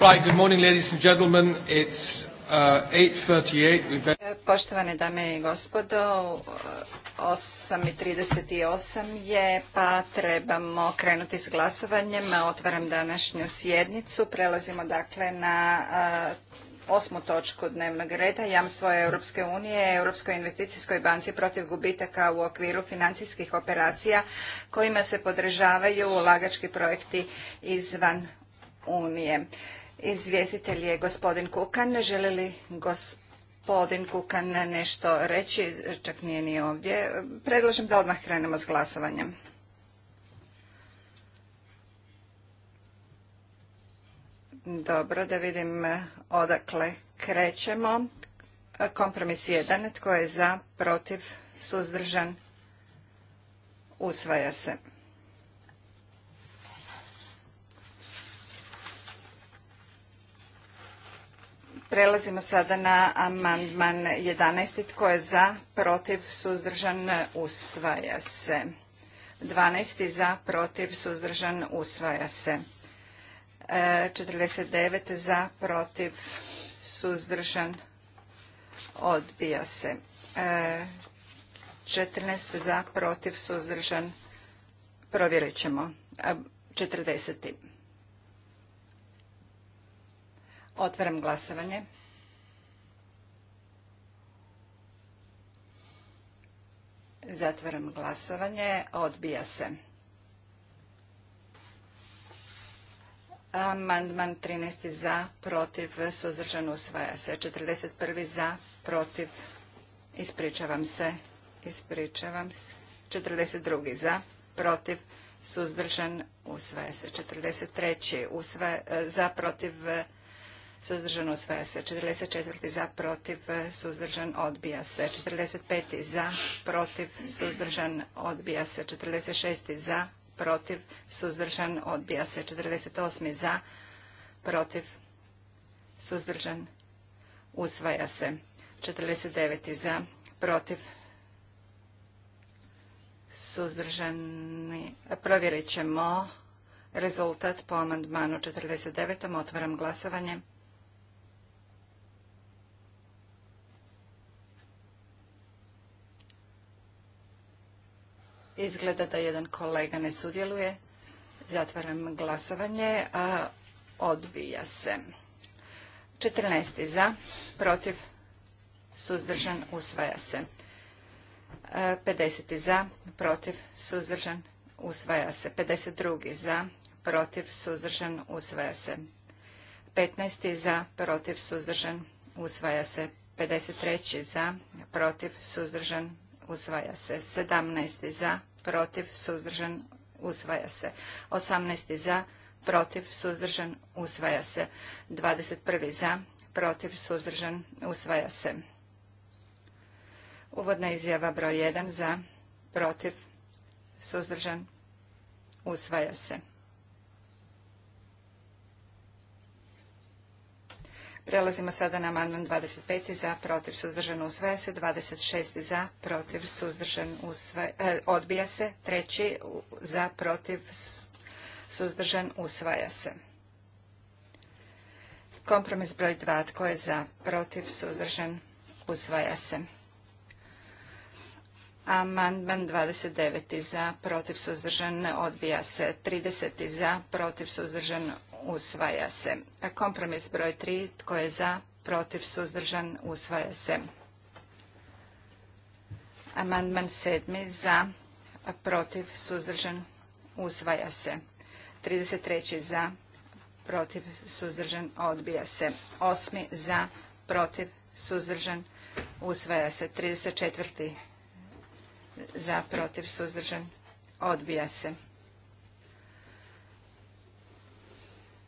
Right, good morning ladies and gentlemen. It's 8.38. Uh, e, poštovane dame i gospodo, 8.38 je, pa trebamo krenuti s glasovanjem. Otvaram današnju sjednicu. Prelazimo dakle na uh, osmu točku dnevnog reda. Jamstvo Europske unije, Europskoj investicijskoj banci protiv gubitaka u okviru financijskih operacija kojima se podržavaju ulagački projekti izvan Unije. Izvjestitelj je gospodin Kukan. Želi li gospodin Kukan nešto reći? Čak nije ni ovdje. Predlažem da odmah krenemo s glasovanjem. Dobro, da vidim odakle krećemo. Kompromis 1. Tko je za, protiv, suzdržan? Usvaja se. Prelazimo sada na amandman 11. Tko je za, protiv, suzdržan, usvaja se. 12. za, protiv, suzdržan, usvaja se. 49. E, za, protiv, suzdržan, odbija se. 14. E, za, protiv, suzdržan, provjerit ćemo. 40. E, Otvaram glasovanje. Zatvaram glasovanje. Odbija se. Amandman 13. za, protiv, suzdržan usvaja se. 41. za, protiv, ispričavam se, ispričavam se. 42. za, protiv, suzdržan usvaja se. 43. za, protiv, suzdržan usvaja se. 44. za, protiv, suzdržan odbija se. 45. za, protiv, suzdržan odbija se. 46. za, protiv, suzdržan odbija se. 48. za, protiv, suzdržan usvaja se. 49. za, protiv, suzdržani. Provjerit ćemo rezultat po amandmanu 49. Otvaram glasovanje. Izgleda da jedan kolega ne sudjeluje. Zatvaram glasovanje. A odbija se. 14. za, protiv, suzdržan, usvaja se. 50. E, za, protiv, suzdržan, usvaja se. 52. za, protiv, suzdržan, usvaja se. 15. za, protiv, suzdržan, usvaja se. 53. za, protiv, suzdržan, usvaja se. 17. za, protiv, suzdržan, usvaja se. 18. za, protiv, suzdržan, usvaja se. 21. za, protiv, suzdržan, usvaja se. Uvodna izjava broj 1 za, protiv, suzdržan, usvaja se. Prelazimo sada na amandman 25. za, protiv, suzdržan, usvaja se. 26. za, protiv, suzdržan, e, odbija se. Treći za, protiv, suzdržan, usvaja se. Kompromis broj 2. Tko je za, protiv, suzdržan, usvaja se. Amandman 29. za, protiv, suzdržan, odbija se. 30. za, protiv, suzdržan, usvaja se. Kompromis broj 3, tko je za, protiv, suzdržan, usvaja se. Amandman 7, za, protiv, suzdržan, usvaja se. 33. za, protiv, suzdržan, odbija se. 8. za, protiv, suzdržan, usvaja se. 34. za, protiv, suzdržan, odbija se.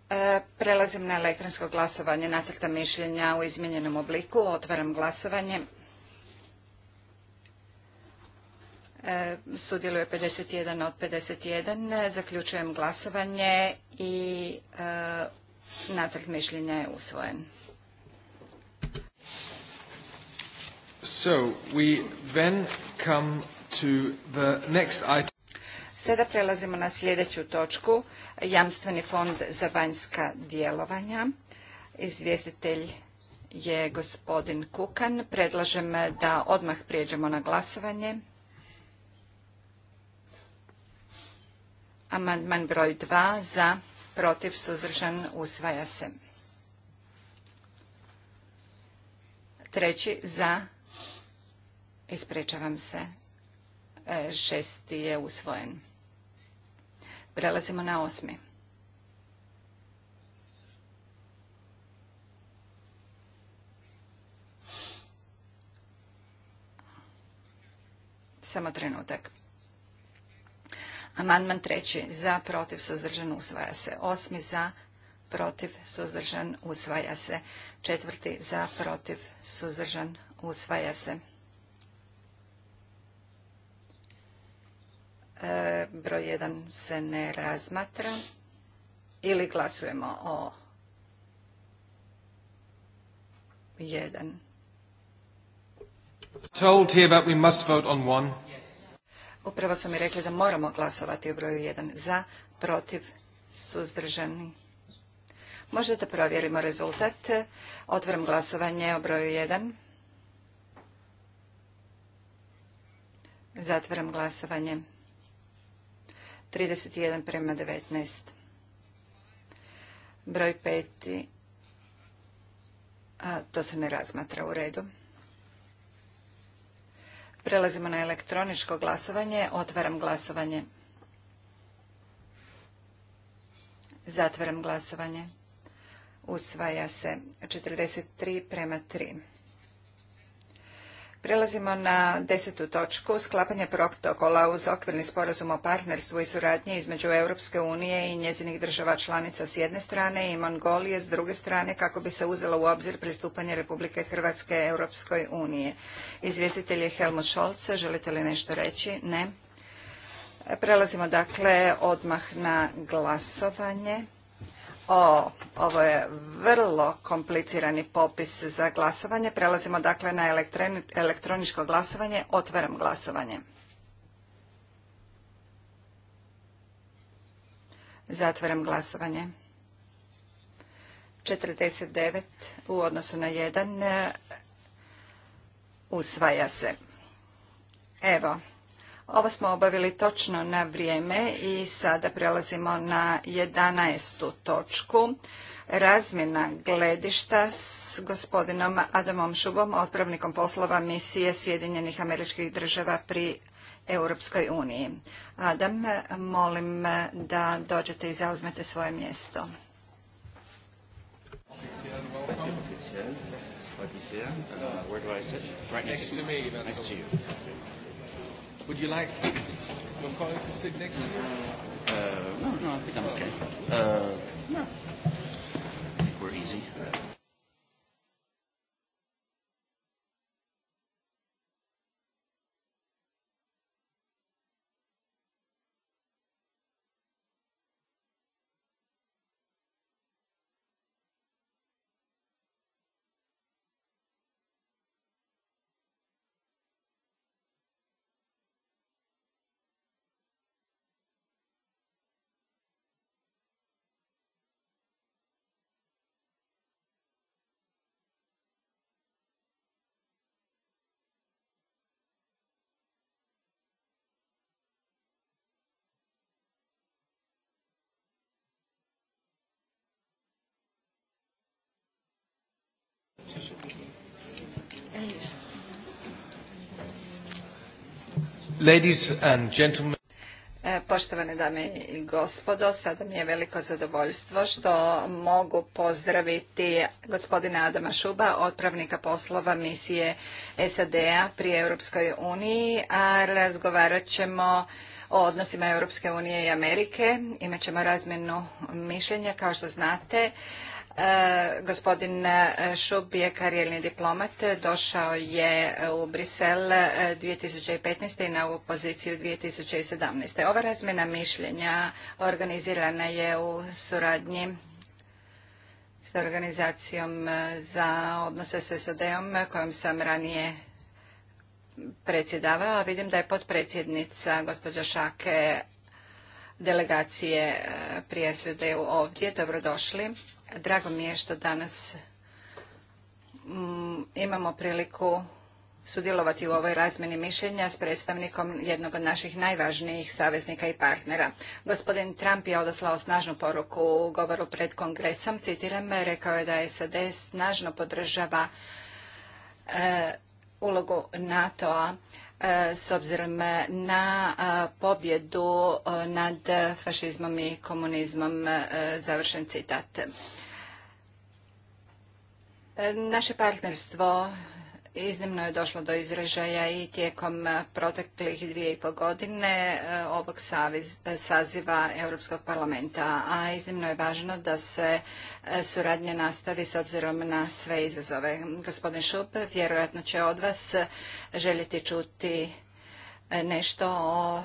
Prelazim na elektronsko glasovanje nacrta mišljenja u izmijenjenom obliku. Otvaram glasovanje. E, sudjeluje 51 od 51. Zaključujem glasovanje i e, nacrt mišljenja je usvojen. Sada prelazimo na sljedeću točku jamstveni fond za vanjska djelovanja. Izvjestitelj je gospodin Kukan. Predlažem da odmah prijeđemo na glasovanje. Amandman broj 2 za, protiv, suzdržan, usvaja se. Treći za, ispričavam se, šesti je usvojen. Prelazimo na osmi. Samo trenutak. Amandman treći. Za, protiv, suzdržan, usvaja se. Osmi za, protiv, suzdržan, usvaja se. Četvrti za, protiv, suzdržan, usvaja se. Broj 1 se ne razmatra. Ili glasujemo o 1. Upravo su mi rekli da moramo glasovati o broju 1 za, protiv, suzdržani. Možda da provjerimo rezultat. Otvorim glasovanje o broju 1. Zatvaram glasovanje. 31 prema 19. Broj peti. A, to se ne razmatra u redu. Prelazimo na elektroničko glasovanje. Otvaram glasovanje. Zatvaram glasovanje. Usvaja se 43 prema 3. Prelazimo na desetu točku, sklapanje protokola uz okvirni sporazum o partnerstvu i suradnji između Europske unije i njezinih država članica s jedne strane i Mongolije s druge strane kako bi se uzelo u obzir pristupanje Republike Hrvatske Europskoj unije. Izvjestitelj je Helmut Scholz, želite li nešto reći? Ne. Prelazimo dakle odmah na glasovanje. O, ovo je vrlo komplicirani popis za glasovanje. Prelazimo dakle na elektroničko glasovanje. Otvaram glasovanje. Zatvaram glasovanje. 49 u odnosu na 1 e, usvaja se. Evo, ovo smo obavili točno na vrijeme i sada prelazimo na 11. točku. Razmjena gledišta s gospodinom Adamom Šubom, otpravnikom poslova misije Sjedinjenih američkih država pri Europskoj uniji. Adam, molim da dođete i zauzmete svoje mjesto. Would you like your colleague to sit next to you? Uh, no, no, I think I'm okay. Uh, no. I think we're easy. E, poštovane dame i gospodo, sada mi je veliko zadovoljstvo što mogu pozdraviti gospodina Adama Šuba, otpravnika poslova misije SAD-a pri Europskoj uniji, a razgovarat ćemo o odnosima Europske unije i Amerike. Imaćemo razmjenu mišljenja, kao što znate. E, gospodin e, Šub je karijerni diplomat, došao je e, u Brisel 2015. i na ovu poziciju 2017. Ova razmjena mišljenja organizirana je u suradnji s organizacijom za odnose s SAD-om kojom sam ranije predsjedavao. Vidim da je potpredsjednica gospođa Šake delegacije prije SAD-u ovdje. Dobrodošli. Drago mi je što danas mm, imamo priliku sudjelovati u ovoj razmjeni mišljenja s predstavnikom jednog od naših najvažnijih saveznika i partnera. Gospodin Trump je odoslao snažnu poruku u govoru pred kongresom. Citiram, rekao je da SAD snažno podržava e, ulogu NATO-a e, s obzirom na e, pobjedu nad fašizmom i komunizmom. završen citat. Naše partnerstvo iznimno je došlo do izražaja i tijekom proteklih dvije i pol godine eh, ovog saziva Europskog parlamenta, a iznimno je važno da se eh, suradnja nastavi s obzirom na sve izazove. Gospodin Šup, vjerojatno će od vas željeti čuti eh, nešto o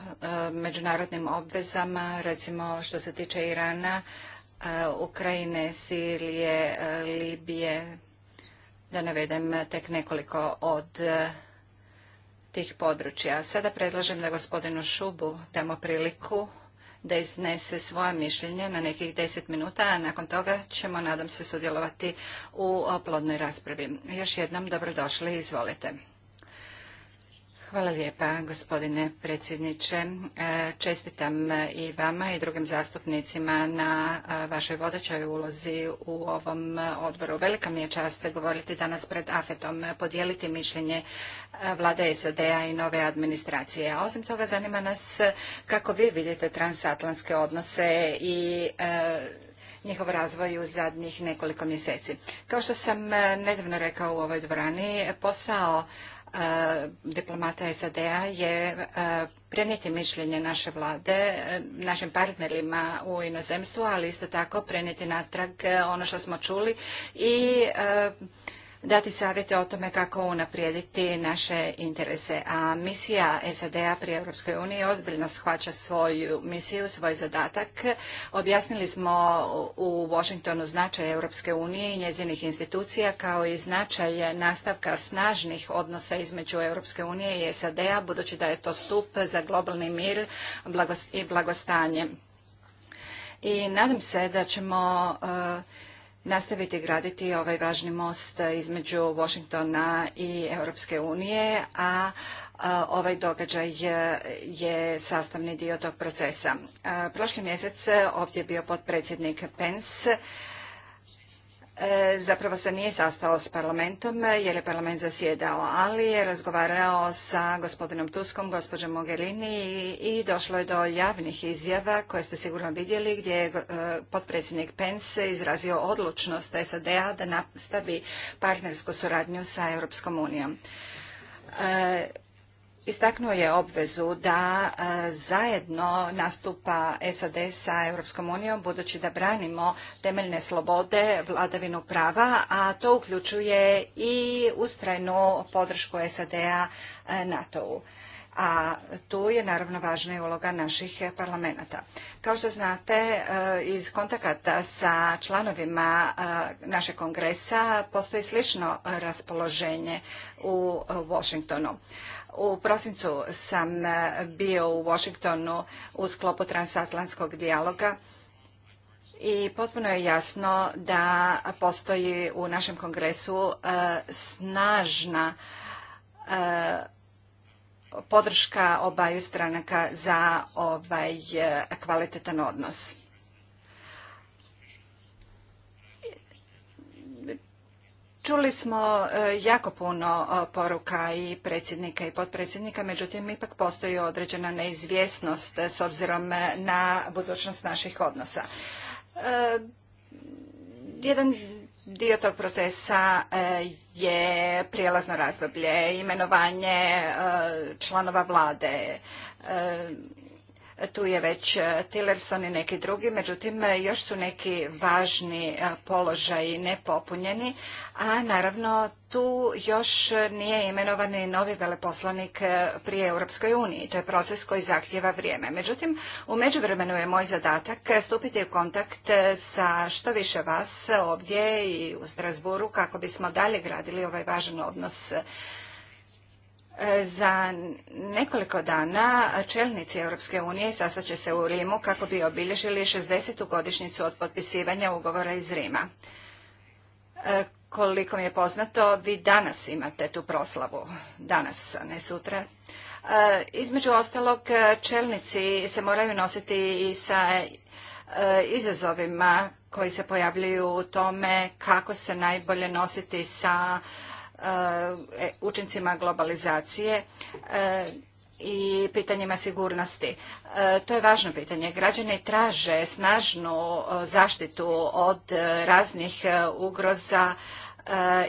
međunarodnim obvezama, recimo što se tiče Irana, Ukrajine, Sirije, Libije, da navedem tek nekoliko od e, tih područja. Sada predlažem da gospodinu Šubu damo priliku da iznese svoje mišljenje na nekih deset minuta, a nakon toga ćemo, nadam se, sudjelovati u e, plodnoj raspravi. Još jednom dobrodošli, izvolite. Hvala lijepa, gospodine predsjedniče. E, čestitam i vama i drugim zastupnicima na e, vašoj vodećoj ulozi u ovom odboru. Velika mi je čast govoriti danas pred AFET-om, podijeliti mišljenje e, vlade SAD-a i nove administracije. A osim toga, zanima nas kako vi vidite transatlantske odnose i njihov razvoj u zadnjih nekoliko mjeseci. Kao što sam nedavno rekao u ovoj dvorani, posao E, diplomata SAD-a je e, prenijeti mišljenje naše vlade e, našim partnerima u inozemstvu, ali isto tako prenijeti natrag ono što smo čuli i dati savjete o tome kako unaprijediti naše interese. A misija SAD-a pri Europskoj uniji ozbiljno shvaća svoju misiju, svoj zadatak. Objasnili smo u Washingtonu značaj Europske unije i njezinih institucija kao i značaj nastavka snažnih odnosa između Europske unije i SAD-a budući da je to stup za globalni mir i blagostanje. I nadam se da ćemo e, nastaviti graditi ovaj važni most između Washingtona i Europske unije, a ovaj događaj je sastavni dio tog procesa. Prošli mjesec ovdje je bio potpredsjednik Pence, E, zapravo se nije sastao s parlamentom e, jer je parlament zasjedao, ali je razgovarao sa gospodinom Tuskom, gospođom Mogherini i došlo je do javnih izjava koje ste sigurno vidjeli gdje je e, potpredsjednik Pence izrazio odlučnost SAD-a da nastavi partnersku suradnju sa Europskom unijom. Istaknuo je obvezu da e, zajedno nastupa SAD sa Europskom unijom budući da branimo temeljne slobode, vladavinu prava, a to uključuje i ustrajnu podršku SAD-a e, NATO-u. A tu je naravno važna i uloga naših parlamenta. Kao što znate, e, iz kontakata sa članovima našeg kongresa postoji slično raspoloženje u Washingtonu. U prosincu sam e, bio u Washingtonu u sklopu transatlantskog dijaloga i potpuno je jasno da postoji u našem kongresu e, snažna e, podrška obaju stranaka za ovaj kvalitetan odnos. Čuli smo e, jako puno e, poruka i predsjednika i potpredsjednika, međutim ipak postoji određena neizvjesnost e, s obzirom na budućnost naših odnosa. Jedan dio tog procesa je prijelazno razdoblje, imenovanje članova vlade, tu je već e, Tillerson i neki drugi, međutim e, još su neki važni e, položaji nepopunjeni, a naravno tu još nije imenovani novi veleposlanik pri Europskoj uniji. To je proces koji zahtjeva vrijeme. Međutim, u međuvremenu je moj zadatak stupiti u kontakt sa što više vas ovdje i u Strasburu kako bismo dalje gradili ovaj važan odnos E, za nekoliko dana čelnici Europske unije će se u Rimu kako bi obilježili 60. godišnjicu od potpisivanja ugovora iz Rima. E, koliko mi je poznato, vi danas imate tu proslavu, danas, a ne sutra. E, između ostalog, čelnici se moraju nositi i sa izazovima koji se pojavljuju u tome kako se najbolje nositi sa E, učincima globalizacije e, i pitanjima sigurnosti. E, to je važno pitanje. Građani traže snažnu zaštitu od raznih ugroza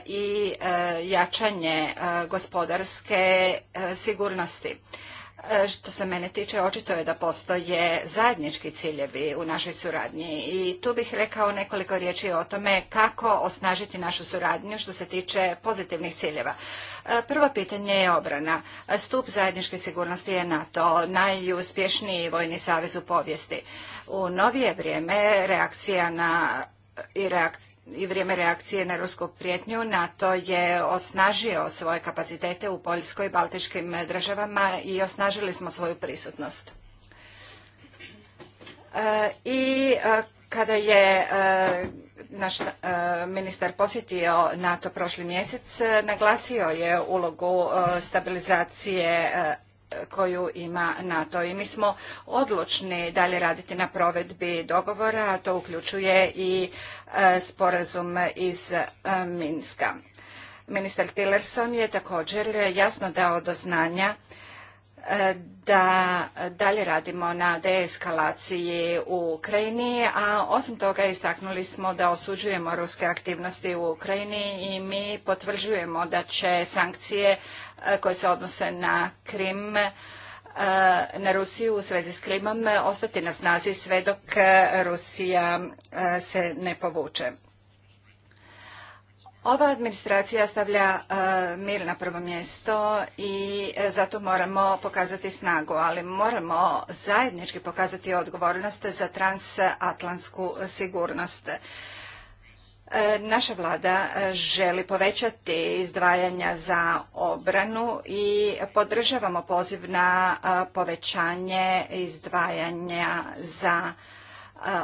i jačanje gospodarske sigurnosti. E, što se mene tiče, očito je da postoje zajednički ciljevi u našoj suradnji i tu bih rekao nekoliko riječi o tome kako osnažiti našu suradnju što se tiče pozitivnih ciljeva. E, prvo pitanje je obrana. Stup zajedničke sigurnosti je NATO, najuspješniji vojni savez u povijesti. U novije vrijeme reakcija na i reakcija i vrijeme reakcije na rusku prijetnju NATO je osnažio svoje kapacitete u Poljskoj i Baltičkim državama i osnažili smo svoju prisutnost. E, I e, kada je e, naš ministar posjetio NATO prošli mjesec, naglasio je ulogu stabilizacije koju ima NATO. I mi smo odlučni dalje raditi na provedbi dogovora, a to uključuje i e, sporazum iz e, Minska. Ministar Tillerson je također jasno dao do znanja e, da dalje radimo na deeskalaciji u Ukrajini, a osim toga istaknuli smo da osuđujemo ruske aktivnosti u Ukrajini i mi potvrđujemo da će sankcije E, koje se odnose na Krim, e, na Rusiju u svezi s Krimom e, ostati na snazi sve dok Rusija se ne povuče. Ova administracija stavlja mir na prvo mjesto i zato moramo pokazati snagu, ali moramo zajednički pokazati odgovornost za transatlantsku sigurnost. E, naša vlada e, želi povećati izdvajanja za obranu i podržavamo poziv na e, povećanje izdvajanja za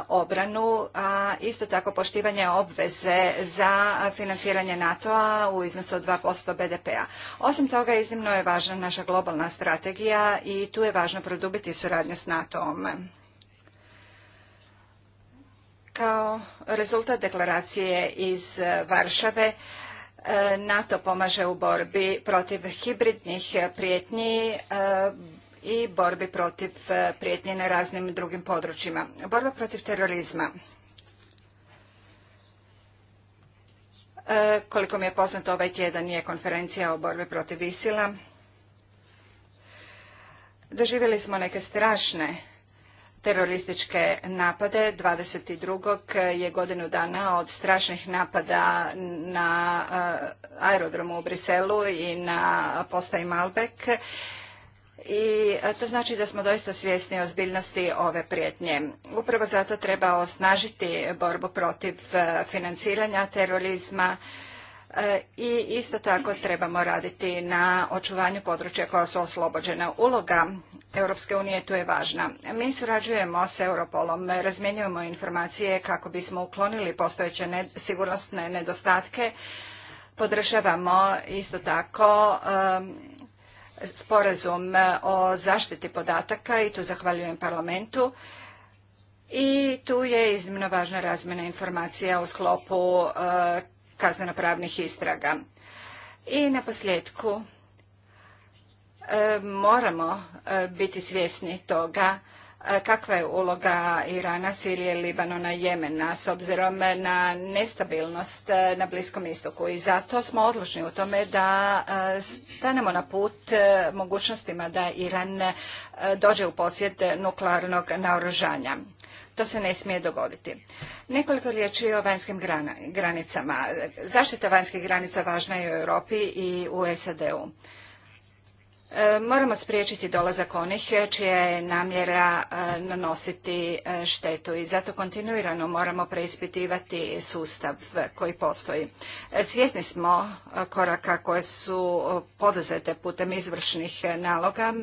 obranu, a isto tako poštivanje obveze za financiranje NATO-a u iznosu od 2% BDP-a. Osim toga, iznimno je važna naša globalna strategija i tu je važno produbiti suradnju s NATO-om. Kao rezultat deklaracije iz e, Varšave, e, NATO pomaže u borbi protiv hibridnih prijetnji e, i borbi protiv prijetnje na raznim drugim područjima. Borba protiv terorizma. Koliko mi je poznato, ovaj tjedan je konferencija o borbi protiv Isila. Doživjeli smo neke strašne terorističke napade. 22. je godinu dana od strašnih napada na eh, aerodromu u Briselu i na postaji Malbek. I eh, to znači da smo doista svjesni ozbiljnosti ove prijetnje. Upravo zato treba osnažiti borbu protiv eh, financiranja terorizma, i isto tako trebamo raditi na očuvanju područja koja su oslobođena. Uloga Europske unije tu je važna. Mi surađujemo s Europolom, razmjenjujemo informacije kako bismo uklonili postojeće sigurnosne nedostatke. Podržavamo isto tako sporazum o zaštiti podataka i tu zahvaljujem parlamentu. I tu je iznimno važna razmjena informacija u sklopu eh, kaznenopravnih istraga. I na posljedku E, moramo e, biti svjesni toga e, kakva je uloga Irana, Sirije, Libanona, Jemena s obzirom na nestabilnost na Bliskom istoku i zato smo odlučni u tome da stanemo na put mogućnostima da Iran dođe u posjed nuklearnog naoružanja. To se ne smije dogoditi. Nekoliko riječi o vanjskim granicama. Zaštita vanjskih granica važna je u Europi i u SAD-u. E, moramo spriječiti dolazak onih čija je namjera e, nanositi e, štetu i zato kontinuirano moramo preispitivati sustav koji postoji. Svjesni smo koraka koje su poduzete putem izvršnih naloga.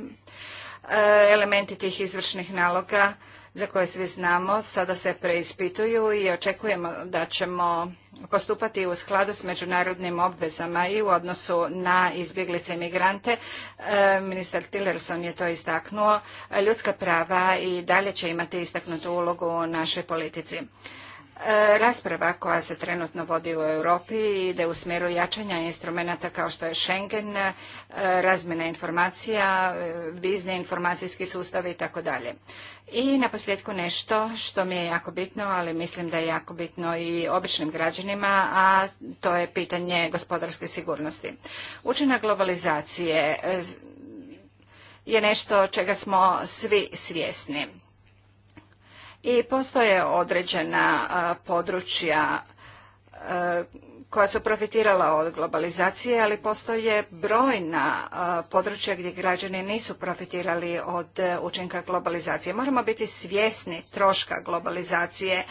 Elementi tih izvršnih naloga za koje svi znamo sada se preispituju i očekujemo da ćemo postupati u skladu s međunarodnim obvezama i u odnosu na izbjeglice i migrante. E, ministar Tillerson je to istaknuo. Ljudska prava i dalje će imati istaknutu ulogu u našoj politici. E, rasprava koja se trenutno vodi u Europi ide u smjeru jačanja instrumenta kao što je Schengen, e, razmjena informacija, e, vizni informacijski sustav i tako dalje. I na posljedku nešto što mi je jako bitno, ali mislim da je jako bitno i običnim građanima, a to je pitanje gospodarske sigurnosti. Učinak globalizacije je nešto čega smo svi svjesni i postoje određena područja koja su profitirala od globalizacije, ali postoje brojna područja gdje građani nisu profitirali od e, učinka globalizacije. Moramo biti svjesni troška globalizacije.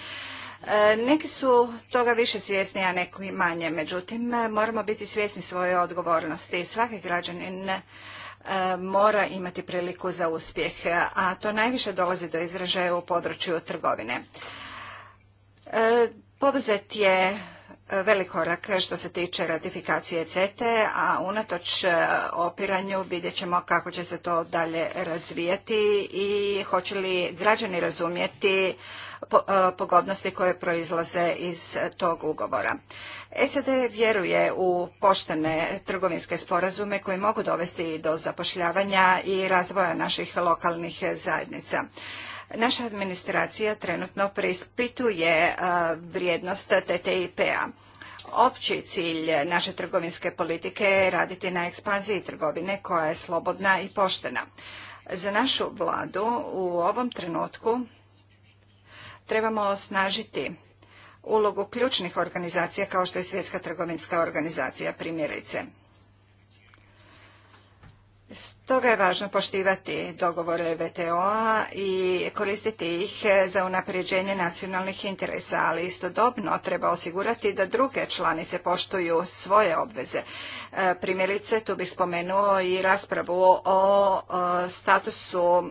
E, neki su toga više svjesni, a neki manje. Međutim, e, moramo biti svjesni svoje odgovornosti. Svaki građanin mora imati priliku za uspjeh, a to najviše dolazi do izražaja u području trgovine. E, poduzet je velik korak što se tiče ratifikacije CETE, a unatoč e, opiranju vidjet ćemo kako će se to dalje razvijati i hoće li građani razumjeti e, pogodnosti koje proizlaze iz tog ugovora. SAD vjeruje u poštene trgovinske sporazume koji mogu dovesti do zapošljavanja i razvoja naših lokalnih zajednica. Naša administracija trenutno preispituje e, vrijednost TTIP-a. Opći cilj naše trgovinske politike je raditi na ekspanziji trgovine koja je slobodna i poštena. Za našu vladu u ovom trenutku trebamo osnažiti ulogu ključnih organizacija kao što je Svjetska trgovinska organizacija primjerice. Stoga je važno poštivati dogovore VTO-a i koristiti ih za unapređenje nacionalnih interesa, ali istodobno treba osigurati da druge članice poštuju svoje obveze. E, primjerice, tu bih spomenuo i raspravu o statusu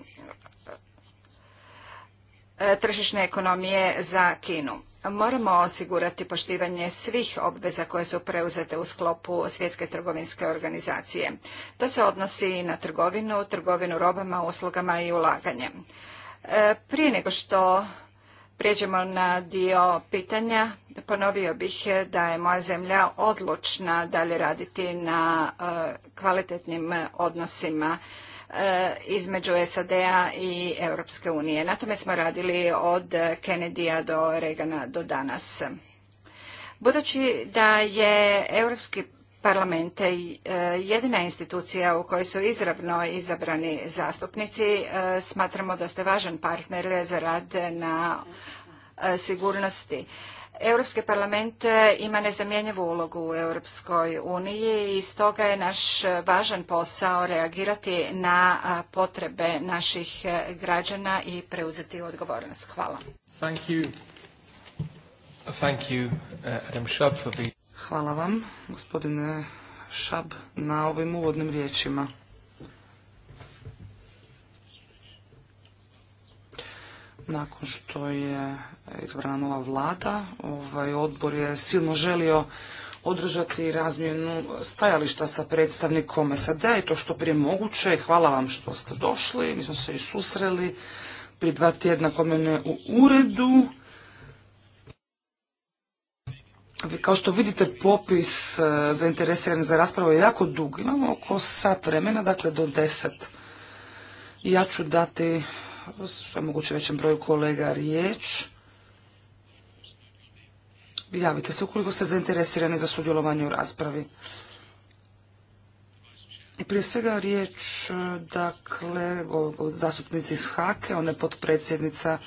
e, tržišne ekonomije za Kinu moramo osigurati poštivanje svih obveza koje su preuzete u sklopu svjetske trgovinske organizacije. To se odnosi i na trgovinu, trgovinu robama, uslugama i ulaganje. E, prije nego što prijeđemo na dio pitanja, ponovio bih da je moja zemlja odlučna dalje raditi na e, kvalitetnim odnosima Eh, između SAD-a i Europske unije. Na tome smo radili od Kennedyja do regana do danas. Budući da je Europski parlament eh, jedina institucija u kojoj su izravno izabrani zastupnici, eh, smatramo da ste važan partner za rad na sigurnosti Europski parlament e, ima nezamjenjivu ulogu u Europskoj uniji i stoga je naš važan posao reagirati na potrebe naših e, građana i preuzeti odgovornost. Hvala. Thank you. Thank you, uh, Adam Hvala vam, gospodine Šab, na ovim uvodnim riječima. Nakon što je izvrana nova vlada. Ovaj odbor je silno želio održati razmjenu stajališta sa predstavnikom sad i to što prije moguće. Hvala vam što ste došli. Mi smo se i susreli pri dva tjedna kod mene u uredu. Kao što vidite, popis e, zainteresiranih za raspravu je jako dug. Imamo oko sat vremena, dakle do deset. Ja ću dati što je moguće većem broju kolega riječ javite se ukoliko ste zainteresirani za sudjelovanje u raspravi. I prije svega riječ, dakle, o zastupnici iz Hake, ona je potpredsjednica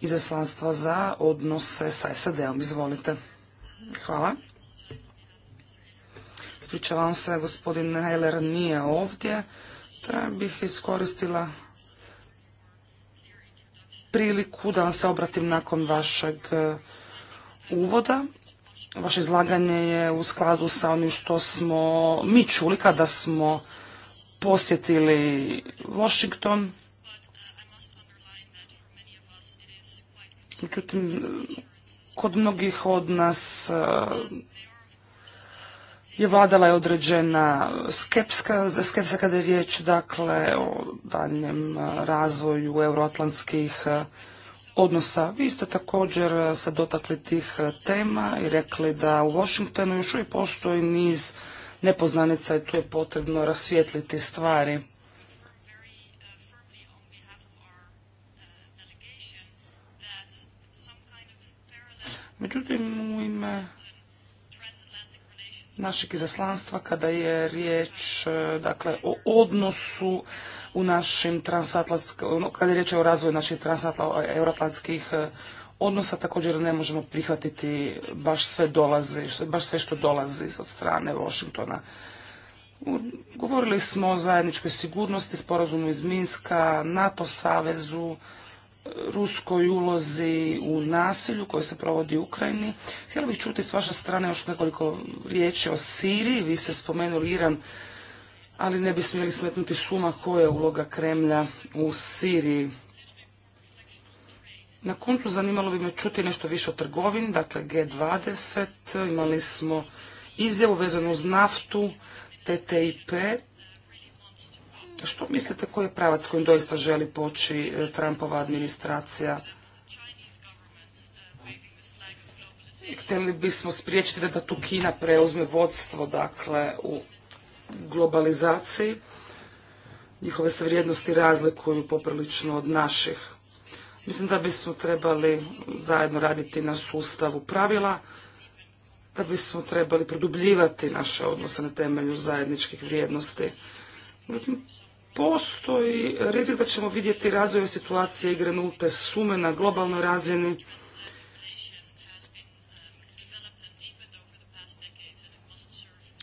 izaslanstva za odnose sa SAD-om. Izvolite. Hvala. Ispričavam se, gospodin Heller nije ovdje. Da bih iskoristila priliku da vam se obratim nakon vašeg uvoda. Vaše izlaganje je u skladu sa onim što smo mi čuli kada smo posjetili Washington. Međutim, kod mnogih od nas eh, je vladala je određena skepska, skepsa kada je riječ dakle o daljem eh, razvoju euroatlantskih eh, odnosa. Vi ste također se dotakli tih e, tema i rekli da u Washingtonu još uvijek postoji niz nepoznanica i tu je potrebno rasvijetliti stvari. Međutim, u ime našeg izaslanstva, kada je riječ e, dakle, o odnosu u našim transatlantskim, ono, kada je riječ o razvoju naših transatlantskih e, odnosa, također ne možemo prihvatiti baš sve dolazi, baš sve što dolazi od strane Washingtona. Govorili smo o zajedničkoj sigurnosti, sporazumu iz Minska, NATO savezu, e, ruskoj ulozi u nasilju koje se provodi u Ukrajini. Htjela bih čuti s vaše strane još nekoliko riječi o Siriji. Vi ste spomenuli Iran ali ne bi smjeli smetnuti suma koja je uloga Kremlja u Siriji. Na koncu zanimalo bi me čuti nešto više o trgovini, dakle G20, imali smo izjavu vezanu uz naftu, TTIP. Što mislite koji je pravac kojim doista želi poći e, Trumpova administracija? Htjeli bismo spriječiti da tu Kina preuzme vodstvo dakle, u globalizaciji. Njihove se vrijednosti razlikuju poprilično od naših. Mislim da bismo trebali zajedno raditi na sustavu pravila, da bismo trebali produbljivati naše odnose na temelju zajedničkih vrijednosti. Postoji rizik da ćemo vidjeti razvoj situacije i sume na globalnoj razini,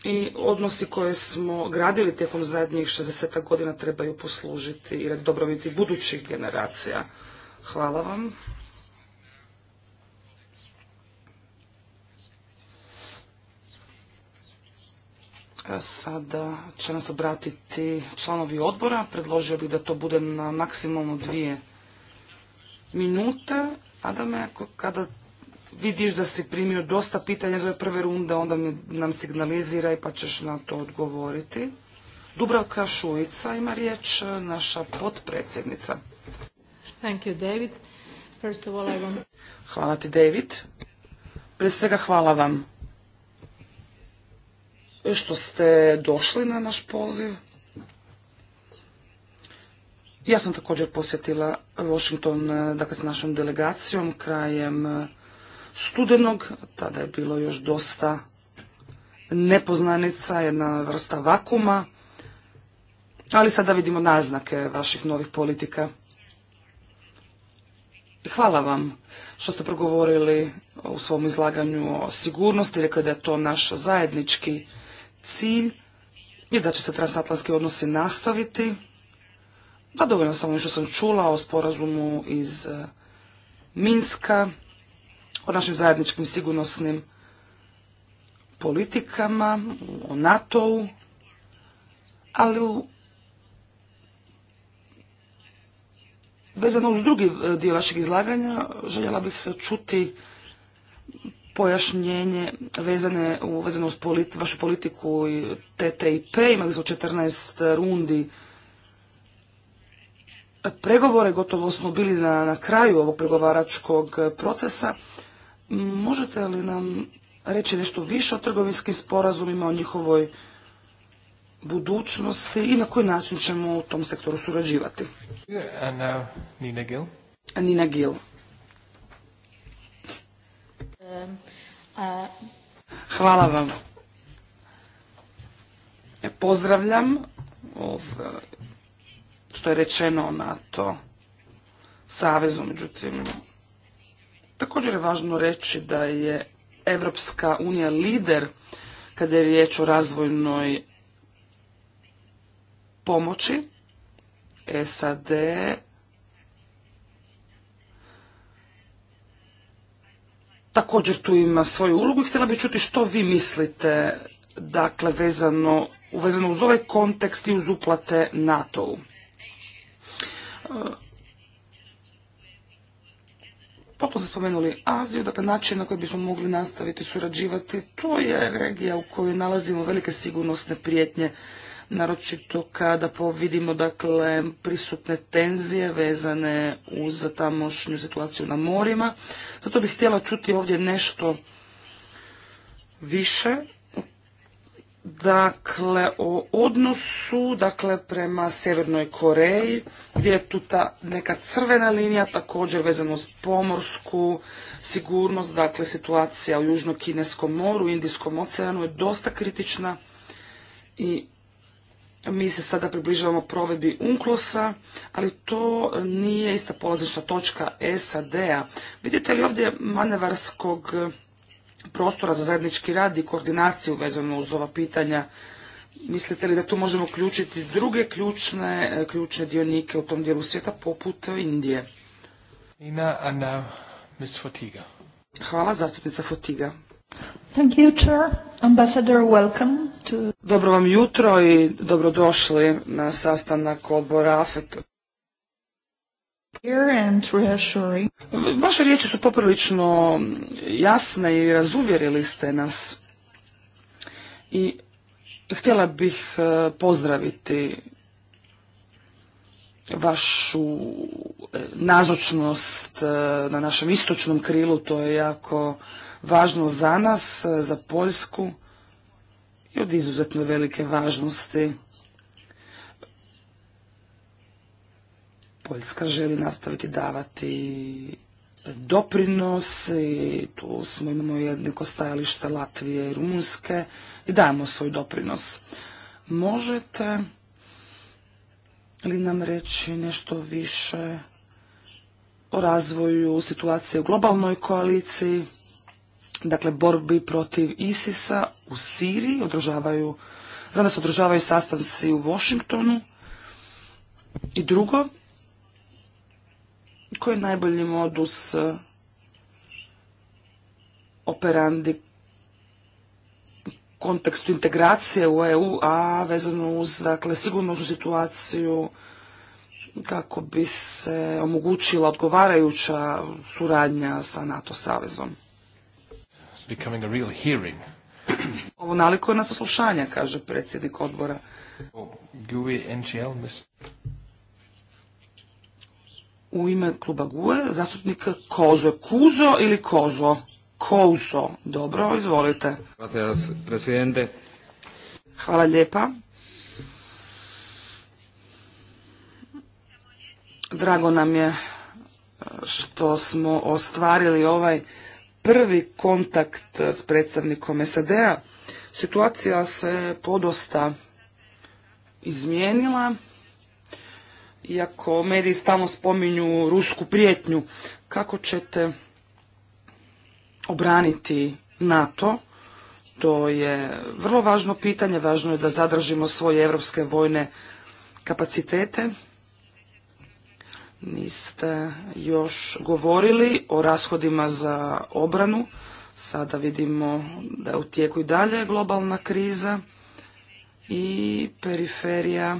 i odnosi koje smo gradili tijekom zadnjih 60 godina trebaju poslužiti i dobrobiti budućih generacija. Hvala vam. E, sada će nas obratiti članovi odbora. Predložio bih da to bude na maksimalno dvije minute, a kada vidiš da si primio dosta pitanja za ove prve runde, onda nam signaliziraj pa ćeš na to odgovoriti. Dubravka Šujica ima riječ, naša potpredsjednica. Thank you, David. First of all, Hvala ti, David. Prije svega hvala vam što ste došli na naš poziv. Ja sam također posjetila Washington, dakle s našom delegacijom krajem studenog, tada je bilo još dosta nepoznanica, jedna vrsta vakuma, ali sada vidimo naznake vaših novih politika. Hvala vam što ste progovorili u svom izlaganju o sigurnosti, rekli da je to naš zajednički cilj i da će se transatlantski odnosi nastaviti. Da, dovoljno sam ono što sam čula o sporazumu iz eh, Minska o našim zajedničkim sigurnosnim politikama, o NATO-u, ali u Vezano uz drugi e, dio vašeg izlaganja, željela bih čuti pojašnjenje vezane, vezano uz vašu politiku TTIP. Imali smo 14 rundi pregovore, gotovo smo bili na kraju ovog pregovaračkog procesa. Možete li nam reći nešto više o trgovinskim sporazumima, o njihovoj budućnosti i na koji način ćemo u tom sektoru surađivati? Nina Gil. Nina Gil. Um, uh, Hvala vam. Pozdravljam što je rečeno na to. savezu, međutim Također je važno reći da je Evropska unija lider kada je riječ o razvojnoj pomoći. SAD također tu ima svoju ulogu i htjela bih čuti što vi mislite dakle vezano, uvezano uz ovaj kontekst i uz uplate NATO-u. Potom ste spomenuli Aziju, dakle način na koji bismo mogli nastaviti surađivati, to je regija u kojoj nalazimo velike sigurnosne prijetnje, naročito kada vidimo dakle prisutne tenzije vezane uz tamošnju situaciju na morima. Zato bih htjela čuti ovdje nešto više dakle o odnosu dakle prema Sjevernoj Koreji gdje je tu ta neka crvena linija također vezano s pomorsku sigurnost, dakle situacija u Južno-Kineskom moru, Indijskom oceanu je dosta kritična i mi se sada približavamo provedbi Unklosa, ali to nije ista polazišna točka SAD-a. Vidite li ovdje manevarskog prostora za zajednički rad i koordinaciju vezano uz ova pitanja. Mislite li da tu možemo uključiti druge ključne, e, ključne dionike u tom dijelu svijeta poput Indije? Ina, Hvala, zastupnica Fotiga. Thank you, Ambassador, welcome to... Dobro vam jutro i dobrodošli na sastanak odbora AFET. Vaše riječi su poprilično jasne i razuvjerili ste nas. I htjela bih e, pozdraviti vašu e, nazočnost e, na našem istočnom krilu, to je jako važno za nas, za Poljsku i od izuzetno velike važnosti. Poljska želi nastaviti davati doprinos i tu smo, imamo jednako stajalište Latvije i Rumunske i dajemo svoj doprinos. Možete li nam reći nešto više o razvoju situacije u globalnoj koaliciji, dakle borbi protiv ISIS-a u Siriji, održavaju, za nas održavaju sastanci u Washingtonu. I drugo, koji je najbolji modus e, operandi kontekstu integracije u EU, a vezano uz dakle, sigurnosnu situaciju kako bi se omogućila odgovarajuća suradnja sa NATO savezom. Becoming a real Ovo naliko je na saslušanje, kaže predsjednik odbora. Oh, NGL, u ime kluba GUE, zastupnik Kozo. Kuzo ili Kozo? Kouso. Dobro, izvolite. Hvala lijepa. Drago nam je eh, što smo ostvarili ovaj prvi kontakt s predstavnikom SAD-a. Situacija se podosta izmijenila iako mediji stalno spominju rusku prijetnju, kako ćete obraniti NATO? To je vrlo važno pitanje, važno je da zadržimo svoje evropske vojne kapacitete. Niste još govorili o rashodima za obranu. Sada vidimo da je u tijeku i dalje globalna kriza i periferija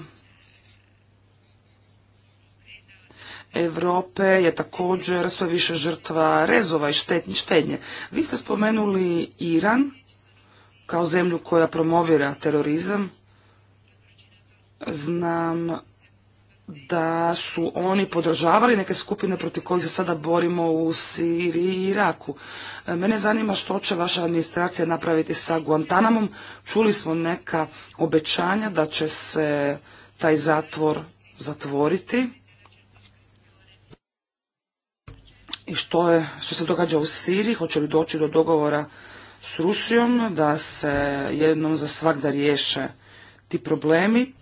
Europe je također sve više žrtva rezova i štednje. Vi ste spomenuli Iran kao zemlju koja promovira terorizam. Znam da su oni podržavali neke skupine protiv kojih se sada borimo u Siriji i Iraku. E, mene zanima što će vaša administracija napraviti sa Guantanamom. Čuli smo neka obećanja da će se taj zatvor zatvoriti. i što, je, što se događa u Siriji, hoće li doći do dogovora s Rusijom, da se jednom za svakda riješe ti problemi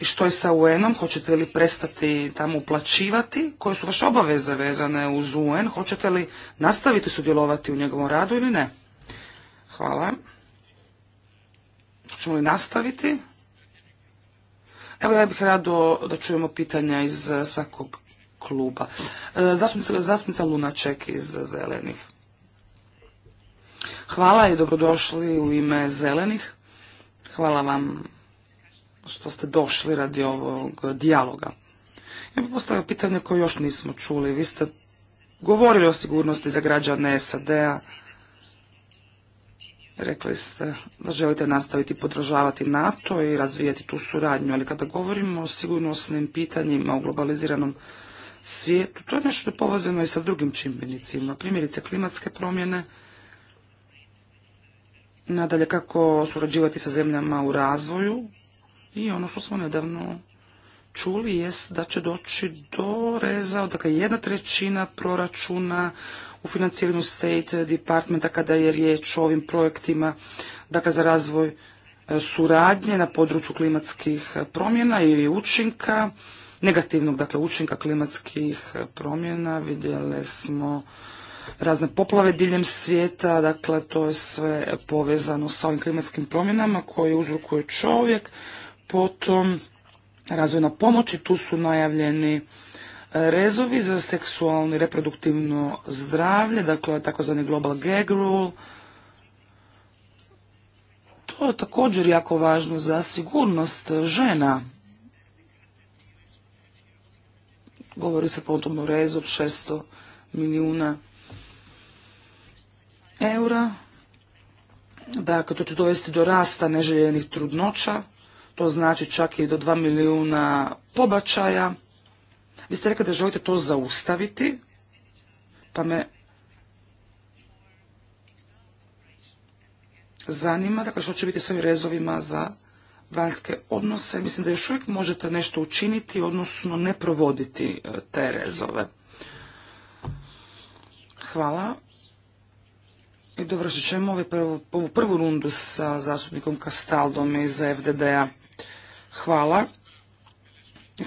i što je sa UN-om, hoćete li prestati tamo uplaćivati, koje su vaše obaveze vezane uz UN, hoćete li nastaviti sudjelovati u njegovom radu ili ne? Hvala. Hoćemo li nastaviti? Evo ja bih rado da čujemo pitanja iz svakog kluba. E, zastupnica Lunaček iz Zelenih. Hvala i dobrodošli u ime Zelenih. Hvala vam što ste došli radi ovog dijaloga. Ja bih postavio pitanje koje još nismo čuli. Vi ste govorili o sigurnosti za građane SAD-a. Rekli ste da želite nastaviti podržavati NATO i razvijati tu suradnju, ali kada govorimo o sigurnosnim pitanjima u globaliziranom svijetu. To je nešto povezano i sa drugim čimbenicima, primjerice klimatske promjene, nadalje kako surađivati sa zemljama u razvoju i ono što smo nedavno čuli jest da će doći do reza, dakle jedna trećina proračuna u financiranju State Departmenta kada je riječ o ovim projektima dakle, za razvoj e, suradnje na području klimatskih e, promjena ili učinka negativnog dakle, učinka klimatskih e, promjena. Vidjeli smo razne poplave diljem svijeta, dakle to je sve povezano s ovim klimatskim promjenama koje uzrokuje čovjek. Potom razvojna pomoć i tu su najavljeni e, rezovi za seksualno i reproduktivno zdravlje, dakle takozvani global gag rule. To je također jako važno za sigurnost žena Govori se potom o rezu od 600 milijuna eura. Dakle, to će dovesti do rasta neželjenih trudnoća, to znači čak i do 2 milijuna pobačaja. Vi ste rekli da želite to zaustaviti, pa me zanima, dakle, što će biti s ovim rezovima za vanjske odnose, mislim da još uvijek možete nešto učiniti, odnosno ne provoditi e, te rezove. Hvala. I dovršit ćemo ovu prvu, prvu rundu sa zastupnikom Kastaldom iz FDD-a. Hvala.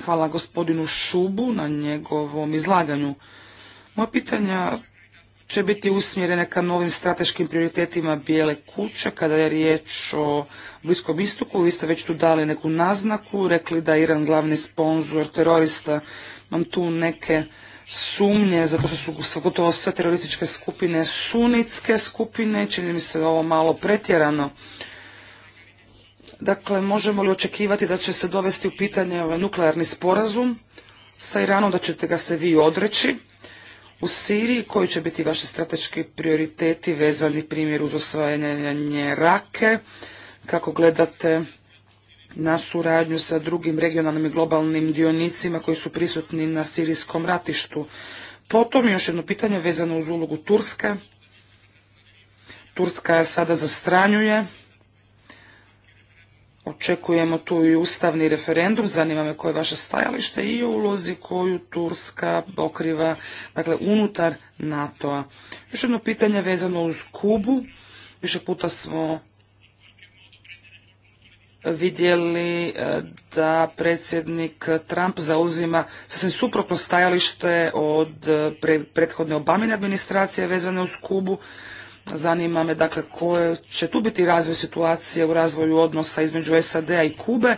Hvala gospodinu Šubu na njegovom izlaganju. Moja pitanja će biti usmjerene ka novim strateškim prioritetima Bijele kuće. Kada je riječ o Bliskom istoku, vi ste već tu dali neku naznaku, rekli da je Iran glavni sponzor terorista. Mam tu neke sumnje, zato što su gotovo sve terorističke skupine sunitske skupine, čini mi se ovo malo pretjerano. Dakle, možemo li očekivati da će se dovesti u pitanje ovaj nuklearni sporazum sa Iranom, da ćete ga se vi odreći? u Siriji, koji će biti vaši strateški prioriteti vezani primjer uz osvajanje rake, kako gledate na suradnju sa drugim regionalnim i globalnim dionicima koji su prisutni na sirijskom ratištu. Potom još jedno pitanje vezano uz ulogu Turske. Turska sada zastranjuje Očekujemo tu i ustavni referendum, zanima me koje je vaše stajalište i ulozi koju Turska pokriva, dakle, unutar NATO-a. Još jedno pitanje vezano uz Kubu. Više puta smo vidjeli e, da predsjednik Trump zauzima sasvim suprotno stajalište od e, prethodne Obamine administracije vezane uz Kubu. Zanima me dakle koje će tu biti razvoj situacije u razvoju odnosa između SAD-a i Kube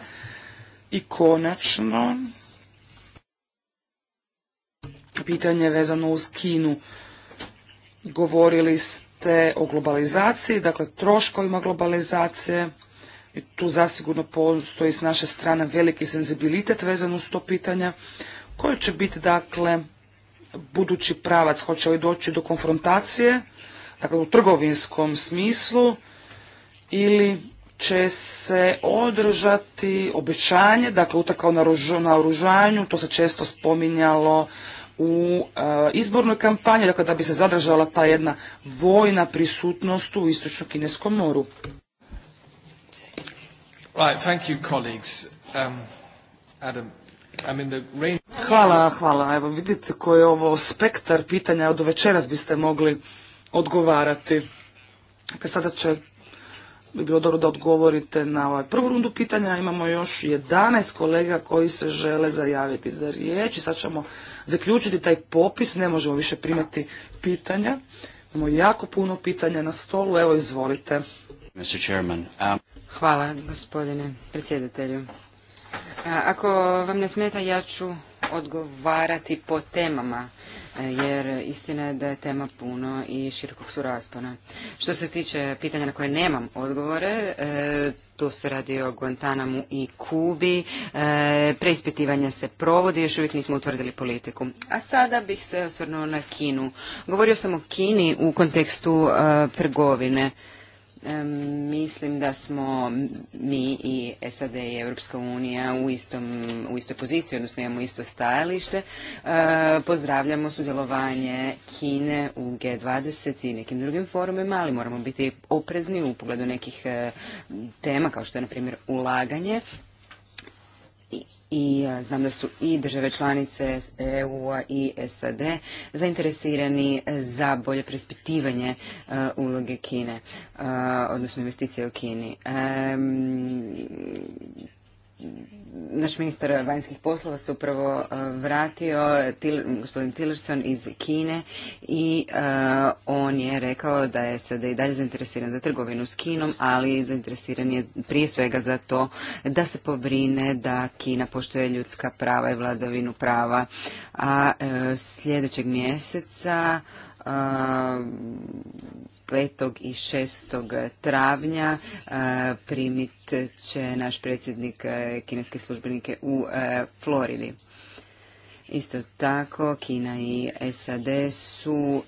i konačno pitanje vezano uz Kinu. Govorili ste o globalizaciji, dakle troškovima globalizacije i tu zasigurno postoji s naše strane veliki senzibilitet vezan uz to pitanja. Koji će biti dakle budući pravac? Hoće li doći do konfrontacije dakle u trgovinskom smislu ili će se održati obećanje, dakle utakao na naoružanju, to se često spominjalo u e, izbornoj kampanji, dakle da bi se zadržala ta jedna vojna prisutnost u istočno kineskom moru. Right, thank you colleagues. Um, Adam, Hvala, hvala. Evo vidite koji je ovo spektar pitanja, od večeras biste mogli odgovarati. Dakle, sada će bi bilo dobro da odgovorite na ovaj prvu rundu pitanja. Imamo još 11 kolega koji se žele zajaviti za riječ i sad ćemo zaključiti taj popis. Ne možemo više primati pitanja. Imamo jako puno pitanja na stolu. Evo, izvolite. Mr. Chairman, um, Hvala, gospodine predsjedatelju. Ako vam ne smeta, ja ću odgovarati po temama jer istina je da je tema puno i širokog su raspona. Što se tiče pitanja na koje nemam odgovore, e, tu se radi o Guantanamu i Kubi, e, preispitivanje se provodi, još uvijek nismo utvrdili politiku. A sada bih se osvrnuo na Kinu. Govorio sam o Kini u kontekstu e, trgovine. Mislim da smo mi i SAD i Europska unija u, istom, u istoj poziciji, odnosno imamo isto stajalište. E, pozdravljamo sudjelovanje Kine u G20 i nekim drugim forumima, ali moramo biti oprezni u pogledu nekih e, tema kao što je, na primjer, ulaganje i e, znam da su i države članice EU-a i SAD zainteresirani e, za bolje prespitivanje e, uloge Kine, odnosno investicije u Kini naš ministar vanjskih poslova se upravo e, vratio, gospodin Tillerson iz Kine i e, on je rekao da je sada i dalje zainteresiran za trgovinu s Kinom, ali zainteresiran je prije svega za to da se pobrine da Kina poštuje ljudska prava i vladavinu prava. A e, sljedećeg mjeseca 5. i 6. travnja e, primit će naš predsjednik e, kineske službenike u e, Floridi. Isto tako, Kina i SAD su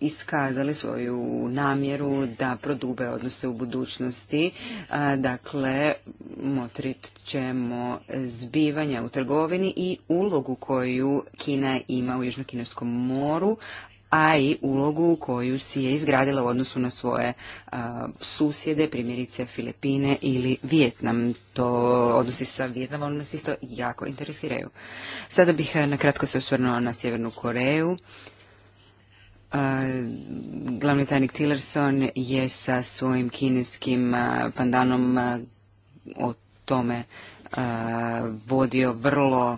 iskazali svoju namjeru da prodube odnose u budućnosti. dakle, motrit ćemo zbivanja u trgovini i ulogu koju Kina ima u Južnokineskom moru, a i ulogu koju si je izgradila u odnosu na svoje susjede, primjerice Filipine ili Vijetnam. To odnosi sa Vijetnamom nas isto jako interesiraju. Sada bih na kratko se osvrnula na Sjevernu Koreju. glavni tajnik Tillerson je sa svojim kineskim pandanom o tome vodio vrlo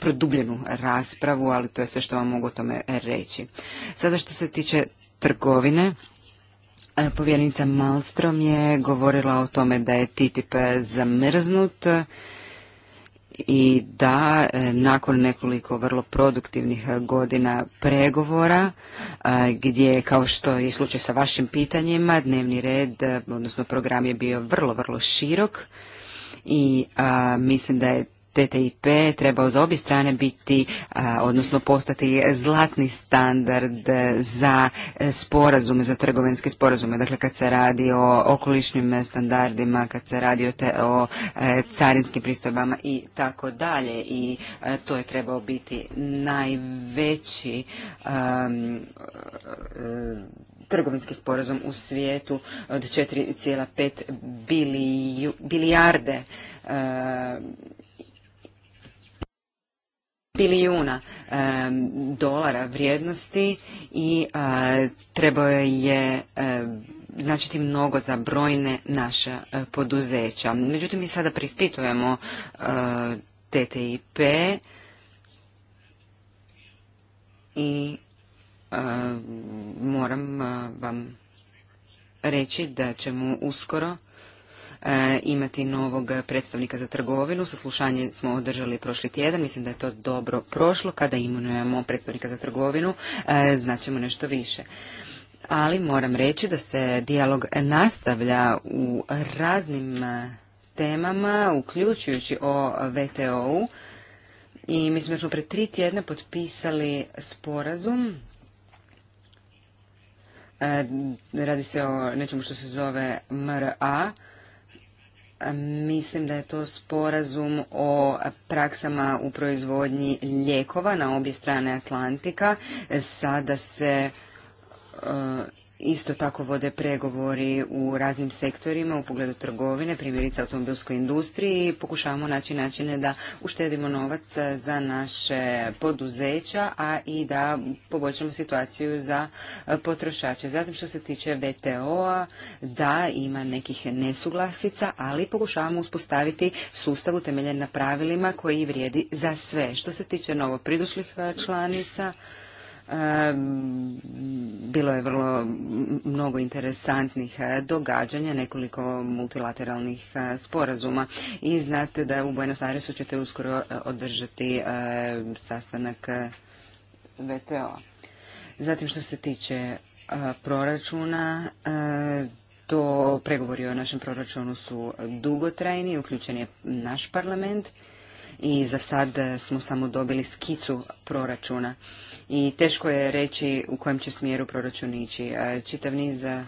produbljenu raspravu, ali to je sve što vam mogu o tome reći. Sada što se tiče trgovine, e, povjernica Malstrom je govorila o tome da je TTIP zamrznut i da e, nakon nekoliko vrlo produktivnih godina pregovora e, gdje kao što je slučaj sa vašim pitanjima dnevni red odnosno program je bio vrlo vrlo širok i mislim da je TTIP trebao za obje strane biti, odnosno postati zlatni standard za e, sporazume, za trgovinske sporazume. Dakle, kad se radi o okolišnim standardima, kad se radi o, e, carinskim pristojbama i tako dalje. I e, to je trebao biti najveći trgovinski sporazum u svijetu od 4,5 bilijarde bilijuna dolara vrijednosti i treba trebao je značiti mnogo za brojne naša e, poduzeća. Međutim, mi sada prispitujemo e, TTIP i e, moram vam reći da ćemo uskoro E, imati novog predstavnika za trgovinu. Saslušanje smo održali prošli tjedan, mislim da je to dobro prošlo. Kada imenujemo predstavnika za trgovinu, e, znaćemo nešto više ali moram reći da se dijalog nastavlja u raznim e, temama, uključujući o VTO-u. I mislim da smo pred tri tjedna potpisali sporazum. radi se o nečemu što se zove MRA, Mislim da je to sporazum o praksama u proizvodnji lijekova na obje strane Atlantika. Sada se e, isto tako vode pregovori u raznim sektorima u pogledu trgovine, primjerice automobilskoj industriji i pokušavamo naći načine da uštedimo novac za naše poduzeća, a i da poboljšamo situaciju za potrošače. Zatim što se tiče VTO-a, da ima nekih nesuglasica, ali pokušavamo uspostaviti sustav utemeljen na pravilima koji vrijedi za sve. Što se tiče novo e, članica, bilo je vrlo mnogo interesantnih e, događanja, nekoliko multilateralnih e, sporazuma i znate da u Buenos Airesu ćete uskoro e, održati sastanak VTO. Zatim što se tiče proračuna, to pregovori o našem proračunu su dugotrajni, uključen je naš parlament i za sad e, smo samo dobili skicu proračuna. I teško je reći u kojem će smjeru proračun ići. E, čitav niz e,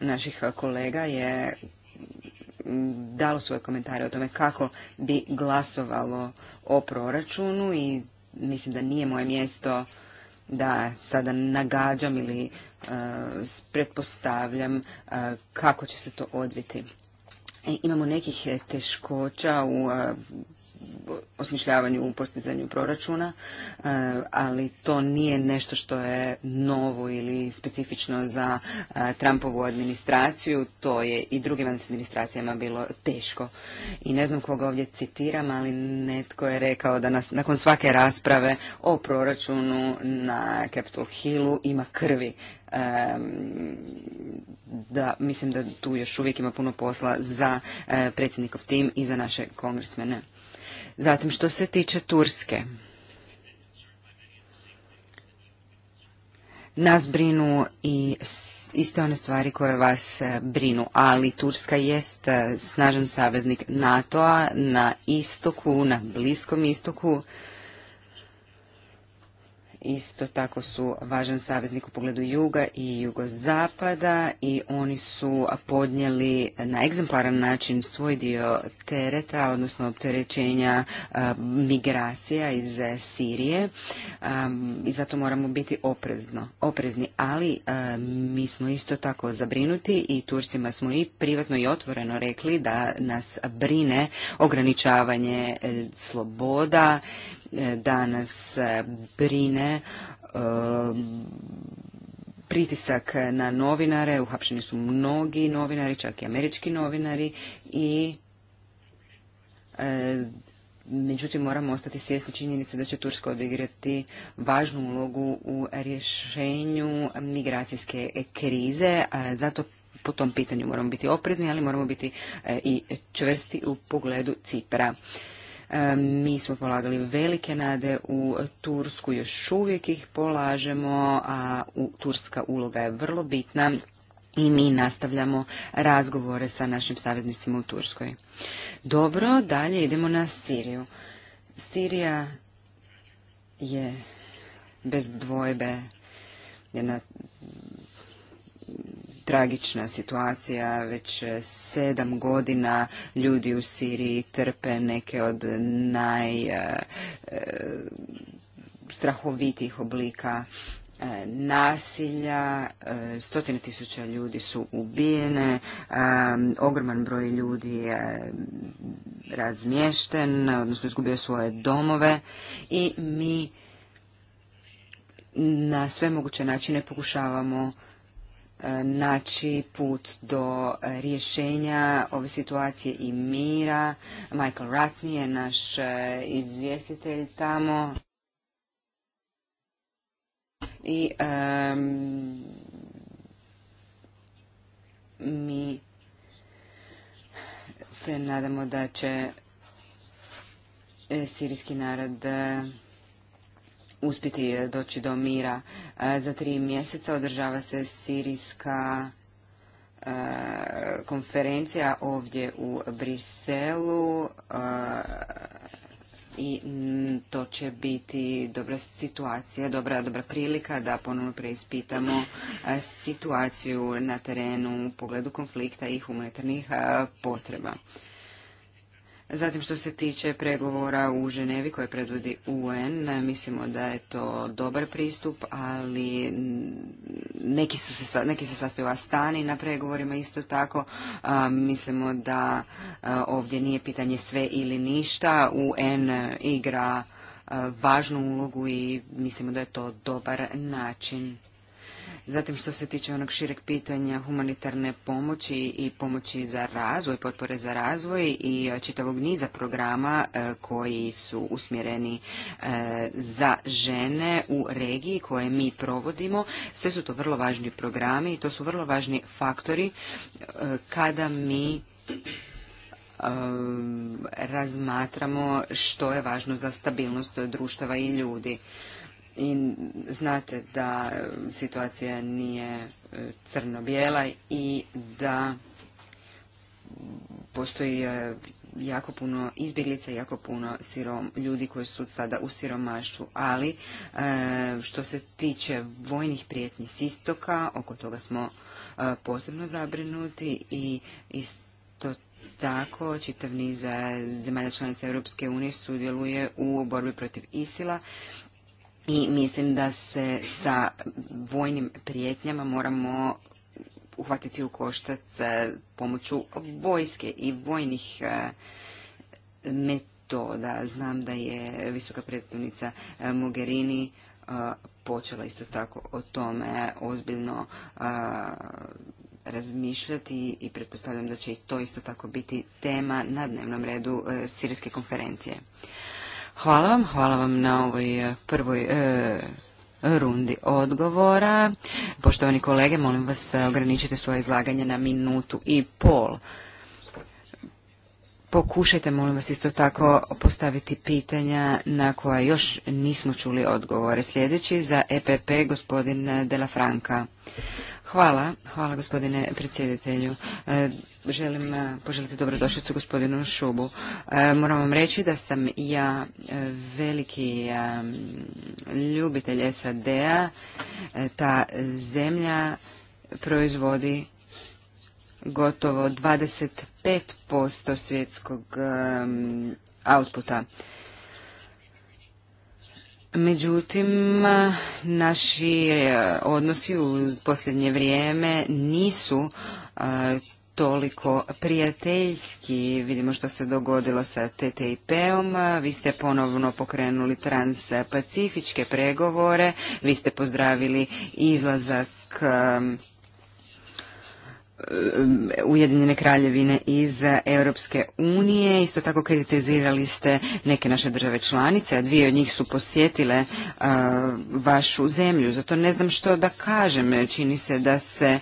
naših kolega je dalo svoje komentare o tome kako bi glasovalo o proračunu i mislim da nije moje mjesto da sada nagađam ili pretpostavljam kako će se to odviti. E, imamo nekih e, teškoća u e, osmišljavanju, u postizanju proračuna, ali to nije nešto što je novo ili specifično za Trumpovu administraciju. To je i drugim administracijama bilo teško. I ne znam koga ovdje citiram, ali netko je rekao da nas nakon svake rasprave o proračunu na Capitol Hillu ima krvi da mislim da tu još uvijek ima puno posla za e, predsjednikov tim i za naše kongresmene. Zatim što se tiče Turske. Nas brinu i iste one stvari koje vas e, brinu, ali Turska jest e, snažan saveznik NATO-a na istoku, na bliskom istoku isto tako su važan saveznik u pogledu juga i jugozapada i oni su podnijeli na egzemplaran način svoj dio tereta, odnosno opterećenja migracija iz Sirije i zato moramo biti oprezno, oprezni, ali mi smo isto tako zabrinuti i Turcima smo i privatno i otvoreno rekli da nas brine ograničavanje e, sloboda danas e, brine e, pritisak na novinare, uhapšeni su mnogi novinari, čak i američki novinari i e, međutim moramo ostati svjesni činjenice da će Turska odigrati važnu ulogu u rješenju migracijske krize, zato po tom pitanju moramo biti oprezni, ali moramo biti i čvrsti u pogledu Cipra. E, mi smo polagali velike nade u Tursku, još uvijek ih polažemo, a turska uloga je vrlo bitna i mi nastavljamo razgovore sa našim saveznicima u Turskoj. Dobro, dalje idemo na Siriju. Sirija je bez dvojbe jedna tragična situacija, već e, sedam godina ljudi u Siriji trpe neke od najstrahovitijih e, e, oblika nasilja, stotine tisuća ljudi su ubijene, ogroman broj ljudi je razmješten, odnosno izgubio svoje domove i mi na sve moguće načine pokušavamo E, naći put do rješenja ove situacije i mira. Michael Ratney je naš e, izvjestitelj tamo. I mi se nadamo da će e, sirijski narod uspjeti eh, doći do mira. Eh, za tri mjeseca održava se sirijska eh, konferencija ovdje u Briselu i mm, to će biti dobra situacija, dobra, dobra prilika da ponovno preispitamo situaciju na terenu u pogledu konflikta i humanitarnih potreba. Zatim što se tiče pregovora u Ženevi koje predvodi UN, mislimo da je to dobar pristup, ali neki, se, neki se sastoju stani na pregovorima isto tako. mislimo da ovdje nije pitanje sve ili ništa. UN igra važnu ulogu i mislimo da je to dobar način. Zatim što se tiče onog šireg pitanja humanitarne pomoći i pomoći za razvoj, potpore za razvoj i e, čitavog niza programa e, koji su usmjereni e, za žene u regiji koje mi provodimo, sve su to vrlo važni programi i to su vrlo važni faktori kada mi razmatramo što je važno za stabilnost društava i ljudi i znate da situacija nije e, crno-bijela i da postoji e, jako puno izbjeglica, jako puno ljudi koji su sada u siromaštvu, ali e, što se tiče vojnih prijetnji s istoka, oko toga smo posebno zabrinuti i isto tako čitav niz zemalja članica Europske unije sudjeluje u borbi protiv Isila i mislim da se sa vojnim prijetnjama moramo uhvatiti u koštac e, pomoću vojske i vojnih e, metoda. Znam da je visoka predstavnica e, Mogherini počela isto tako o tome ozbiljno razmišljati i pretpostavljam da će i to isto tako biti tema na dnevnom redu Sirijske konferencije. Hvala vam, hvala vam na ovoj e, prvoj e, rundi odgovora. Poštovani kolege, molim vas e, ograničite svoje izlaganje na minutu i pol. Pokušajte, molim vas, isto tako postaviti pitanja na koja još nismo čuli odgovore. Sljedeći za EPP, gospodin Dela Franka. Hvala, hvala gospodine predsjedatelju želim e, poželiti dobrodošlicu gospodinu Šubu. E, moram vam reći da sam ja e, veliki ljubitelj SAD-a. Ta zemlja proizvodi gotovo 25% svjetskog outputa. Međutim, naši odnosi u posljednje vrijeme nisu toliko prijateljski. Vidimo što se dogodilo sa TTIP-om. Vi ste ponovno pokrenuli transpacifičke pregovore. Vi ste pozdravili izlazak um, Ujedinjene kraljevine iz Europske unije. Isto tako kritizirali ste neke naše države članice, a dvije od njih su posjetile vašu zemlju. Zato ne znam što da kažem. Čini se da se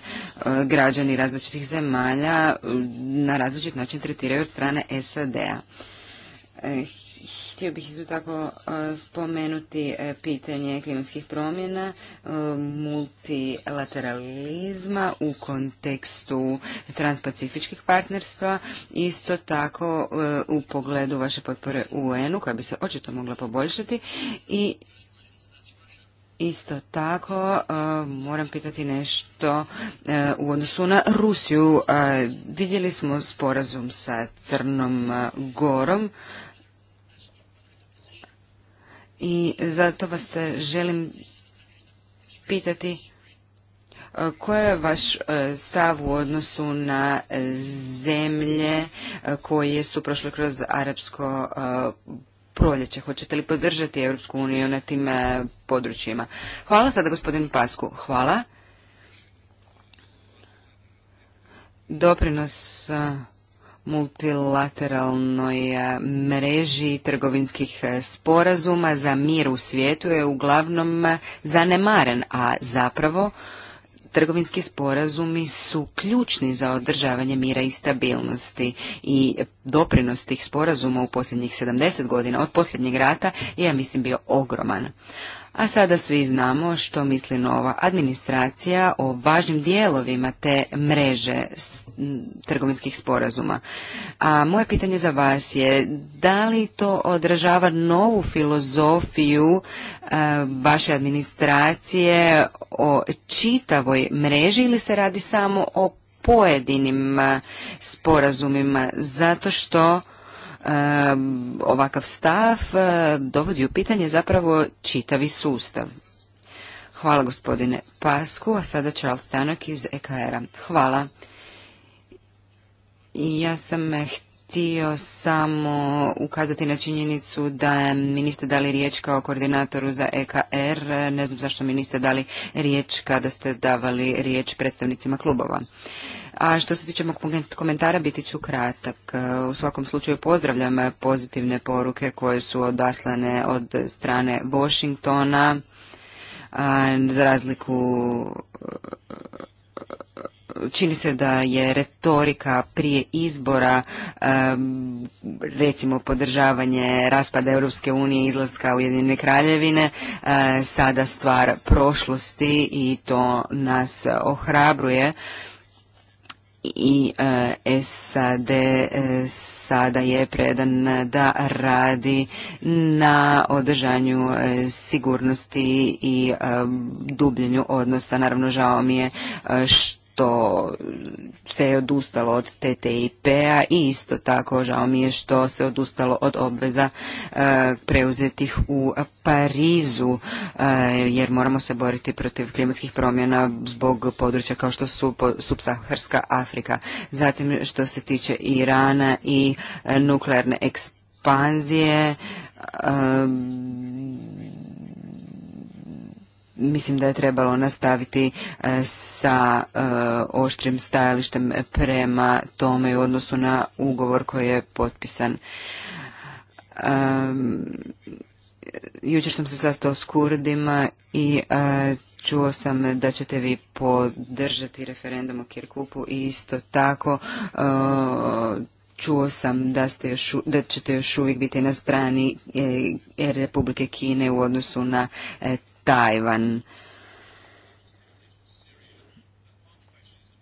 građani različitih zemalja na različit način tretiraju od strane SAD-a. E, Htio bih isto tako e, spomenuti e, pitanje klimatskih promjena, e, multilateralizma u kontekstu transpacifičkih partnerstva, isto tako u pogledu vaše potpore UN-u koja bi se očito mogla poboljšati i Isto tako moram pitati nešto u odnosu na Rusiju. Vidjeli smo sporazum sa Crnom Gorom i zato vas želim pitati e, koji je vaš e, stav u odnosu na e, zemlje koje su prošle kroz arapsko proljeće? Hoćete li podržati Europsku uniju na tim područjima? Hvala sada gospodin Pasku. Hvala. Doprinos multilateralnoj e, mreži trgovinskih e, sporazuma za mir u svijetu je uglavnom e, zanemaren, a zapravo trgovinski sporazumi su ključni za održavanje mira i stabilnosti i doprinos tih sporazuma u posljednjih 70 godina od posljednjeg rata je, ja mislim, bio ogroman. A sada svi znamo što misli nova administracija o važnim dijelovima te mreže trgovinskih sporazuma. A moje pitanje za vas je da li to odražava novu filozofiju e, vaše administracije o čitavoj mreži ili se radi samo o pojedinim e, sporazumima zato što ovakav stav e, dovodi u pitanje zapravo čitavi sustav. Hvala gospodine Pasku, a sada Charles Stanak iz EKR-a. Hvala. Ja sam e, htio samo ukazati na činjenicu da mi niste dali riječ kao koordinatoru za EKR. Ne znam zašto mi niste dali riječ kada ste davali riječ predstavnicima klubova. A što se tiče komentara, biti ću kratak. E, u svakom slučaju pozdravljam pozitivne poruke koje su odaslane od strane Washingtona, e, za razliku e, čini se da je retorika prije izbora recimo podržavanje raspada Europske unije izlaska Ujedinjene kraljevine sada stvar prošlosti i to nas ohrabruje i e, SAD e, sada je predan da radi na održanju e, sigurnosti i dubljenju odnosa. Naravno, žao mi je što to se odustalo od TTIP-a i isto tako žao mi je što se odustalo od obveza e, preuzetih u Parizu e, jer moramo se boriti protiv klimatskih promjena zbog područja kao što su subsaharska Afrika. Zatim što se tiče Irana i e, nuklearne ekspanzije mislim da je trebalo nastaviti e, sa e, oštrim stajalištem prema tome u odnosu na ugovor koji je potpisan. Jučer sam se sastao s Kurdima i e, čuo sam da ćete vi podržati referendum o Kirkupu i isto tako čuo sam da, ste da ćete još uvijek biti na strani Republike Kine u odnosu na Tajvan.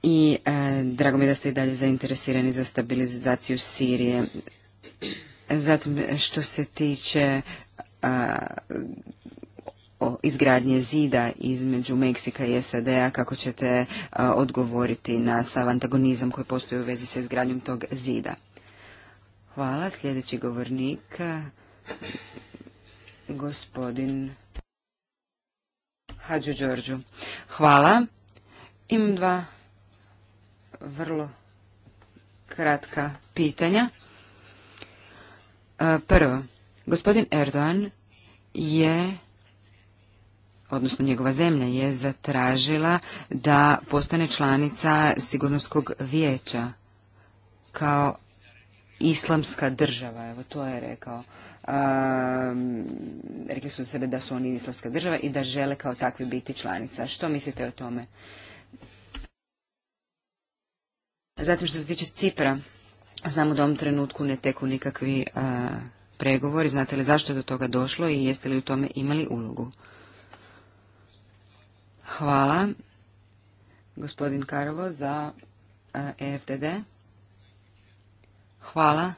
I e, drago mi je da ste i dalje zainteresirani za stabilizaciju Sirije. Zatim što se tiče izgradnje zida između Meksika i SAD-a, kako ćete odgovoriti na sav antagonizam koji postoji u vezi sa izgradnjom tog zida. Hvala. Sljedeći govornik, gospodin Hadžu Đorđu. Hvala. Imam dva vrlo kratka pitanja. E, prvo, gospodin Erdogan je odnosno njegova zemlja je zatražila da postane članica sigurnoskog vijeća kao islamska država, evo to je rekao. Ehm, rekli su sebe da su oni islamska država i da žele kao takvi biti članica. Što mislite o tome? Zatim što se tiče Cipra, znamo da u ovom trenutku ne teku nikakvi eh, pregovori. Znate li zašto je do toga došlo i jeste li u tome imali ulogu? Hvala, gospodin Karovo, za eh, e FTD Hvala.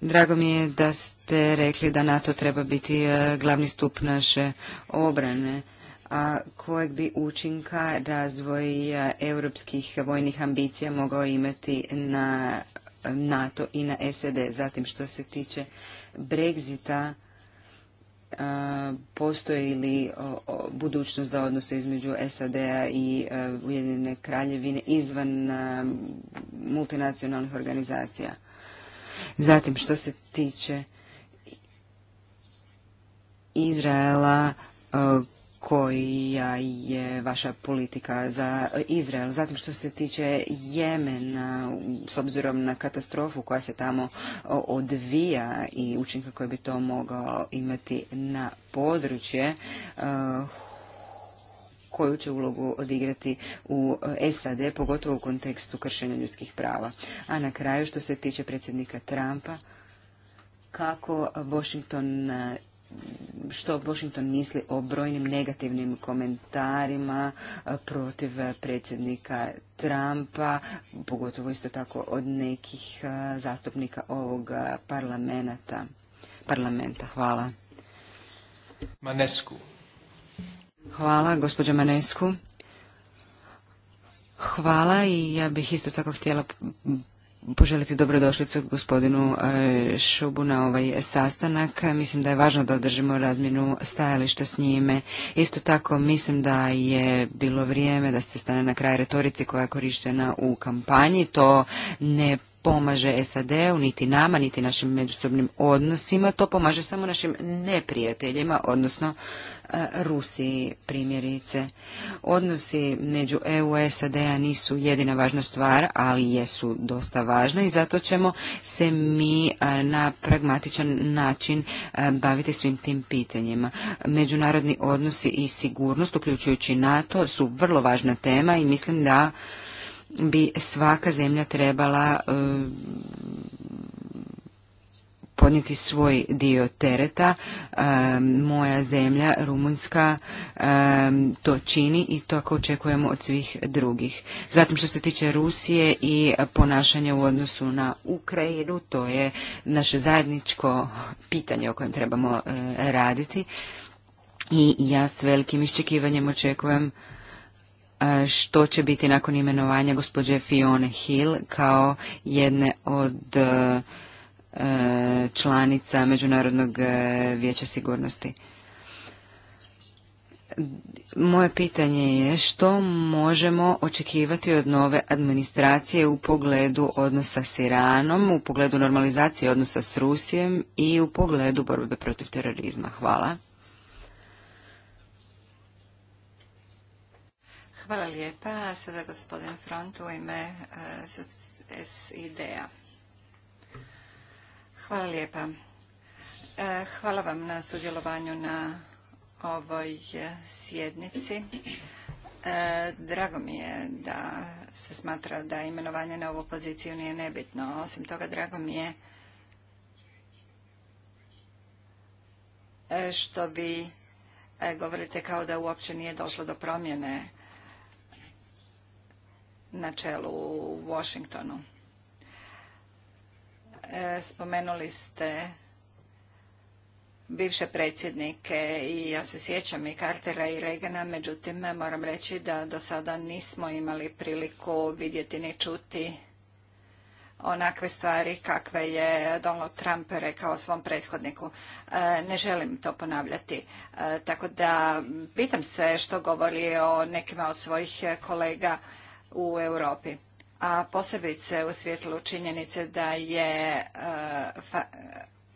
Drago mi je da ste rekli da NATO treba biti e, glavni stup naše obrane a kojeg bi učinka razvoj e, europskih vojnih ambicija mogao imati na e, NATO i na SAD? Zatim što se tiče Brexita, postoji li budućnost za odnose između SAD-a i Ujedinjene kraljevine izvan multinacionalnih organizacija? Zatim, što se tiče Izraela, e, koja je vaša politika za Izrael. Zatim što se tiče Jemena, s obzirom na katastrofu koja se tamo e, odvija i učinka koje bi to mogao imati na područje, e, koju će ulogu odigrati u e, SAD, pogotovo u kontekstu kršenja ljudskih prava. A na kraju, što se tiče predsjednika Trumpa, kako Washington što Washington misli o brojnim negativnim komentarima e, protiv predsjednika Trumpa, pogotovo isto tako od nekih e, zastupnika ovog parlamenta. Parlamenta, hvala. Hvala, gospođo Manesku. Hvala i ja bih isto tako htjela poželiti dobrodošlicu gospodinu e, Šubu na ovaj sastanak. Mislim da je važno da održimo razmjenu stajališta s njime. Isto tako mislim da je bilo vrijeme da se stane na kraj retorici koja je korištena u kampanji. To ne pomaže SAD-u, niti nama, niti našim međusobnim odnosima, to pomaže samo našim neprijateljima, odnosno e, Rusiji primjerice. Odnosi među EU i SAD-a nisu jedina važna stvar, ali jesu dosta važne i zato ćemo se mi e, na pragmatičan način e, baviti svim tim pitanjima. Međunarodni odnosi i sigurnost, uključujući NATO, su vrlo važna tema i mislim da bi svaka zemlja trebala e, podnijeti svoj dio tereta. E, moja zemlja, Rumunjska, e, to čini i to ako očekujemo od svih drugih. Zatim što se tiče Rusije i ponašanja u odnosu na Ukrajinu, to je naše zajedničko pitanje o kojem trebamo raditi. I ja s velikim iščekivanjem očekujem E, što će biti nakon imenovanja gospođe Fione Hill kao jedne od e, članica Međunarodnog e, vijeća sigurnosti. Moje pitanje je što možemo očekivati od nove administracije u pogledu odnosa s Iranom, u pogledu normalizacije odnosa s Rusijem i u pogledu borbe protiv terorizma. Hvala. Hvala lijepa. sada gospodin Front u ime e, SID-a. Hvala lijepa. E, hvala vam na sudjelovanju na ovoj sjednici. E, drago mi je da se smatra da imenovanje na ovu poziciju nije nebitno. Osim toga, drago mi je što vi govorite kao da uopće nije došlo do promjene na čelu u Washingtonu. E, spomenuli ste bivše predsjednike i ja se sjećam i Cartera i Regana, međutim moram reći da do sada nismo imali priliku vidjeti ni čuti onakve stvari kakve je Donald Trump rekao svom prethodniku. E, ne želim to ponavljati. E, tako da pitam se što govori o nekima od svojih kolega u Europi a posebice u svjetlu činjenice da je uh,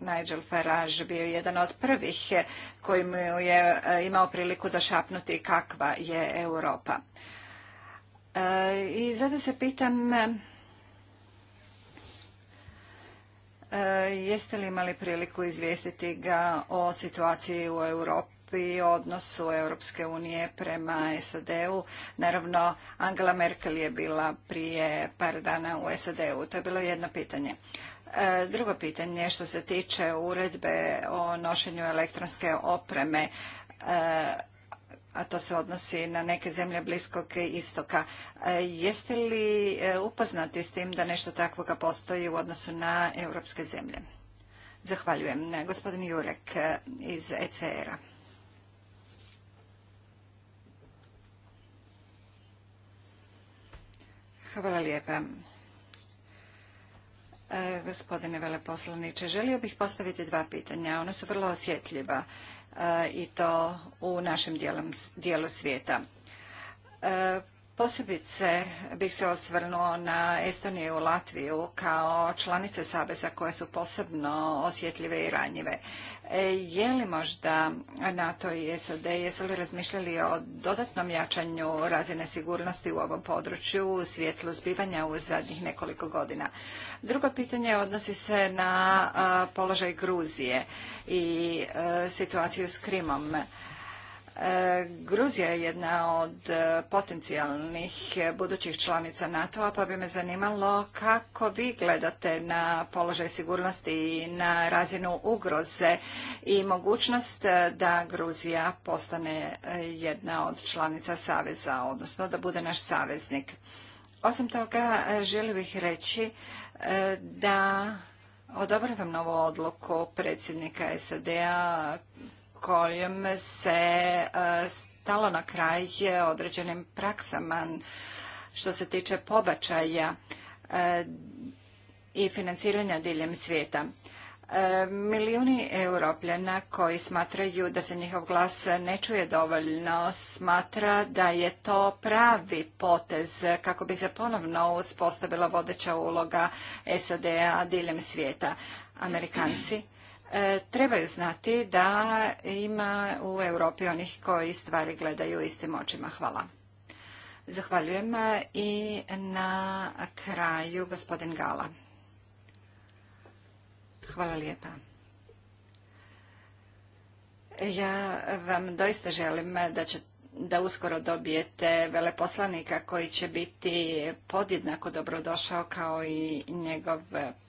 Nigel Farage bio jedan od prvih koji mu je eh, imao priliku šapnuti kakva je Europa. Eh, I zato se pitam jeste li imali priliku izvijestiti ga o situaciji u Europi i odnosu Europske unije prema SAD-u. Naravno, Angela Merkel je bila prije par dana u SAD-u. To je bilo jedno pitanje. E, drugo pitanje što se tiče uredbe o nošenju elektronske opreme, e, a to se odnosi na neke zemlje Bliskog istoka. E, jeste li upoznati s tim da nešto takvoga postoji u odnosu na europske zemlje? Zahvaljujem. Gospodin Jurek iz ECR-a. Hvala lijepa. E, gospodine veleposlaniče, želio bih postaviti dva pitanja. Ona su vrlo osjetljiva e, i to u našem dijelu svijeta. E, posebice bih se osvrnuo na Estoniju i Latviju kao članice Saveza koje su posebno osjetljive i ranjive. E, je li možda NATO i SAD, jesu li razmišljali o dodatnom jačanju razine sigurnosti u ovom području u svijetlu zbivanja u zadnjih nekoliko godina? Drugo pitanje odnosi se na položaj Gruzije i e, situaciju s Krimom Gruzija je jedna od e, potencijalnih budućih članica NATO-a, pa bi me zanimalo kako vi gledate na položaj sigurnosti i na razinu ugroze i mogućnost e, da Gruzija postane e, jedna od članica Saveza, odnosno da bude naš saveznik. Osim toga, želio bih reći da odobravam novu odluku predsjednika SAD-a kojem se e, stalo na kraj određenim praksama što se tiče pobačaja e, i financiranja diljem svijeta. E, milijuni europljena koji smatraju da se njihov glas ne čuje dovoljno smatra da je to pravi potez kako bi se ponovno uspostavila vodeća uloga SAD-a diljem svijeta. Amerikanci E, trebaju znati da ima u Europi onih koji stvari gledaju istim očima. Hvala. Zahvaljujem e, i na kraju gospodin Gala. Hvala lijepa. Ja vam doista želim e, da da uskoro dobijete veleposlanika koji će biti podjednako dobrodošao kao i njegov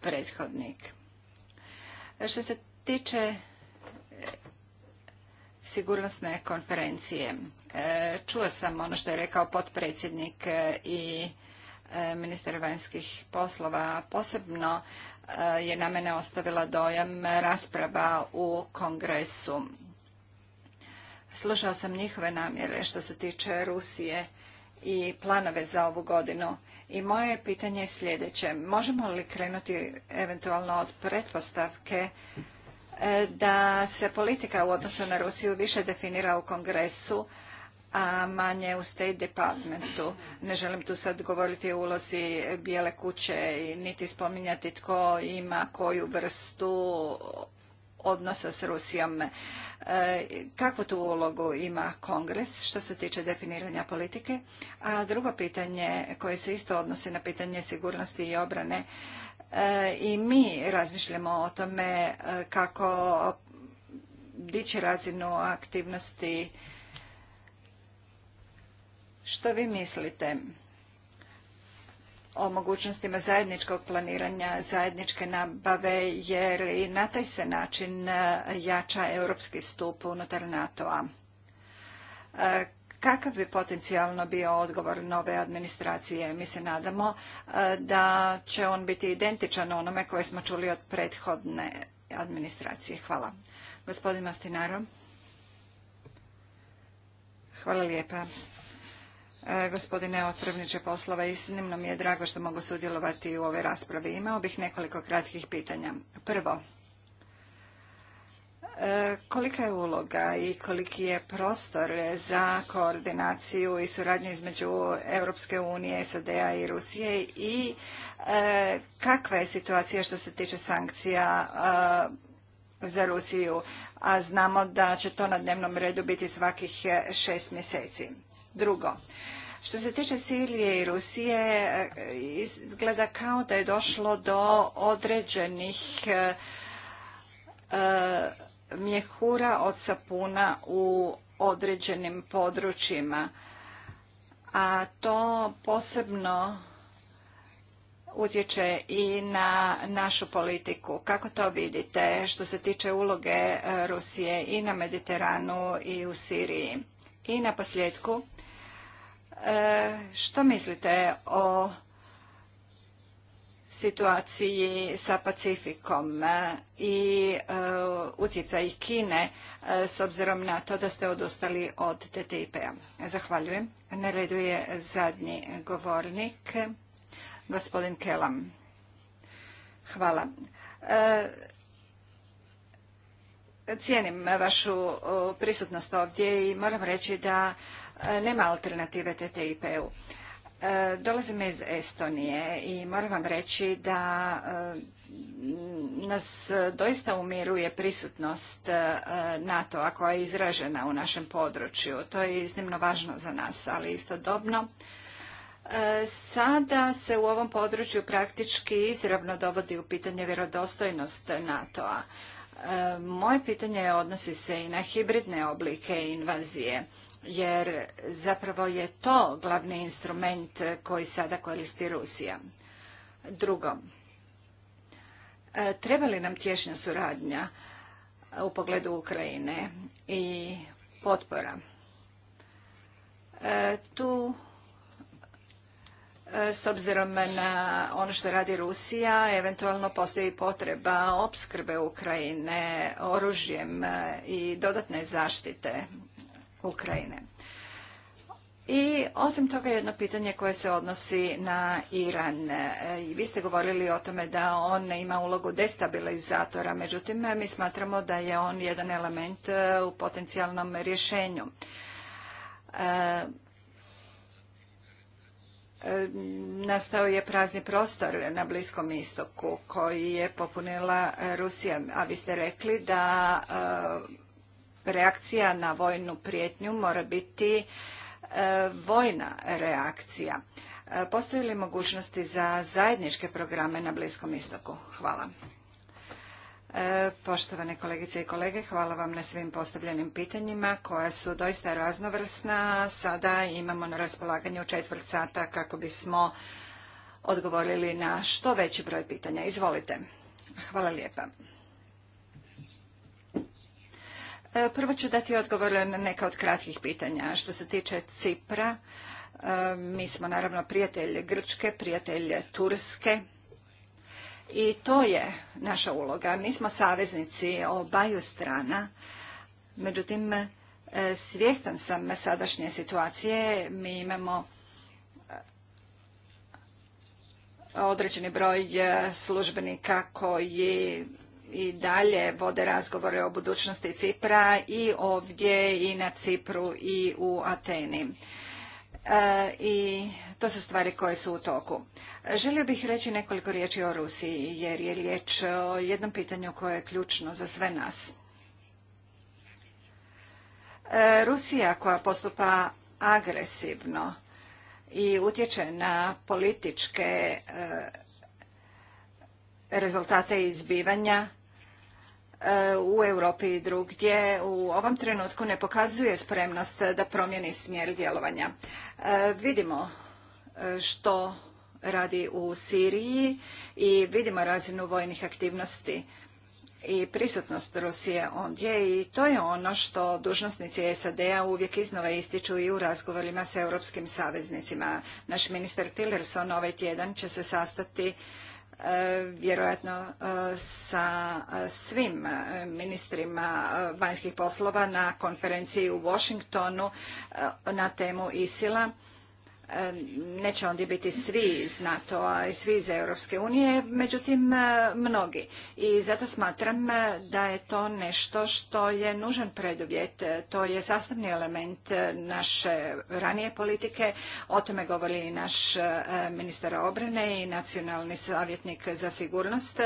prethodnik. Što se tiče e, sigurnosne konferencije, e, čuo sam ono što je rekao potpredsjednik e, i ministar vanjskih poslova, posebno je na mene ostavila dojam rasprava u kongresu. Slušao sam njihove namjere što se tiče Rusije i planove za ovu godinu. I moje pitanje je sljedeće. Možemo li krenuti eventualno od pretpostavke da se politika u odnosu na Rusiju više definira u Kongresu, a manje u State Departmentu. Ne želim tu sad govoriti o ulozi Bijele kuće i niti spominjati tko ima koju vrstu odnosa s Rusijom. E, kakvu tu ulogu ima Kongres što se tiče definiranja politike? A drugo pitanje koje se isto odnosi na pitanje sigurnosti i obrane E, i mi razmišljamo o tome e, kako dići razinu aktivnosti. Što vi mislite o mogućnostima zajedničkog planiranja, zajedničke nabave, jer i na taj se način e, jača europski stup unutar NATO-a. Kakav bi potencijalno bio odgovor nove administracije? Mi se nadamo e, da će on biti identičan onome koje smo čuli od prethodne administracije. Hvala. Gospodin Mastinaro. Hvala lijepa. E, gospodine otpravniče poslova, iznimno mi je drago što mogu sudjelovati u ovoj raspravi. Imao bih nekoliko kratkih pitanja. Prvo, Kolika je uloga i koliki je prostor za koordinaciju i suradnju između Europske unije, SAD-a i Rusije i e, kakva je situacija što se tiče sankcija e, za Rusiju, a znamo da će to na dnevnom redu biti svakih e, šest mjeseci. Drugo, što se tiče Sirije i Rusije, izgleda kao da je došlo do određenih mjehura od sapuna u određenim područjima, a to posebno utječe i na našu politiku. Kako to vidite što se tiče uloge e, Rusije i na Mediteranu i u Siriji? I na posljedku, e, što mislite o situaciji sa Pacifikom e, i e, utjecaj Kine e, s obzirom na to da ste odustali od TTIP-a. Zahvaljujem. Na redu je zadnji govornik, gospodin Kelam. Hvala. Cijenim vašu prisutnost ovdje i moram reći da nema alternative TTIP-u. E, dolazim iz Estonije i moram vam reći da e, nas doista umiruje prisutnost e, NATO-a koja je izražena u našem području. To je iznimno važno za nas, ali istodobno sada se u ovom području praktički izravno dovodi u pitanje vjerodostojnost NATO-a. Moje pitanje odnosi se i na hibridne oblike invazije jer zapravo je to glavni instrument koji sada koristi Rusija. Drugo, e, treba li nam tješnja suradnja e, u pogledu Ukrajine i potpora? E, tu s obzirom na ono što radi Rusija, eventualno postoji potreba opskrbe Ukrajine oružjem i dodatne zaštite Ukrajine. I osim toga jedno pitanje koje se odnosi na Iran. E, vi ste govorili o tome da on ima ulogu destabilizatora, međutim mi smatramo da je on jedan element e, u potencijalnom rješenju. E, nastao je prazni prostor na Bliskom istoku koji je popunila Rusija, a vi ste rekli da reakcija na vojnu prijetnju mora biti e, vojna reakcija. E, postoji li mogućnosti za zajedničke programe na Bliskom istoku? Hvala. E, poštovane kolegice i kolege, hvala vam na svim postavljenim pitanjima koja su doista raznovrsna. Sada imamo na raspolaganju četvrt sata kako bismo odgovorili na što veći broj pitanja. Izvolite. Hvala lijepa. E, prvo ću dati odgovor na neka od kratkih pitanja. Što se tiče Cipra, e, mi smo naravno prijatelje Grčke, prijatelje Turske i to je naša uloga. Mi smo saveznici obaju strana, međutim e, svjestan sam sadašnje situacije. Mi imamo određeni broj službenika koji i dalje vode razgovore o budućnosti Cipra i ovdje i na Cipru i u Ateni. E, I to su stvari koje su u toku. Želio bih reći nekoliko riječi o Rusiji jer je riječ o jednom pitanju koje je ključno za sve nas. E, Rusija koja postupa agresivno i utječe na političke e, rezultate izbivanja E, u Europi i drugdje u ovom trenutku ne pokazuje spremnost da promijeni smjer djelovanja. E, vidimo e, što radi u Siriji i vidimo razinu vojnih aktivnosti i prisutnost Rusije ondje i to je ono što dužnosnici SAD-a uvijek iznova ističu i u razgovorima s europskim saveznicima. Naš ministar Tillerson ovaj tjedan će se sastati vjerojatno e, sa e, svim e, ministrima vanjskih poslova na konferenciji u Washingtonu na temu Isila neće ondje biti svi iz NATO-a i svi iz Europske unije, međutim e, mnogi. I zato smatram e, da je to nešto što je nužan preduvjet, e, to je sastavni element naše ranije politike, o tome govori i naš ministar obrane i nacionalni savjetnik za sigurnost,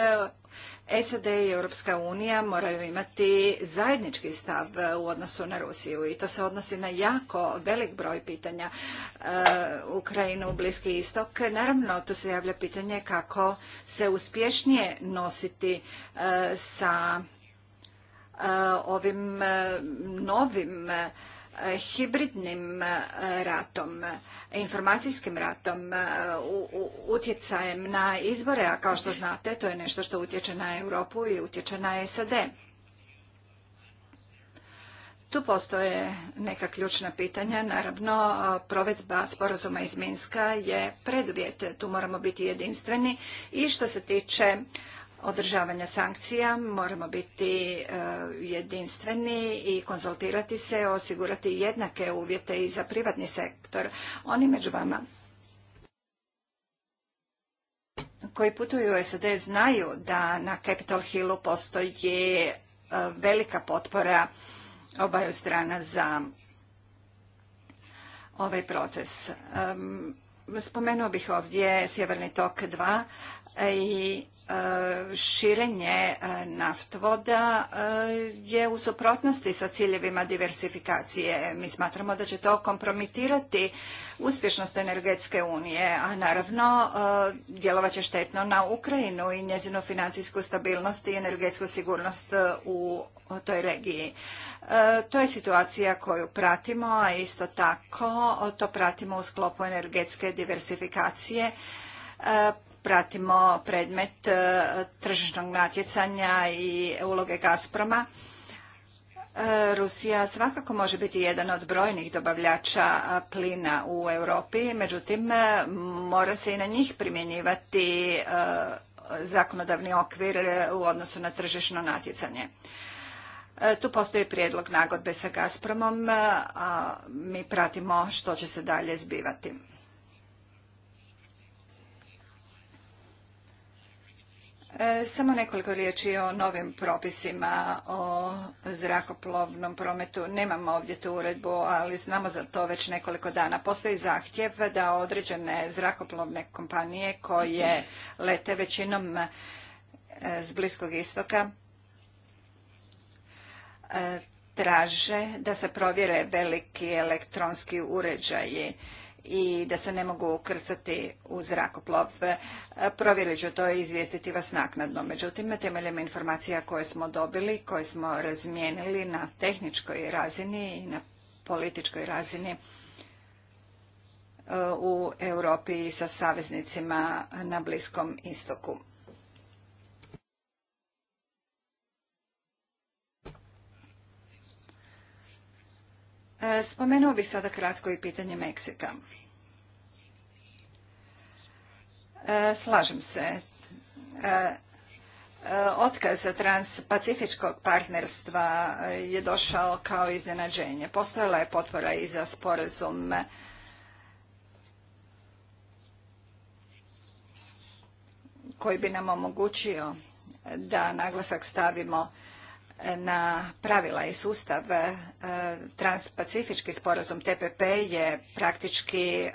SAD i Europska unija moraju imati zajednički stav e, u odnosu na Rusiju i to se odnosi na jako velik broj pitanja e, Ukrajinu, Bliski istok. Naravno, tu se javlja pitanje kako se uspješnije nositi e, sa ovim novim hibridnim e, ratom, informacijskim ratom, e, utjecajem na izbore, a kao što znate to je nešto što utječe na Europu i utječe na SAD. Tu postoje neka ključna pitanja. Naravno, e, provedba sporazuma iz Minska je preduvjet. Tu moramo biti jedinstveni. I što se tiče održavanja sankcija moramo biti e, jedinstveni i konzultirati se, osigurati jednake uvjete i za privatni sektor. Oni među vama koji putuju u SAD znaju da na Capitol Hillu postoji e, velika potpora obaju strana za ovaj proces. Spomenuo bih ovdje Sjeverni tok 2 e, i E, širenje e, naftvoda e, je u suprotnosti sa ciljevima diversifikacije. Mi smatramo da će to kompromitirati uspješnost energetske unije, a naravno djelovat će štetno na Ukrajinu i njezinu financijsku stabilnost i energetsku sigurnost u toj regiji. To je situacija koju pratimo, a isto tako to pratimo u sklopu energetske diversifikacije pratimo predmet e, tržišnog natjecanja i uloge Gazproma. E, Rusija svakako može biti jedan od brojnih dobavljača plina u Europi, međutim e, mora se i na njih primjenjivati zakonodavni okvir u odnosu na tržišno natjecanje. Tu postoji prijedlog nagodbe sa Gazpromom, a mi pratimo što će se dalje zbivati. E, samo nekoliko riječi o novim propisima o zrakoplovnom prometu. Nemamo ovdje tu uredbu, ali znamo za to već nekoliko dana. Postoji zahtjev da određene zrakoplovne kompanije koje lete većinom e, s Bliskog istoka e, traže da se provjere veliki elektronski uređaji i da se ne mogu ukrcati u zrakoplov. E, provjerit ću to i izvijestiti vas naknadno. Međutim, temeljem informacija koje smo dobili, koje smo razmijenili na tehničkoj razini i na političkoj razini e, u Europi i sa saveznicima na Bliskom istoku. E, spomenuo bih sada kratko i pitanje Meksika. Slažem se. E, e, otkaz transpacifičkog partnerstva je došao kao iznenađenje. Postojala je potpora i za sporazum koji bi nam omogućio da naglasak stavimo na pravila i sustav. E, transpacifički sporazum TPP je praktički e,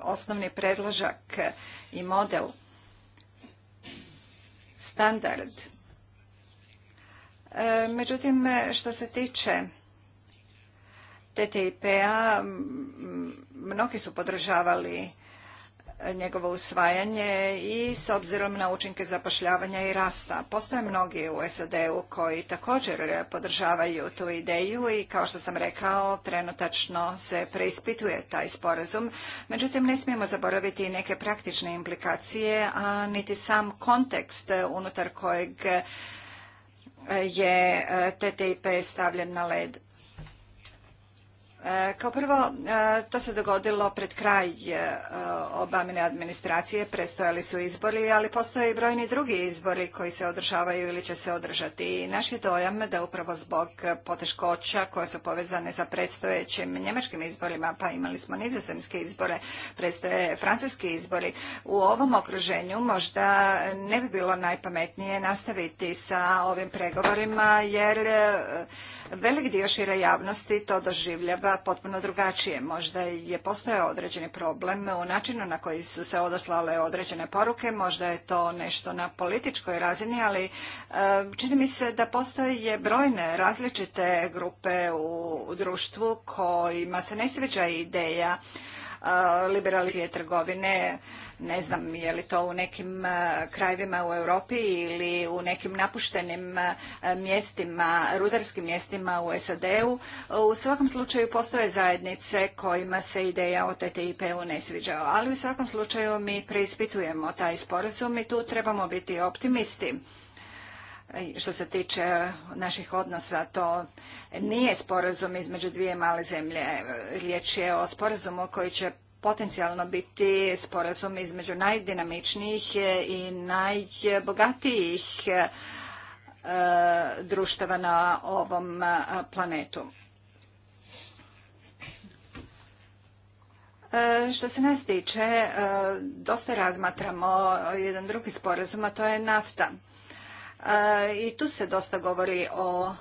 osnovni predložak i model, standard. E, međutim, što se tiče TTIP-a, mnogi su podržavali njegovo usvajanje i s obzirom na učinke zapošljavanja i rasta. Postoje mnogi u SAD-u koji također podržavaju tu ideju i kao što sam rekao trenutačno se preispituje taj sporazum. Međutim, ne smijemo zaboraviti neke praktične implikacije, a niti sam kontekst unutar kojeg je TTIP stavljen na led. E, kao prvo, e, to se dogodilo pred kraj e, Obamine administracije, predstojali su izbori, ali postoje i brojni drugi izbori koji se održavaju ili će se održati. I naš je dojam da upravo zbog poteškoća koje su povezane sa predstojećim njemačkim izborima, pa imali smo nizozemske izbore, predstoje francuski izbori, u ovom okruženju možda ne bi bilo najpametnije nastaviti sa ovim pregovorima, jer Velik dio šire javnosti to doživljava potpuno drugačije. Možda je postojao određeni problem u načinu na koji su se odoslale određene poruke, možda je to nešto na političkoj razini, ali e, čini mi se da postoje brojne različite grupe u društvu kojima se ne sviđa ideja e, liberalizije trgovine, ne znam je li to u nekim e, krajevima u Europi ili u nekim napuštenim e, mjestima, rudarskim mjestima u SAD-u. U svakom slučaju postoje zajednice kojima se ideja o TTIP-u ne sviđa, ali u svakom slučaju mi preispitujemo taj sporazum i tu trebamo biti optimisti e, što se tiče naših odnosa, to nije sporazum između dvije male zemlje. Riječ je o sporazumu koji će potencijalno biti sporazum između najdinamičnijih i najbogatijih e, društava na ovom e, planetu. E, što se nas tiče, dosta razmatramo jedan drugi sporazum, a to je nafta. I tu se dosta govori o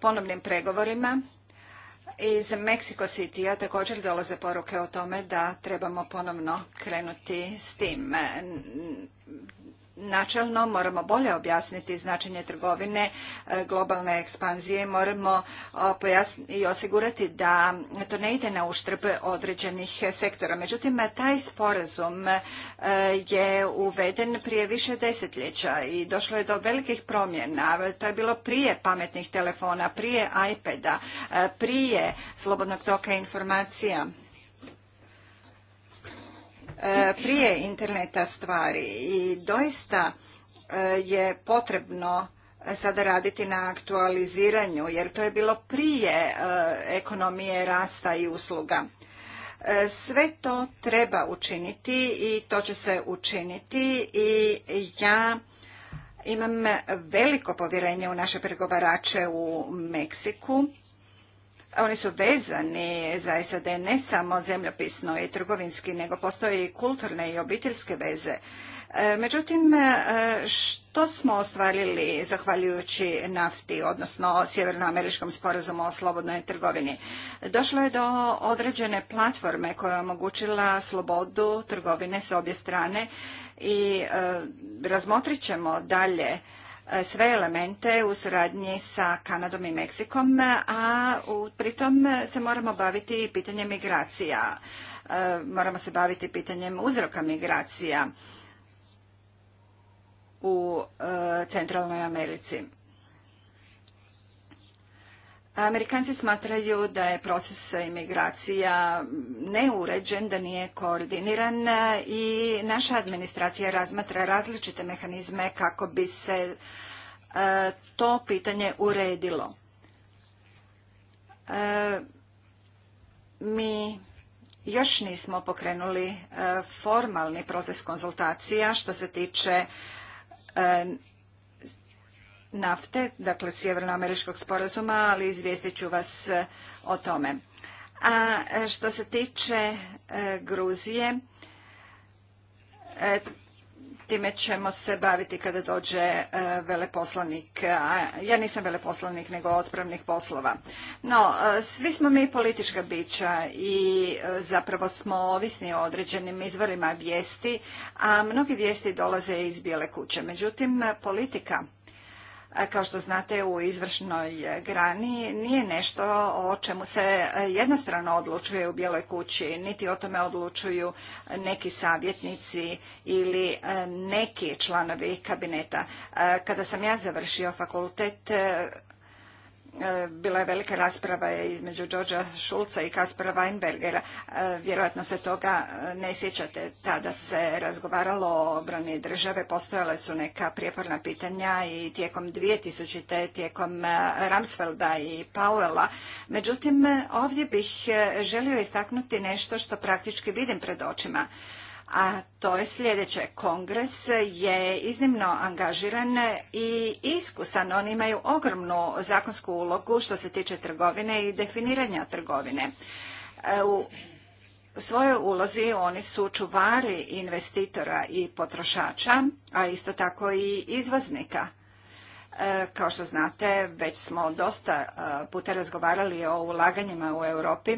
ponovnim pregovorima iz Mexico City-a također dolaze poruke o tome da trebamo ponovno krenuti s tim načelno moramo bolje objasniti značenje trgovine, e, globalne ekspanzije, moramo e, i osigurati da to ne ide na uštrb određenih sektora. Međutim, taj sporazum e, je uveden prije više desetljeća i došlo je do velikih promjena. To je bilo prije pametnih telefona, prije iPada, prije slobodnog toka informacija E, prije interneta stvari i doista e, je potrebno sada raditi na aktualiziranju jer to je bilo prije e, ekonomije rasta i usluga. Sve to treba učiniti i to će se učiniti i ja imam veliko povjerenje u naše pregovarače u Meksiku oni su vezani za SAD ne samo zemljopisno i trgovinski, nego postoje i kulturne i obiteljske veze. E, međutim, e, što smo ostvarili zahvaljujući nafti, odnosno Sjevernoameričkom sporazumu o slobodnoj trgovini? Došlo je do određene platforme koja je omogućila slobodu trgovine s obje strane i e, razmotrit ćemo dalje E, sve elemente u suradnji sa Kanadom i Meksikom, a pritom se moramo baviti i pitanjem migracija. E, moramo se baviti pitanjem uzroka migracija u e, Centralnoj Americi. Amerikanci smatraju da je proces imigracija neuređen, da nije koordiniran i naša administracija razmatra različite mehanizme kako bi se e, to pitanje uredilo. E, mi još nismo pokrenuli e, formalni proces konzultacija što se tiče nafte, dakle sjevernoameričkog sporazuma, ali izvijestit ću vas e, o tome. A e, što se tiče e, Gruzije, time ćemo se baviti kada dođe veleposlanik. Ja nisam veleposlanik, nego otpravnih poslova. No, svi smo mi politička bića i zapravo smo ovisni o određenim izvorima vijesti, a mnogi vijesti dolaze iz bijele kuće. Međutim, politika kao što znate u izvršnoj grani nije nešto o čemu se jednostrano odlučuje u Bijeloj kući, niti o tome odlučuju neki savjetnici ili e, neki članovi kabineta. E, kada sam ja završio fakultet, e, E, bila je velika rasprava između Georgea Šulca i Kaspara Weinbergera. E, vjerojatno se toga e, ne sjećate. Tada se razgovaralo o obrani države, postojale su neka prijeporna pitanja i tijekom 2000. tijekom Ramsfelda i Powella. Međutim, ovdje bih želio istaknuti nešto što praktički vidim pred očima a to je sljedeće. Kongres je iznimno angažiran i iskusan. Oni imaju ogromnu zakonsku ulogu što se tiče trgovine i definiranja trgovine. E, u svojoj ulozi oni su čuvari investitora i potrošača, a isto tako i izvoznika. E, kao što znate, već smo dosta e, puta razgovarali o ulaganjima u Europi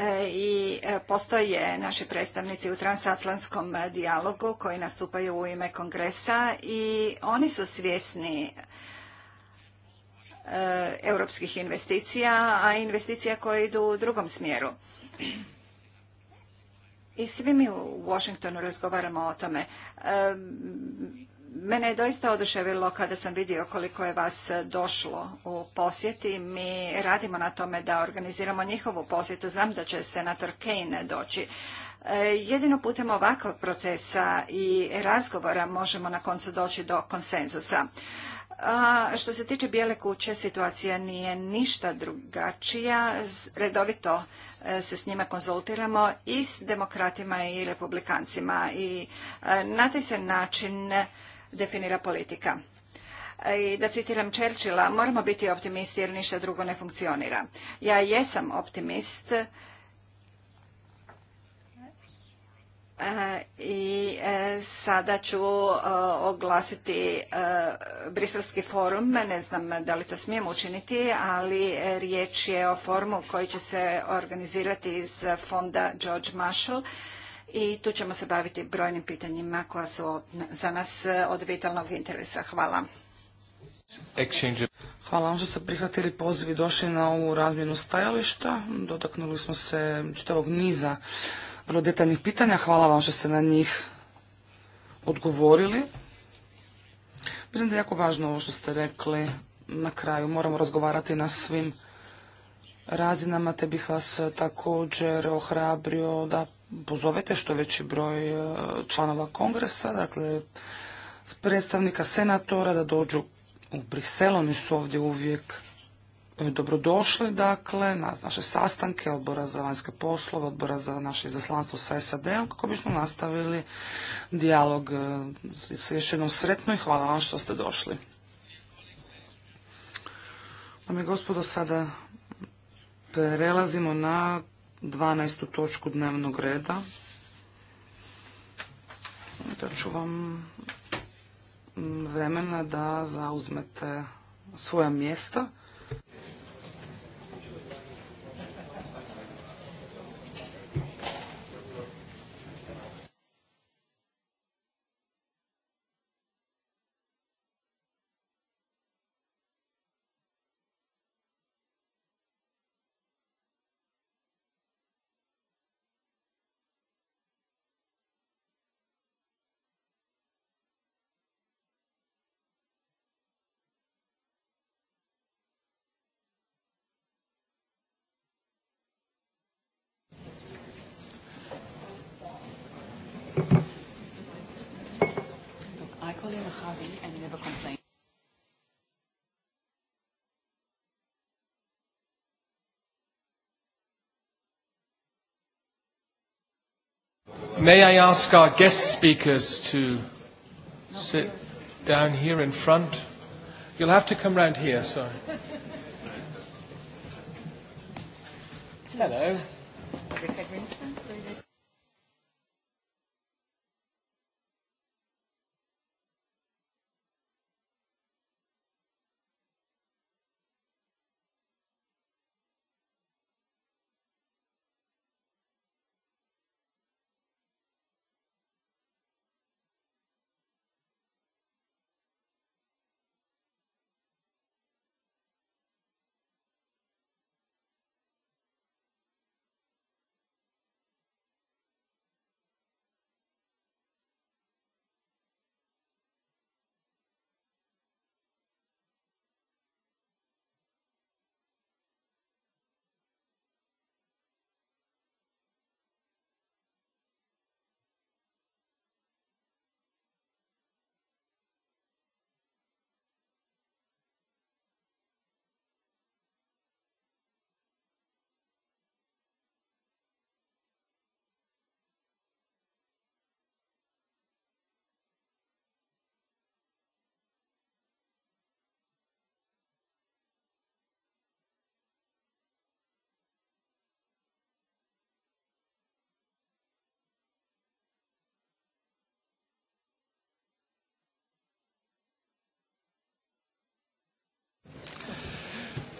E, i e, postoje naši predstavnici u transatlantskom dijalogu koji nastupaju u ime kongresa i oni su svjesni e, europskih investicija, a investicija koje idu u drugom smjeru. I svi mi u Washingtonu razgovaramo o tome. Mene je doista oduševilo kada sam vidio koliko je vas e, došlo u posjeti. Mi radimo na tome da organiziramo njihovu posjetu. Znam da će senator Kane doći. E, jedino putem ovakvog procesa i razgovora možemo na koncu doći do konsenzusa. A što se tiče Bijele kuće, situacija nije ništa drugačija. Redovito e, se s njima konzultiramo i s demokratima i republikancima i na taj se način definira politika. E, I da citiram Churchilla, moramo biti optimisti jer ništa drugo ne funkcionira. Ja jesam optimist e, i e, sada ću oglasiti Briselski forum, ne znam da li to smijem učiniti, ali riječ je o forumu koji će se organizirati iz fonda George Marshall i tu ćemo se baviti brojnim pitanjima koja su za nas e, od vitalnog interesa. Hvala. Hvala vam što ste prihvatili poziv i došli na ovu razmjenu stajališta. Dotaknuli smo se čitavog niza vrlo detaljnih pitanja. Hvala vam što ste na njih odgovorili. Mislim da je jako važno ovo što ste rekli na kraju. Moramo razgovarati na svim razinama, te bih vas također ohrabrio da pozovete što veći broj e, članova kongresa, dakle predstavnika senatora da dođu u Brisel, oni su ovdje uvijek e, dobrodošli, dakle, na naše sastanke odbora za vanjske poslove, odbora za naše izaslanstvo sa SAD-om, kako bismo nastavili dijalog e, s još jednom sretno i hvala vam što ste došli. Dame gospodo, sada prelazimo na 12. točku dnevnog reda. Da ću vam vremena da zauzmete svoja mjesta. Javi and never complain. May I ask our guest speakers to sit down here in front? You'll have to come round here, sorry. Hello.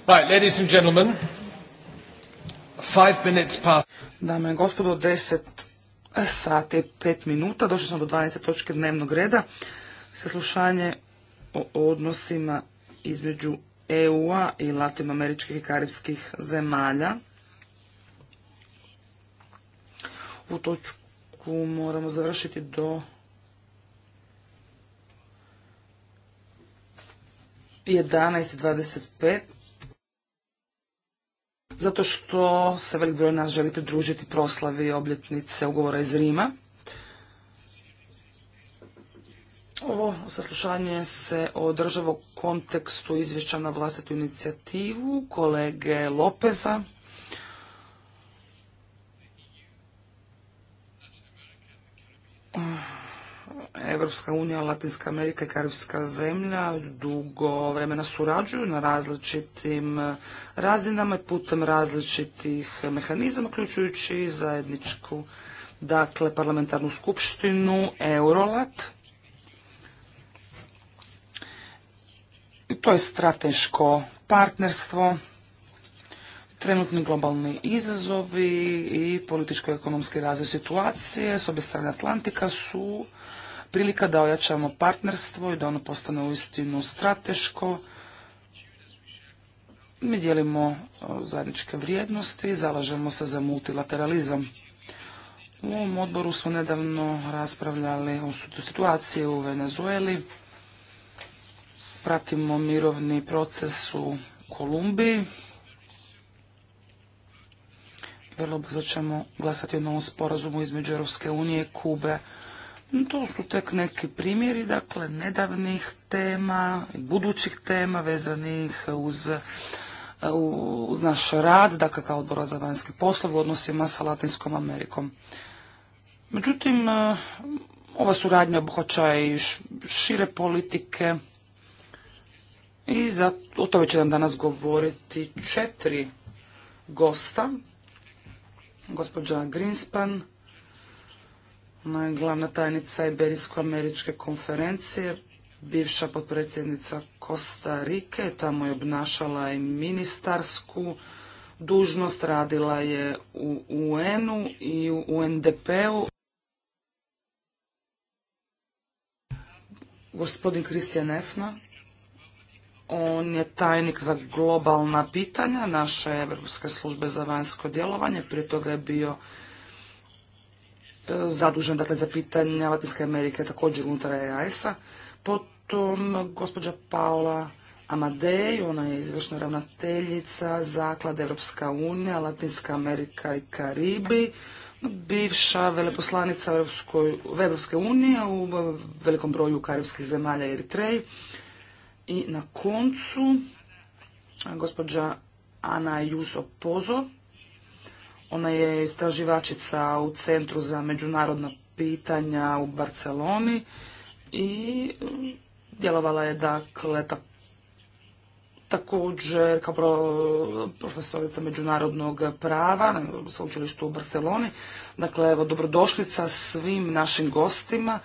ladies and gentlemen, five minutes past. Dame i gospodo, 10 sati pet minuta, došli smo do 12. točke dnevnog reda, saslušanje o odnosima između EU-a i latinoameričkih i karibskih zemalja. U točku moramo završiti do jedanaest i dvadeset pet zato što se velik broj nas želi pridružiti proslavi obljetnice ugovora iz Rima. Ovo saslušanje se održava u kontekstu izvješća na vlastitu inicijativu kolege Lopeza Evropska unija, Latinska Amerika i Karibska zemlja dugo vremena surađuju na različitim razinama i putem različitih mehanizama, uključujući zajedničku dakle parlamentarnu skupštinu Eurolat. To je strateško partnerstvo, trenutni globalni izazovi i političko-ekonomski razvoj situacije s obje strane Atlantika su prilika da ojačamo partnerstvo i da ono postane uistinu strateško. Mi dijelimo e, zajedničke vrijednosti, zalažemo se za multilateralizam. U ovom odboru smo nedavno raspravljali o situaciji u Venezueli. Pratimo mirovni proces u Kolumbiji. Vrlo brzo ćemo glasati o novom sporazumu između Europske unije, Kube to su tek neki primjeri, dakle, nedavnih tema, budućih tema vezanih uz, naš rad, dakle, kao odbora za vanjske poslove u odnosima sa Latinskom Amerikom. Međutim, e, ova suradnja obuhvaća i šire politike i za, o tome će nam danas govoriti četiri gosta. Gospođa Grinspan, ona glavna tajnica Iberijsko-američke konferencije, bivša potpredsjednica Kosta Rike, tamo je obnašala i ministarsku dužnost, radila je u UN-u i u UNDP-u. Gospodin Kristijan Efna, on je tajnik za globalna pitanja naše Evropske službe za vanjsko djelovanje, prije toga je bio zadužen dakle, za pitanje Latinske Amerike također unutar EAS-a. Potom gospođa Paola Amadej, ona je izvršna ravnateljica Zaklade Europska unija, Latinska Amerika i Karibi, bivša veleposlanica Europskoj, Europske unije u velikom broju karibskih zemalja i I na koncu gospođa Ana Juso Pozo, ona je istraživačica u Centru za međunarodna pitanja u Barceloni i um, djelovala je dakle također kao profesorica međunarodnog prava na sveučilištu u Barceloni. Dakle, evo, dobrodošlica svim našim gostima.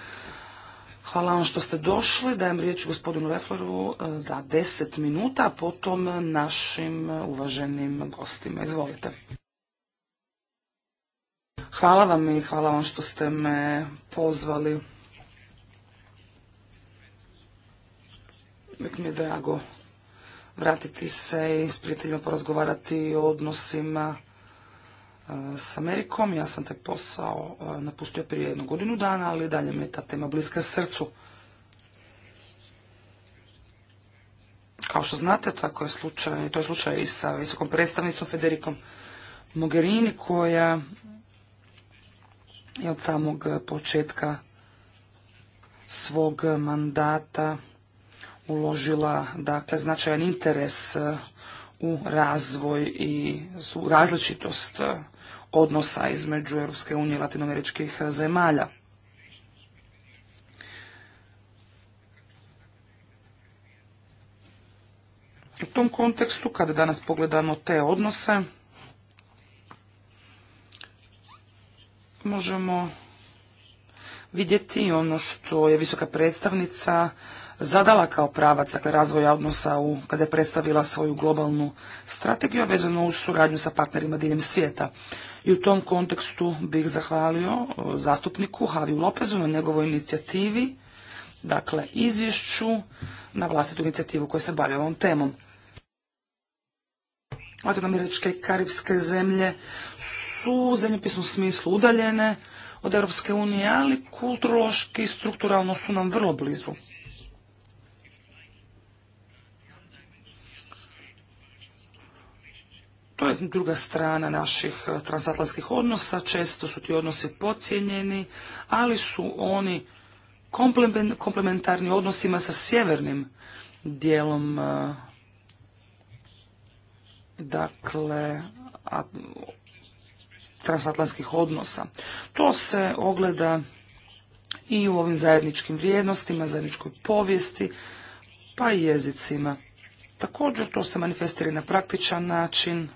Hvala vam što ste došli. Dajem riječ gospodinu Refleru da eh, deset minuta, a potom našim uvaženim gostima. Izvolite. Hvala vam i hvala vam što ste me pozvali. Uvijek mi je drago vratiti se i s prijateljima porazgovarati o odnosima e, s Amerikom. Ja sam taj posao e, napustio prije jednu godinu dana, ali dalje mi je ta tema bliska srcu. Kao što znate, tako je slučaj, to je slučaj i sa visokom predstavnicom Federikom Mogherini, koja i od samog e, početka svog e, mandata uložila dakle značajan interes e, u razvoj i u različitost odnosa između Europske unije i latinoameričkih zemalja. U tom kontekstu, kada danas pogledamo te odnose, možemo vidjeti ono što je visoka predstavnica zadala kao pravac dakle, razvoja odnosa u, kada je predstavila svoju globalnu strategiju vezano u suradnju sa partnerima diljem svijeta. I u tom kontekstu bih zahvalio e, zastupniku Haviju Lopezu na njegovoj inicijativi, dakle izvješću na vlastitu inicijativu koja se bavi ovom temom. i karibske zemlje su u zemljopisnom smislu udaljene od Europske unije, ali kulturološki i strukturalno su nam vrlo blizu. To je druga strana naših eh, transatlantskih odnosa. Često su ti odnosi pocijenjeni, ali su oni komplementarni odnosima sa sjevernim dijelom eh, dakle transatlantskih odnosa. To se ogleda i u ovim zajedničkim vrijednostima, zajedničkoj povijesti, pa i jezicima. Također to se manifestira na praktičan način.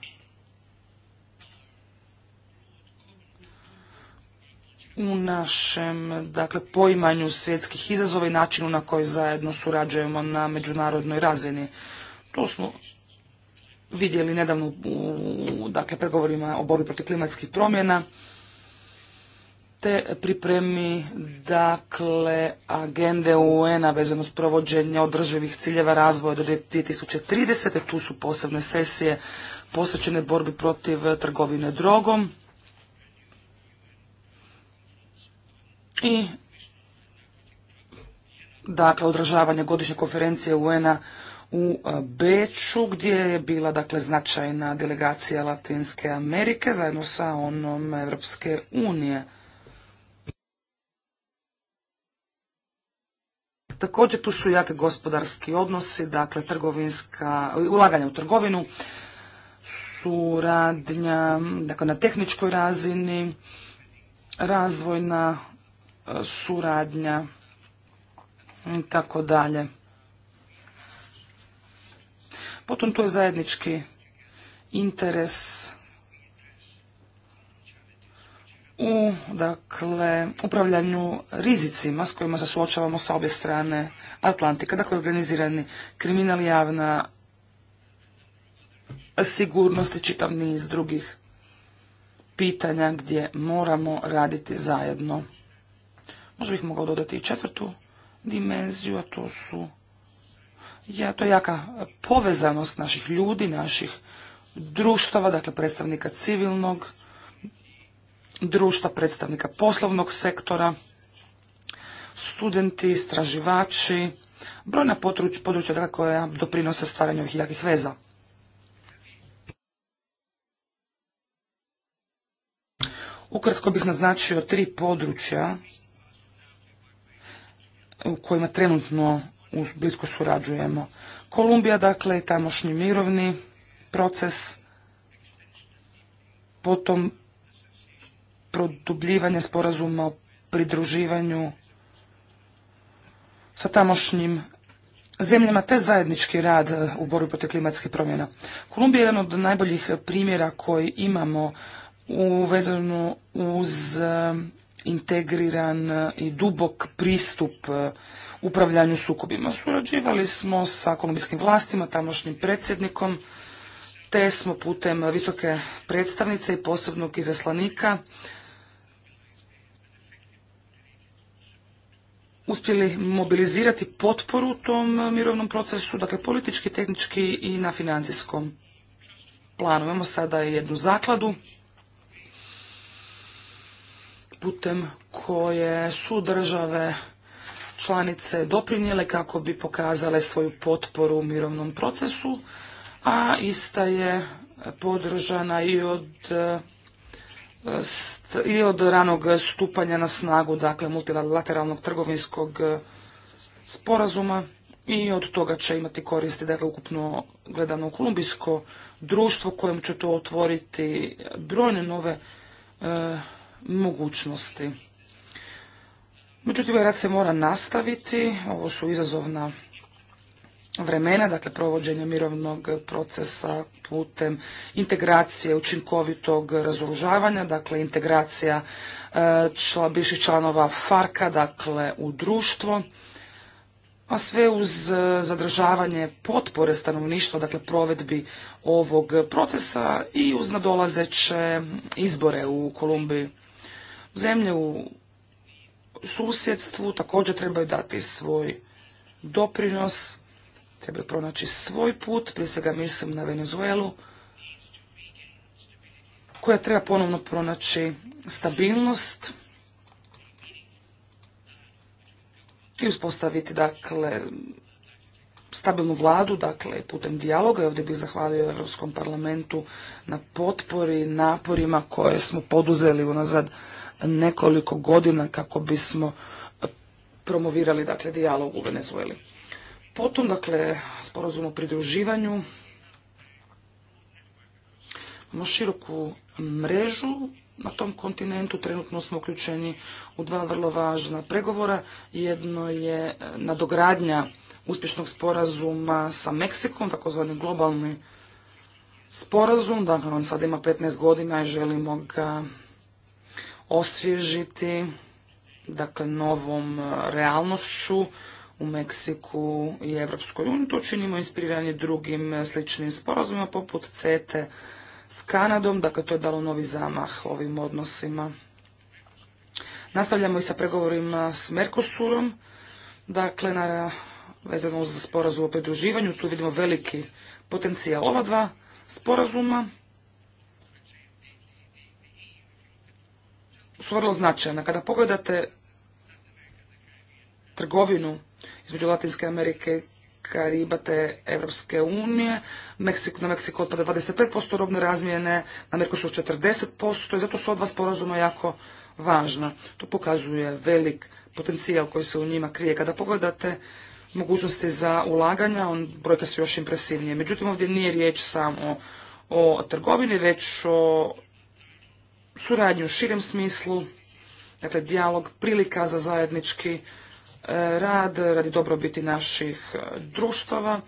U našem dakle, poimanju svjetskih izazova i načinu na koji zajedno surađujemo na međunarodnoj razini. To smo vidjeli nedavno u dakle, pregovorima o borbi protiv klimatskih promjena, te pripremi dakle agende UN-a vezano s provođenje održivih ciljeva razvoja do 2030. Tu su posebne sesije posvećene borbi protiv trgovine drogom. I dakle održavanje godišnje konferencije UN-a u Beču gdje je bila dakle značajna delegacija Latinske Amerike zajedno sa onom Evropske unije. Također tu su jake gospodarski odnosi, dakle trgovinska, ulaganja u trgovinu, suradnja, dakle na tehničkoj razini, razvojna suradnja i tako dalje. Potom tu je zajednički interes u dakle, upravljanju rizicima s kojima se suočavamo sa obje strane Atlantika, dakle organizirani kriminal, javna sigurnost i čitav niz drugih pitanja gdje moramo raditi zajedno. Možda bih mogao dodati i četvrtu dimenziju, a to su ja, to jaka povezanost naših ljudi, naših društava, dakle predstavnika civilnog društva, predstavnika poslovnog sektora, studenti, istraživači, brojna područja dakle, koja doprinose stvaranju ovih jakih veza. Ukratko bih naznačio tri područja u kojima trenutno blisko surađujemo. Kolumbija, dakle, je tamošnji mirovni proces, potom produbljivanje sporazuma o pridruživanju sa tamošnjim zemljama te zajednički rad u borbi protiv klimatskih promjena. Kolumbija je jedan od najboljih primjera koji imamo uvezano uz integriran e, i dubok pristup e, upravljanju sukobima. Surađivali smo sa kolumbijskim vlastima, tamošnjim predsjednikom, te smo putem visoke predstavnice i posebnog izaslanika uspjeli mobilizirati potporu tom e, mirovnom procesu, dakle politički, tehnički i na financijskom planu. Imamo sada jednu zakladu putem koje su države članice doprinijele kako bi pokazale svoju potporu u mirovnom procesu, a ista je podržana i od i od ranog stupanja na snagu, dakle, multilateralnog trgovinskog sporazuma i od toga će imati koristi, dakle, ukupno gledano kolumbijsko društvo kojem će to otvoriti brojne nove mogućnosti. Međutim, ovaj rad se mora nastaviti, ovo su izazovna vremena, dakle provođenje mirovnog procesa putem integracije učinkovitog razoružavanja, dakle integracija e, bivših članova Farka, dakle u društvo, a sve uz e, zadržavanje potpore stanovništva, dakle provedbi ovog procesa i uz nadolazeće izbore u Kolumbiji zemlje u susjedstvu također trebaju dati svoj doprinos, trebaju pronaći svoj put, prije svega mislim na Venezuelu, koja treba ponovno pronaći stabilnost i uspostaviti dakle stabilnu vladu, dakle putem dijaloga. ovdje bih zahvalio Europskom parlamentu na potpori, naporima koje smo poduzeli unazad nekoliko godina kako bismo promovirali dakle dijalog u Venezueli. Potom dakle sporazum o pridruživanju imamo široku mrežu na tom kontinentu. Trenutno smo uključeni u dva vrlo važna pregovora. Jedno je e, nadogradnja uspješnog sporazuma sa Meksikom, takozvani globalni sporazum. Dakle, on sad ima 15 godina i želimo ga osvježiti dakle novom e, realnošću u Meksiku i Evropskoj uniji. To činimo inspiriranje drugim e, sličnim sporazumima poput CETE s Kanadom, dakle to je dalo novi zamah ovim odnosima. Nastavljamo i sa pregovorima s Mercosurom, dakle na, vezano uz sporazum o pridruživanju, tu vidimo veliki potencijal ova dva sporazuma su vrlo značajna. Kada pogledate trgovinu između Latinske Amerike Kariba te Evropske unije. meksiko na Meksiko otpada 25% robne razmijene, na četrdeset 40% i zato su odva sporazuma jako važna. To pokazuje velik potencijal koji se u njima krije. Kada pogledate mogućnosti za ulaganja, on, brojka su još impresivnije. Međutim, ovdje nije riječ samo o trgovini, već o suradnju u širem smislu, dakle dijalog, prilika za zajednički e, rad radi dobrobiti naših e, društava,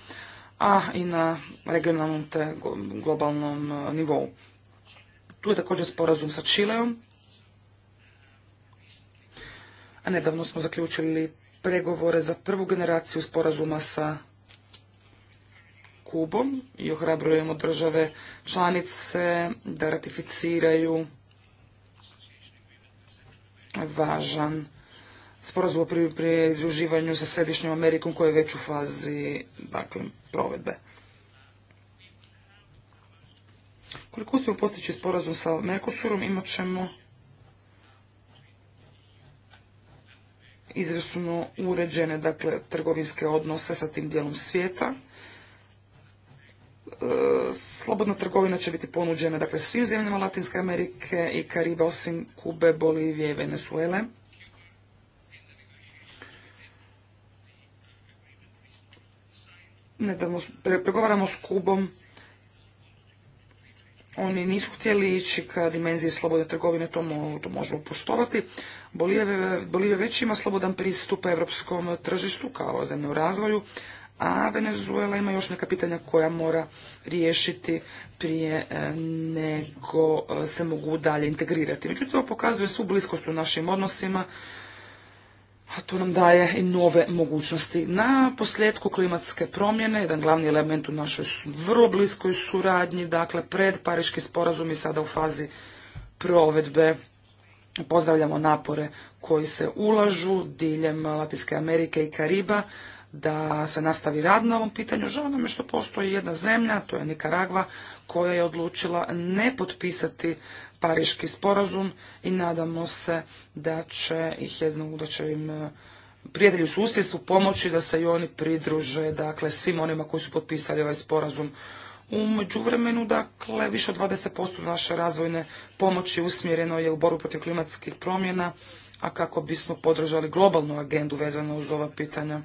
a i na regionalnom te globalnom e, nivou. Tu je također sporazum sa Čileom, a nedavno smo zaključili pregovore za prvu generaciju sporazuma sa Kubom i ohrabrujemo države članice da ratificiraju važan sporazum o pridruživanju sa Središnjom Amerikom koji je već u fazi dakle, provedbe. Koliko uspijemo postići sporazum sa Mercosurom, imat ćemo izvrsno uređene dakle, trgovinske odnose sa tim dijelom svijeta. E, slobodna trgovina će biti ponuđena dakle, svim zemljama Latinske Amerike i Kariba, osim Kube, Bolivije i Venezuele. pregovaramo s Kubom. Oni nisu htjeli ići ka dimenziji slobodne trgovine, to, to možemo poštovati. Bolivija već ima slobodan pristup europskom tržištu kao zemlje u razvoju, a Venezuela ima još neka pitanja koja mora riješiti prije e, nego e, se mogu dalje integrirati. Međutim, to pokazuje svu bliskost u našim odnosima, a to nam daje i nove mogućnosti. Na posljedku klimatske promjene, jedan glavni element u našoj vrlo bliskoj suradnji, dakle pred Pariški sporazum i sada u fazi provedbe pozdravljamo napore koji se ulažu diljem Latinske Amerike i Kariba da se nastavi rad na ovom pitanju. Žao nam je što postoji jedna zemlja, to je Nikaragva, koja je odlučila ne potpisati Pariški sporazum i nadamo se da će ih jedno, da će im e, prijatelji u susjedstvu pomoći da se i oni pridruže dakle, svim onima koji su potpisali ovaj sporazum. U međuvremenu, dakle, više od 20% naše razvojne pomoći usmjereno je u borbu protiv klimatskih promjena, a kako bismo podržali globalnu agendu vezanu uz ova pitanja.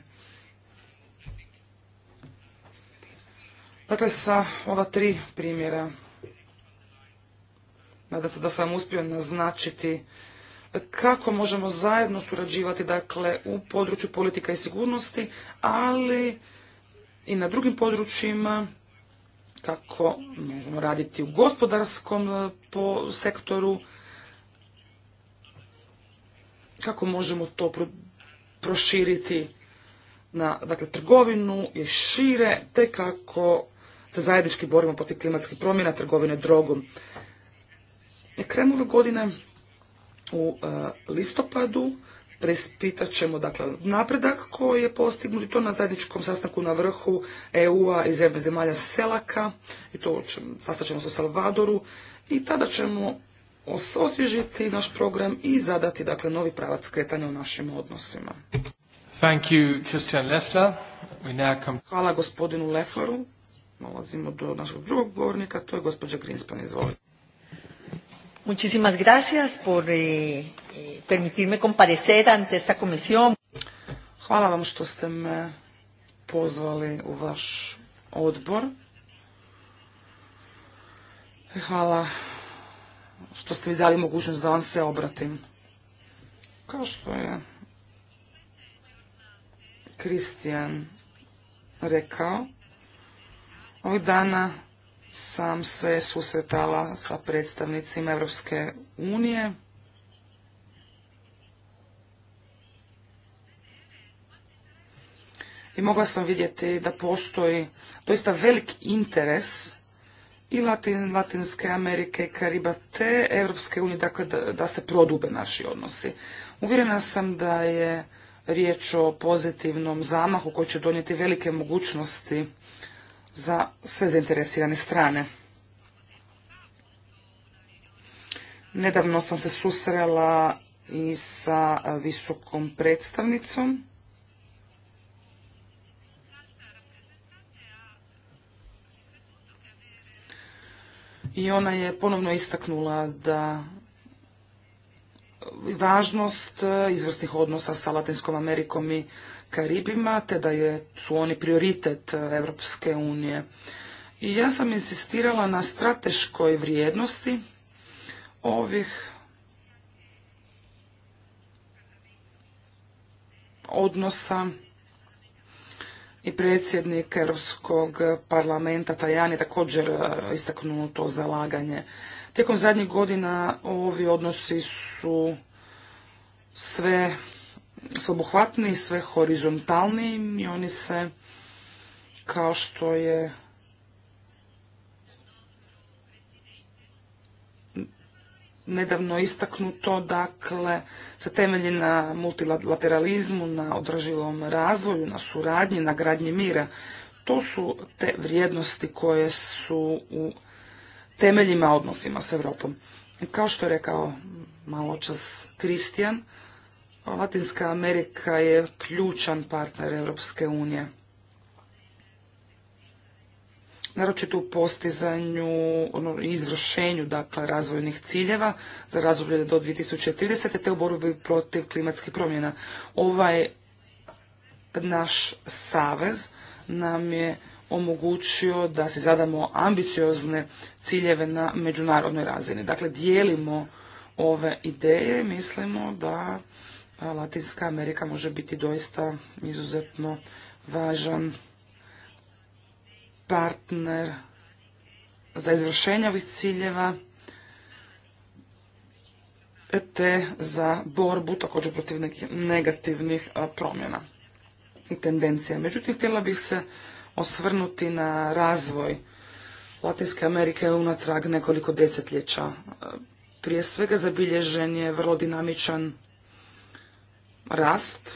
Dakle, sa ova tri primjera, nadam se da sam uspio naznačiti kako možemo zajedno surađivati, dakle, u području politika i sigurnosti, ali i na drugim područjima, kako možemo raditi u gospodarskom e, po sektoru, kako možemo to proširiti na dakle, trgovinu i šire, te kako se zajednički borimo protiv klimatskih promjena, trgovine drogom. ove godine u e, listopadu prespitat ćemo dakle, napredak koji je postignut i to na zajedničkom sastanku na vrhu EU-a i zemalja Selaka i to sastat ćemo se u Salvadoru i tada ćemo osvježiti naš program i zadati dakle, novi pravac skretanja u našim odnosima. Thank Hvala gospodinu Leffleru dolazimo do našeg drugog govornika, to je gospođa Grinspan, izvolite. Muchísimas gracias por eh, eh, permitirme comparecer ante esta comisión. Hvala vam što ste me pozvali u vaš odbor. Hvala što ste mi dali mogućnost da vam se obratim. Kao što je Kristijan rekao, Ovih dana sam se susretala sa predstavnicima Evropske unije. I mogla sam vidjeti da postoji doista velik interes i Latinske Amerike i Kariba te Europske unije, dakle da, da se prodube naši odnosi. Uvjerena sam da je riječ o pozitivnom zamahu koji će donijeti velike mogućnosti za sve zainteresirane strane. Nedavno sam se susrela i sa visokom predstavnicom. I ona je ponovno istaknula da važnost izvrsnih odnosa sa Latinskom Amerikom i Karibima, te da je, su oni prioritet Europske unije. I ja sam insistirala na strateškoj vrijednosti ovih odnosa i predsjednik Europskog parlamenta Tajani također e, istaknuo to zalaganje. Tijekom zadnjih godina ovi odnosi su sve sveobuhvatniji, sve horizontalniji i oni se, kao što je nedavno istaknuto, dakle, se temelji na multilateralizmu, na održivom razvoju, na suradnji, na gradnji mira. To su te vrijednosti koje su u temeljima odnosima s Europom. Kao što je rekao malo čas Kristijan, Latinska Amerika je ključan partner Europske unije. Naročito u postizanju, i ono, izvršenju dakle, razvojnih ciljeva za razdoblje do 2030. te u borbi protiv klimatskih promjena. Ovaj naš savez nam je omogućio da se zadamo ambiciozne ciljeve na međunarodnoj razini. Dakle, dijelimo ove ideje, mislimo da Latinska Amerika može biti doista izuzetno važan partner za izvršenje ovih ciljeva te za borbu također protiv nekih negativnih promjena i tendencija. Međutim, htjela bih se osvrnuti na razvoj Latinske Amerike unatrag nekoliko desetljeća. Prije svega zabilježen je vrlo dinamičan rast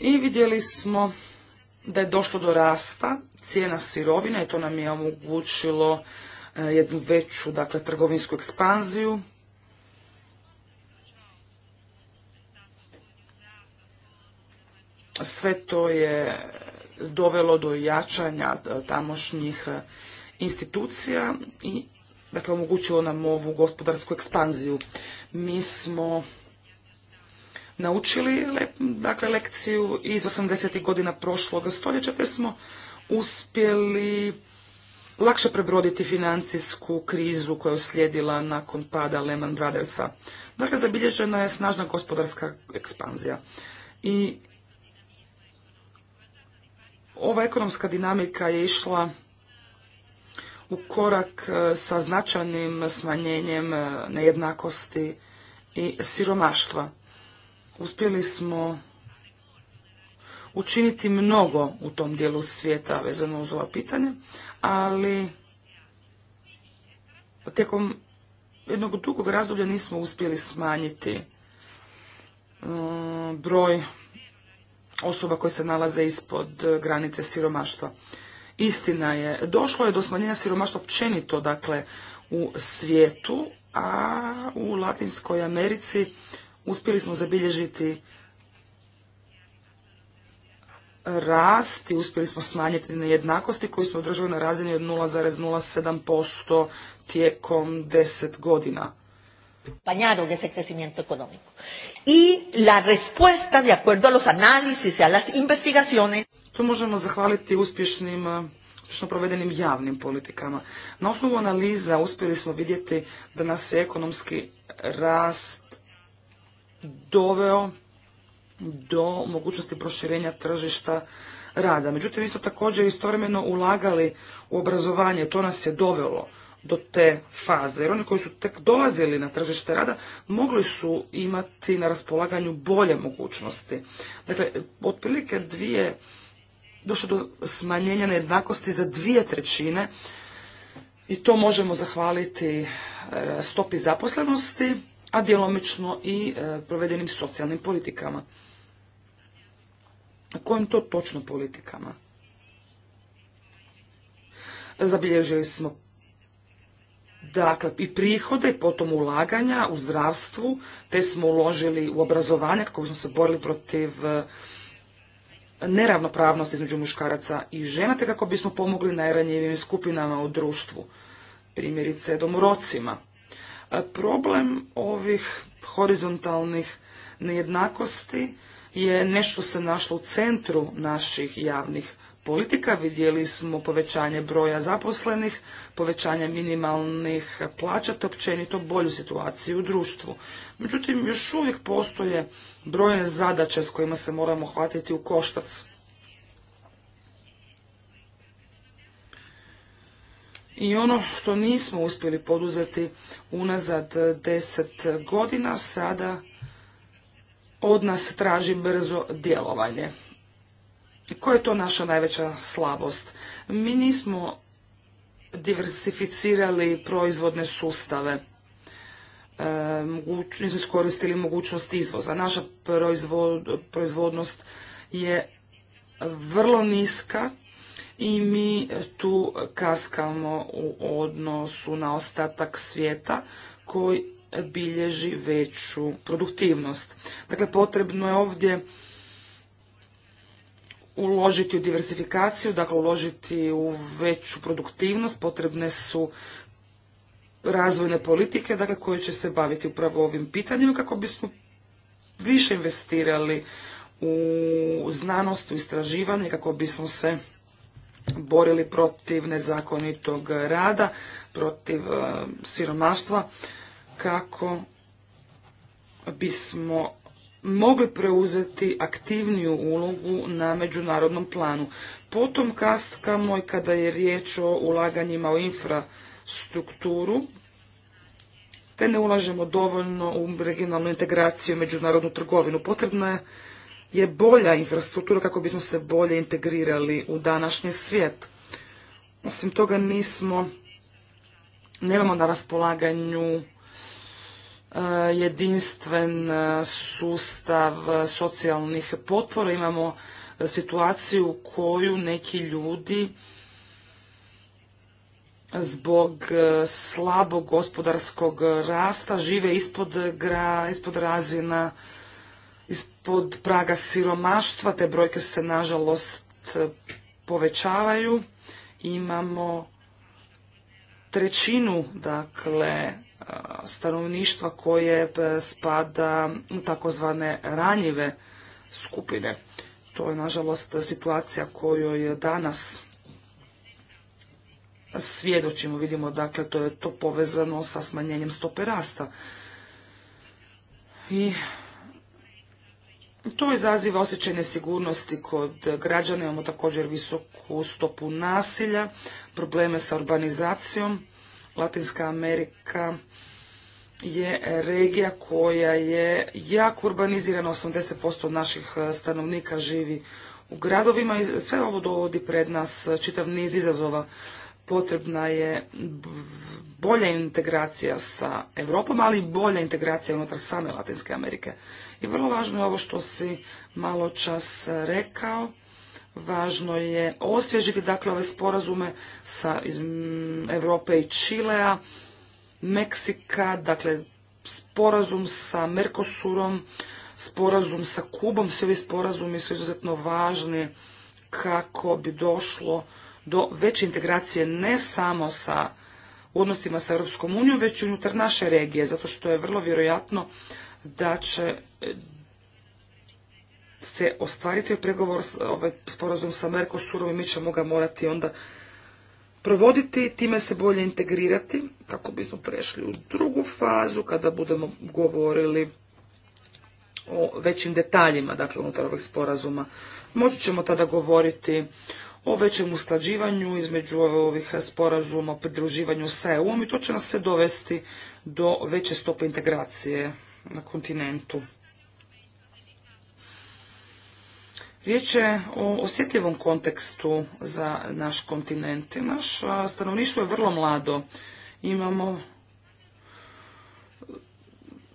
i vidjeli smo da je došlo do rasta cijena sirovine i to nam je omogućilo e, jednu veću dakle, trgovinsku ekspanziju. Sve to je dovelo do jačanja tamošnjih institucija i dakle, omogućilo nam ovu gospodarsku ekspanziju. Mi smo naučili dakle, lekciju iz 80. godina prošloga stoljeća, te smo uspjeli lakše prebroditi financijsku krizu koja je uslijedila nakon pada Lehman Brothersa. Dakle, zabilježena je snažna gospodarska ekspanzija. I ova ekonomska dinamika je išla u korak e, sa značajnim smanjenjem e, nejednakosti i siromaštva. Uspjeli smo učiniti mnogo u tom dijelu svijeta vezano uz ova pitanja, ali tijekom jednog dugog razdoblja nismo uspjeli smanjiti e, broj osoba koje se nalaze ispod granice siromaštva. Istina je, došlo je do smanjenja siromaštva općenito, dakle, u svijetu, a u Latinskoj Americi uspjeli smo zabilježiti rast i uspjeli smo smanjiti nejednakosti koji smo održali na razini od 0,07% tijekom 10 godina. Pañado en ese crecimiento económico. Y la respuesta, de acuerdo a los análisis y a las investigaciones, to možemo zahvaliti uspješnim eh, uspješno provedenim javnim politikama. Na osnovu analiza uspjeli smo vidjeti da nas je ekonomski rast doveo do mogućnosti proširenja tržišta rada. Međutim, mi smo također istovremeno ulagali u obrazovanje, to nas je dovelo do te faze. Jer oni koji su tek dolazili na tržište rada mogli su imati na raspolaganju bolje mogućnosti. Dakle, otprilike dvije došlo do smanjenja nejednakosti za dvije trećine i to možemo zahvaliti e, stopi zaposlenosti, a djelomično i e, provedenim socijalnim politikama. Kojim to točno politikama? Zabilježili smo dakle i prihode i potom ulaganja u zdravstvu, te smo uložili u obrazovanje kako smo se borili protiv e, neravnopravnost između muškaraca i žena, te kako bismo pomogli najranjivim skupinama u društvu, primjerice domorocima. E, problem ovih horizontalnih nejednakosti je nešto se našlo u centru naših javnih politika, vidjeli smo povećanje broja zaposlenih, povećanje minimalnih plaća te općenito bolju situaciju u društvu. Međutim, još uvijek postoje brojne zadaće s kojima se moramo hvatiti u koštac. I ono što nismo uspjeli poduzeti unazad deset godina, sada od nas traži brzo djelovanje. Koja je to naša najveća slabost? Mi nismo diversificirali proizvodne sustave. E, nismo iskoristili mogućnost izvoza. Naša proizvodnost je vrlo niska i mi tu kaskamo u odnosu na ostatak svijeta koji bilježi veću produktivnost. Dakle, potrebno je ovdje uložiti u diversifikaciju, dakle uložiti u veću produktivnost, potrebne su razvojne politike, dakle koje će se baviti upravo ovim pitanjima kako bismo više investirali u znanost, u istraživanje, kako bismo se borili protiv nezakonitog rada, protiv e, siromaštva, kako bismo mogli preuzeti aktivniju ulogu na međunarodnom planu. Potom kastkamo i kada je riječ o ulaganjima u infrastrukturu, te ne ulažemo dovoljno u regionalnu integraciju i međunarodnu trgovinu. Potrebna je bolja infrastruktura kako bismo se bolje integrirali u današnji svijet. Osim toga nismo, nemamo na raspolaganju Eh, jedinstven eh, sustav eh, socijalnih potpora. Imamo situaciju u koju neki ljudi zbog slabog gospodarskog rasta žive ispod, gra, ispod razina, ispod praga siromaštva. Te brojke se nažalost povećavaju. Imamo trećinu dakle stanovništva koje e, spada u takozvane ranjive skupine. To je nažalost situacija kojoj danas svjedočimo, vidimo dakle to je to povezano sa smanjenjem stope rasta. I to izaziva osjećaj nesigurnosti kod građana, imamo također visoku stopu nasilja, probleme sa urbanizacijom, Latinska Amerika je regija koja je jako urbanizirana, 80% posto naših e, stanovnika živi u gradovima i sve ovo dovodi pred nas čitav niz izazova. Potrebna je bolja integracija sa Europom, ali i bolja integracija unutar same Latinske Amerike. I vrlo važno je ovo što si malo čas rekao, Važno je osvježiti dakle ove sporazume sa iz Europe i Čilea, Meksika, dakle sporazum sa Mercosurom, sporazum sa Kubom, svi ovi sporazumi su izuzetno važni kako bi došlo do veće integracije ne samo sa odnosima sa Europskom unijom, već i unutar naše regije, zato što je vrlo vjerojatno da će se ostvariti pregovor, ovaj sporazum sa Mercosurom i mi ćemo ga morati onda provoditi, i time se bolje integrirati, kako bismo prešli u drugu fazu kada budemo govorili o većim detaljima, dakle unutar ovog sporazuma. Moći ćemo tada govoriti o većem usklađivanju između ovih sporazuma o pridruživanju sa EU-om i to će nas se dovesti do veće stope integracije na kontinentu. Riječ je o osjetljivom kontekstu za naš kontinent. Naš stanovništvo je vrlo mlado. Imamo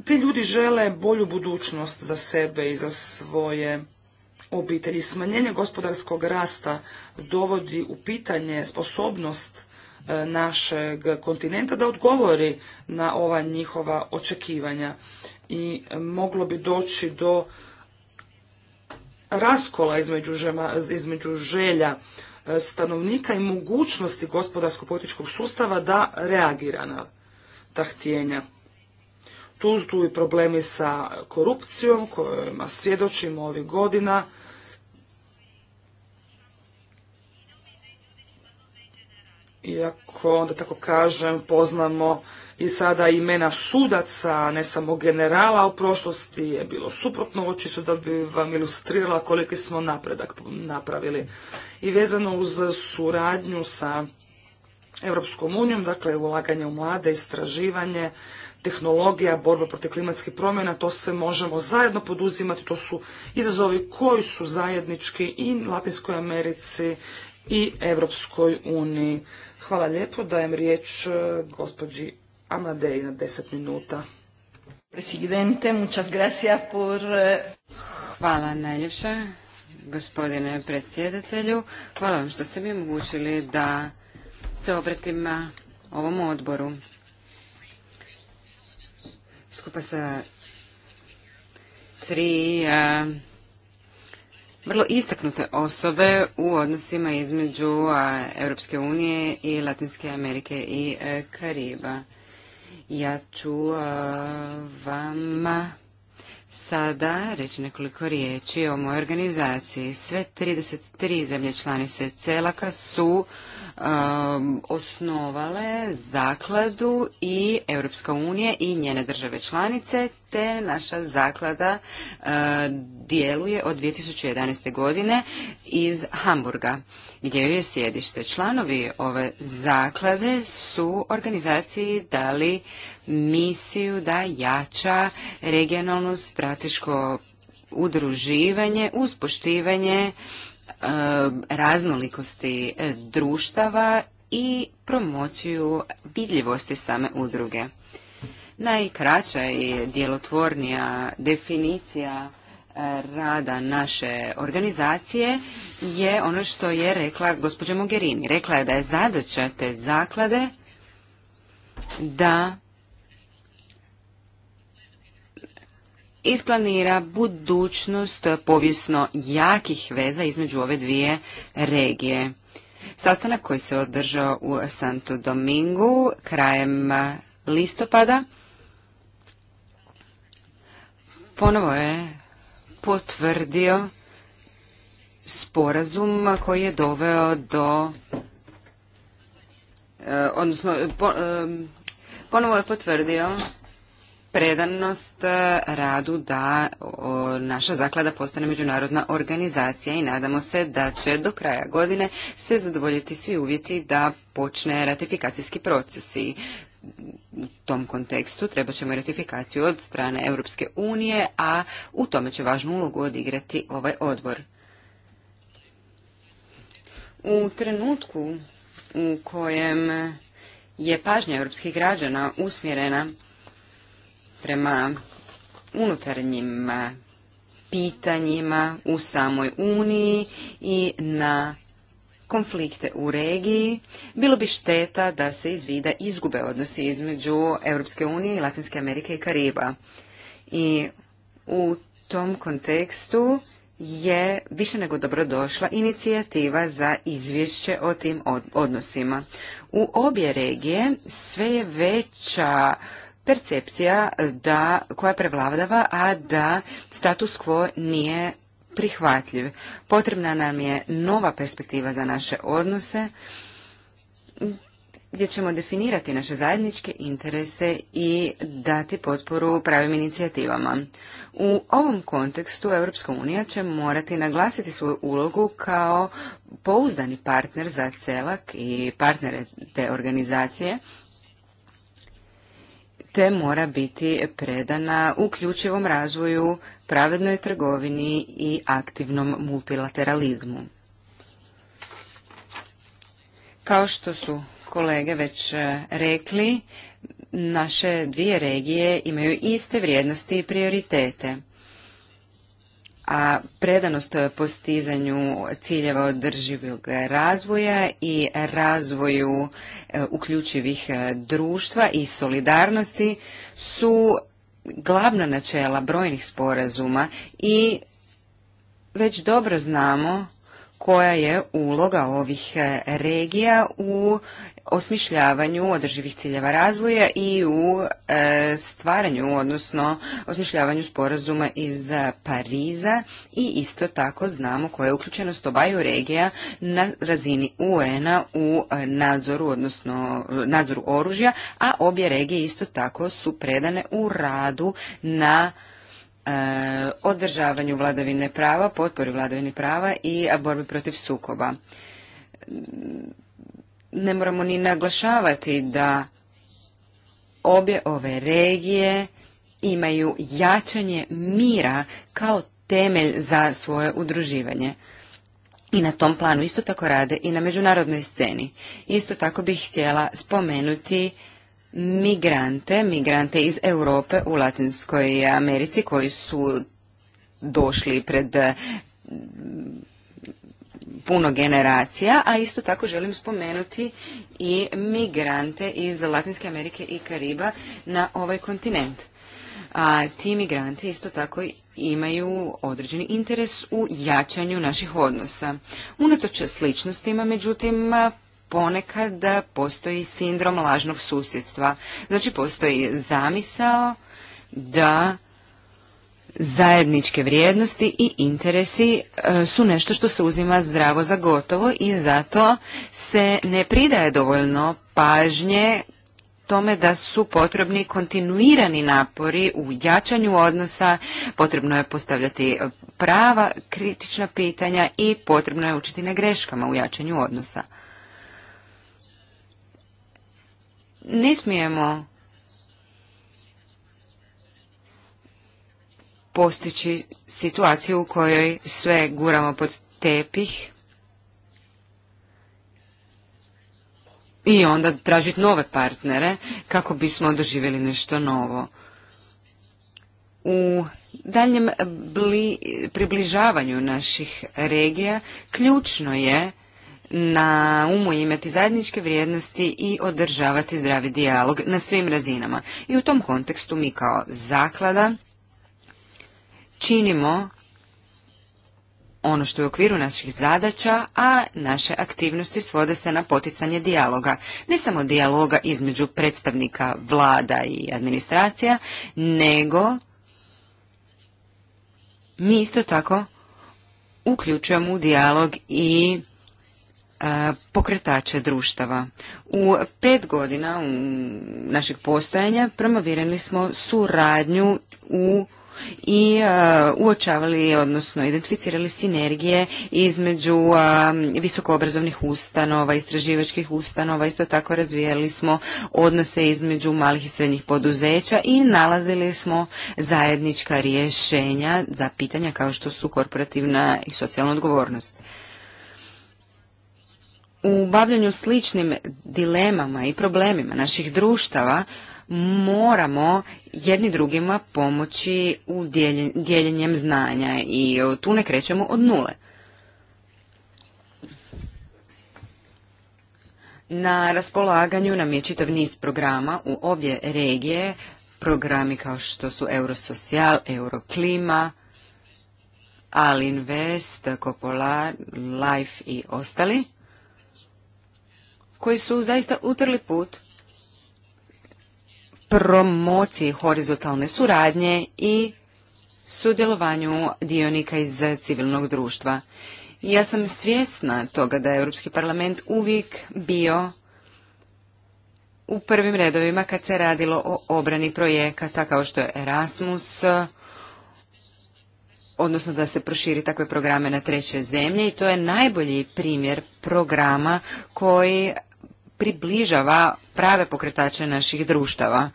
ti ljudi žele bolju budućnost za sebe i za svoje obitelji. Smanjenje gospodarskog rasta dovodi u pitanje sposobnost e, našeg kontinenta da odgovori na ova njihova očekivanja i moglo bi doći do raskola između, između želja e, stanovnika i mogućnosti gospodarsko-političkog sustava da reagira na ta htjenja. Tu su i problemi sa korupcijom kojima svjedočimo ovih godina. Iako, da tako kažem, poznamo i sada imena sudaca, ne samo generala u prošlosti je bilo suprotno očito da bi vam ilustrirala koliki smo napredak napravili. I vezano uz suradnju sa Europskom unijom, dakle ulaganje u mlade, istraživanje, tehnologija, borba protiv klimatskih promjena, to sve možemo zajedno poduzimati, to su izazovi koji su zajednički i Latinskoj Americi i Europskoj uniji. Hvala lijepo, dajem riječ eh, gospođi Amadej na 10 minuta. Presidente, muchas gracias por... Eh, Hvala najljepše, gospodine predsjedatelju. Hvala vam što ste mi omogućili da se obratim ovom odboru. Skupa sa tri eh, vrlo istaknute osobe u odnosima između a, eh, Europske unije i Latinske Amerike i Kariba. Ja ću uh, vam sada reći nekoliko riječi o mojoj organizaciji. Sve 33 zemlje članice Celaka su um, osnovale zakladu i Europska unija i njene države članice te naša zaklada e, djeluje od 2011. godine iz Hamburga gdje je sjedište. Članovi ove zaklade su organizaciji dali misiju da jača regionalno strateško udruživanje uspoštivanje e, raznolikosti društava i promociju vidljivosti same udruge. Najkraća i djelotvornija definicija e, rada naše organizacije je ono što je rekla gospođa Mogherini. Rekla je da je zadaća te zaklade da isplanira budućnost povijesno jakih veza između ove dvije regije. Sastanak koji se održao u Santo Domingu krajem listopada ponovo je potvrdio sporazum koji je doveo do e, odnosno e, ponovo je potvrdio predanost e, radu da naša zaklada postane međunarodna organizacija i nadamo se da će do kraja godine se zadovoljiti svi uvjeti da počne ratifikacijski proces i u tom kontekstu treba ćemo ratifikaciju od strane Europske unije, a u tome će važnu ulogu odigrati ovaj odbor. U trenutku u kojem je pažnja europskih građana usmjerena prema unutarnjim pitanjima u samoj Uniji i na konflikte u regiji, bilo bi šteta da se izvida izgube odnosi između Europske unije i Latinske Amerike i Kariba. I u tom kontekstu je više nego dobrodošla inicijativa za izvješće o tim odnosima. U obje regije sve je veća percepcija da, koja prevladava, a da status quo nije prihvatljiv. Potrebna nam je nova perspektiva za naše odnose gdje ćemo definirati naše zajedničke interese i dati potporu pravim inicijativama. U ovom kontekstu Europska unija će morati naglasiti svoju ulogu kao pouzdani partner za celak i partnere te organizacije te mora biti predana uključivom razvoju, pravednoj trgovini i aktivnom multilateralizmu. Kao što su kolege već e, rekli, naše dvije regije imaju iste vrijednosti i prioritete a predanost postizanju ciljeva održivog razvoja i razvoju e, uključivih e, društva i solidarnosti su glavna načela brojnih sporazuma i već dobro znamo koja je uloga ovih e, regija u osmišljavanju održivih ciljeva razvoja i u e, stvaranju, odnosno osmišljavanju sporazuma iz Pariza i isto tako znamo koja je uključenost obaju regija na razini UN-a u nadzoru, odnosno nadzoru oružja, a obje regije isto tako su predane u radu na e, održavanju vladavine prava, potpori vladavine prava i borbi protiv sukoba ne moramo ni naglašavati da obje ove regije imaju jačanje mira kao temelj za svoje udruživanje. I na tom planu isto tako rade i na međunarodnoj sceni. Isto tako bih htjela spomenuti migrante, migrante iz Europe u Latinskoj Americi koji su došli pred puno generacija, a isto tako želim spomenuti i migrante iz Latinske Amerike i Kariba na ovaj kontinent. A ti migranti isto tako imaju određeni interes u jačanju naših odnosa. Unatoč sličnostima, međutim, ponekad postoji sindrom lažnog susjedstva. Znači, postoji zamisao da zajedničke vrijednosti i interesi e, su nešto što se uzima zdravo za gotovo i zato se ne pridaje dovoljno pažnje tome da su potrebni kontinuirani napori u jačanju odnosa, potrebno je postavljati prava kritična pitanja i potrebno je učiti na greškama u jačanju odnosa. Ne smijemo postići situaciju u kojoj sve guramo pod tepih i onda tražiti nove partnere kako bismo doživjeli nešto novo. U daljem približavanju naših regija ključno je na umu imati zajedničke vrijednosti i održavati zdravi dijalog na svim razinama. I u tom kontekstu mi kao zaklada činimo ono što je u okviru naših zadaća, a naše aktivnosti svode se na poticanje dijaloga. Ne samo dijaloga između predstavnika vlada i administracija, nego mi isto tako uključujemo u dijalog i e, pokretače društava. U pet godina u našeg postojanja promovirali smo suradnju u i e, uočavali, odnosno identificirali sinergije između e, visokoobrazovnih ustanova, istraživačkih ustanova, isto tako razvijali smo odnose između malih i srednjih poduzeća i nalazili smo zajednička rješenja za pitanja kao što su korporativna i socijalna odgovornost. U bavljanju sličnim dilemama i problemima naših društava moramo jedni drugima pomoći u dijeljenjem znanja i tu ne krećemo od nule. Na raspolaganju nam je čitav niz programa u obje regije, programi kao što su Eurosocial, Euroklima, Alinvest, Copolar, Life i ostali, koji su zaista utrli put promociji horizontalne suradnje i sudjelovanju dionika iz civilnog društva. Ja sam svjesna toga da je Europski parlament uvijek bio u prvim redovima kad se radilo o obrani projekata kao što je Erasmus, odnosno da se proširi takve programe na treće zemlje i to je najbolji primjer programa koji približava prave pokretače naših društava.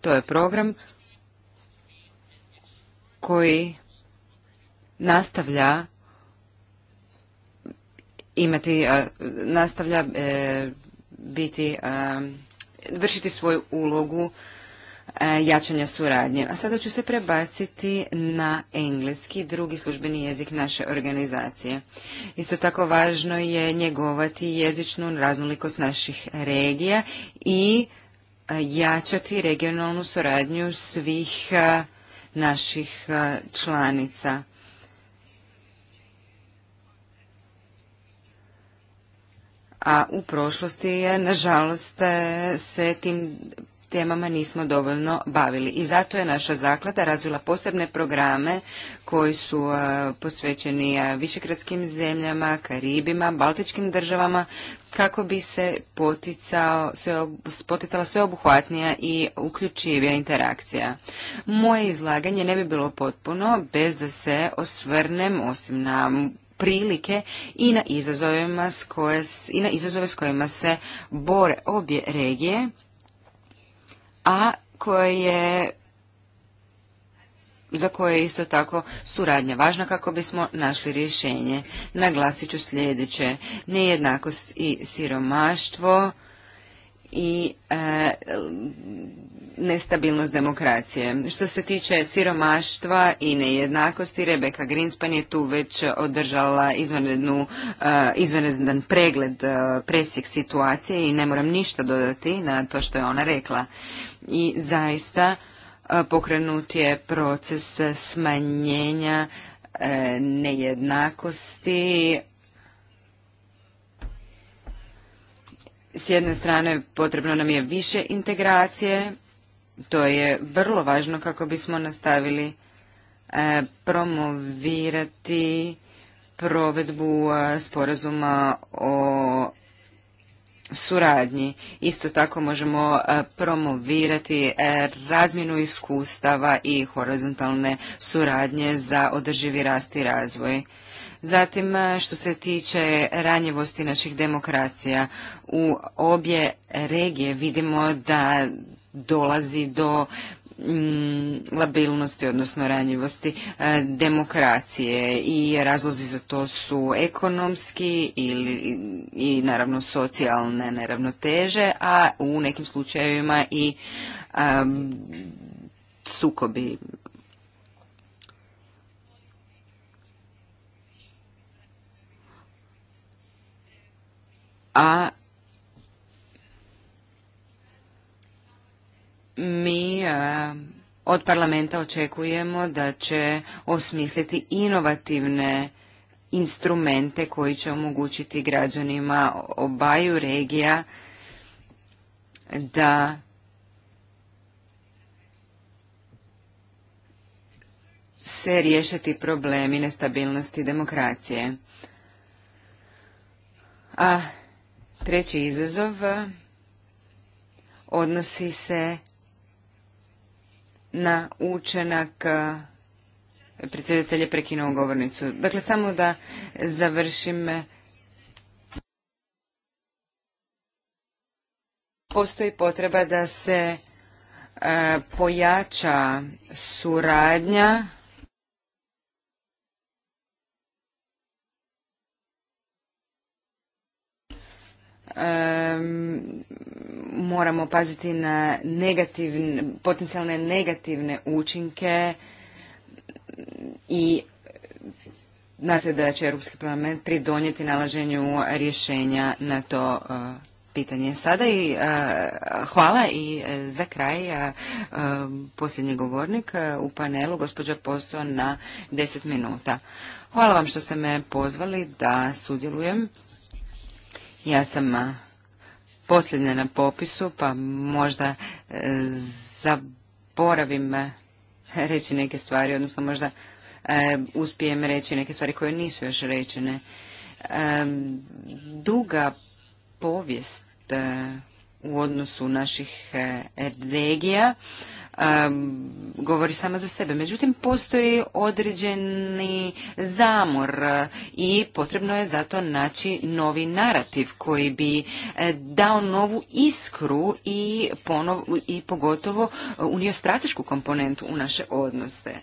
To je program koji nastavlja imati, nastavlja e, biti, vršiti svoju ulogu E, jačanja suradnje. A sada ću se prebaciti na engleski, drugi službeni jezik naše organizacije. Isto tako važno je njegovati jezičnu raznolikost naših regija i e, jačati regionalnu suradnju svih e, naših članica. a u prošlosti je nažalost se tim temama nismo dovoljno bavili. I zato je naša zaklada razvila posebne programe koji su e, posvećeni e, višekratskim zemljama, Karibima, Baltičkim državama, kako bi se sve, poticala sveobuhvatnija i uključivija interakcija. Moje izlaganje ne bi bilo potpuno bez da se osvrnem osim na prilike i na, izazovima i na izazove s kojima se bore obje regije a koje za koje je isto tako suradnja važna kako bismo našli rješenje. Naglasit ću sljedeće, nejednakost i siromaštvo i e, nestabilnost demokracije. Što se tiče siromaštva i nejednakosti, Rebeka Grinspan je tu već održala izvanrednu, e, izvanredan pregled e, presjek situacije i ne moram ništa dodati na to što je ona rekla. I zaista e, pokrenut je proces smanjenja nejednakosti s jedne strane potrebno nam je više integracije to je vrlo važno kako bismo nastavili e, promovirati provedbu e, sporazuma o suradnji. Isto tako možemo e, promovirati razmjenu iskustava i horizontalne suradnje za održivi rast i razvoj. Zatim, što se tiče ranjivosti naših demokracija, u obje regije vidimo da dolazi do mm, labilnosti, odnosno ranjivosti e, demokracije i razlozi za to su ekonomski ili, i naravno socijalne neravnoteže, a u nekim slučajevima i sukobi. A mi eh, od parlamenta očekujemo da će osmisliti inovativne instrumente koji će omogućiti građanima obaju regija da se riješiti problemi nestabilnosti demokracije. A treći izazov odnosi se na učenak e, predsjedatelj je prekinuo govornicu. Dakle, samo da završim. E, postoji potreba da se e, pojača suradnja e, moramo paziti na negativne, potencijalne negativne učinke i nadam da će Europski parlament pridonijeti nalaženju rješenja na to uh, pitanje. Sada i uh, hvala i uh, za kraj um, posljednji govornik u panelu, gospođa Poso na 10 minuta. Hvala vam što ste me pozvali da sudjelujem. Ja sam Posljednje na popisu, pa možda e, zaboravim e, reći neke stvari, odnosno možda e, uspijem reći neke stvari koje nisu još rečene. Duga povijest u odnosu naših regija govori sama za sebe. Međutim, postoji određeni zamor i potrebno je zato naći novi narativ koji bi e, dao novu iskru i, i pogotovo e, unio stratešku komponentu u naše odnose.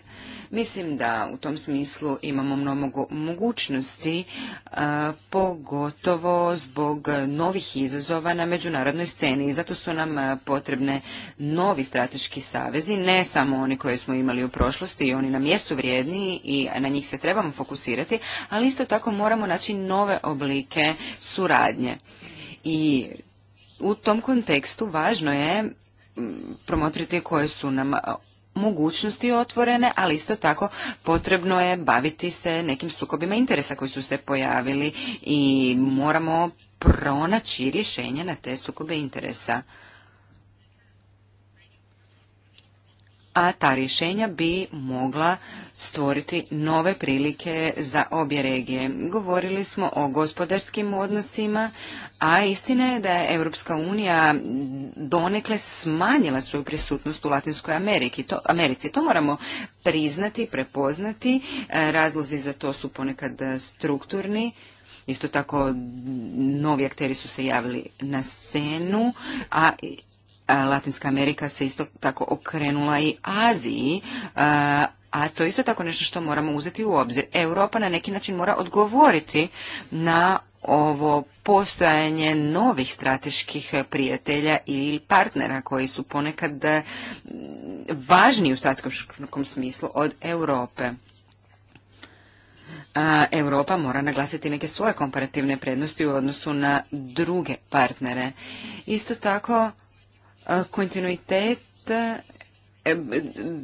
Mislim da u tom smislu imamo mnogo mogućnosti, pogotovo zbog novih izazova na međunarodnoj sceni i zato su nam potrebne novi strateški savezi, ne samo oni koje smo imali u prošlosti i oni nam jesu vrijedni i na njih se trebamo fokusirati, ali isto tako moramo naći nove oblike suradnje. I u tom kontekstu važno je promotriti koje su nam mogućnosti otvorene, ali isto tako potrebno je baviti se nekim sukobima interesa koji su se pojavili i moramo pronaći rješenje na te sukobe interesa. a ta rješenja bi mogla stvoriti nove prilike za obje regije. Govorili smo o gospodarskim odnosima, a istina je da je Europska unija donekle smanjila svoju prisutnost u Latinskoj Ameriki. To, Americi. To moramo priznati, prepoznati. E, razlozi za to su ponekad strukturni. Isto tako novi akteri su se javili na scenu, a Latinska Amerika se isto tako okrenula i Aziji, a to je isto tako nešto što moramo uzeti u obzir. Europa na neki način mora odgovoriti na ovo postojanje novih strateških prijatelja ili partnera koji su ponekad e, važniji u strateškom smislu od Europe. Europa mora naglasiti neke svoje komparativne prednosti u odnosu na druge partnere. Isto tako E, kontinuitet e,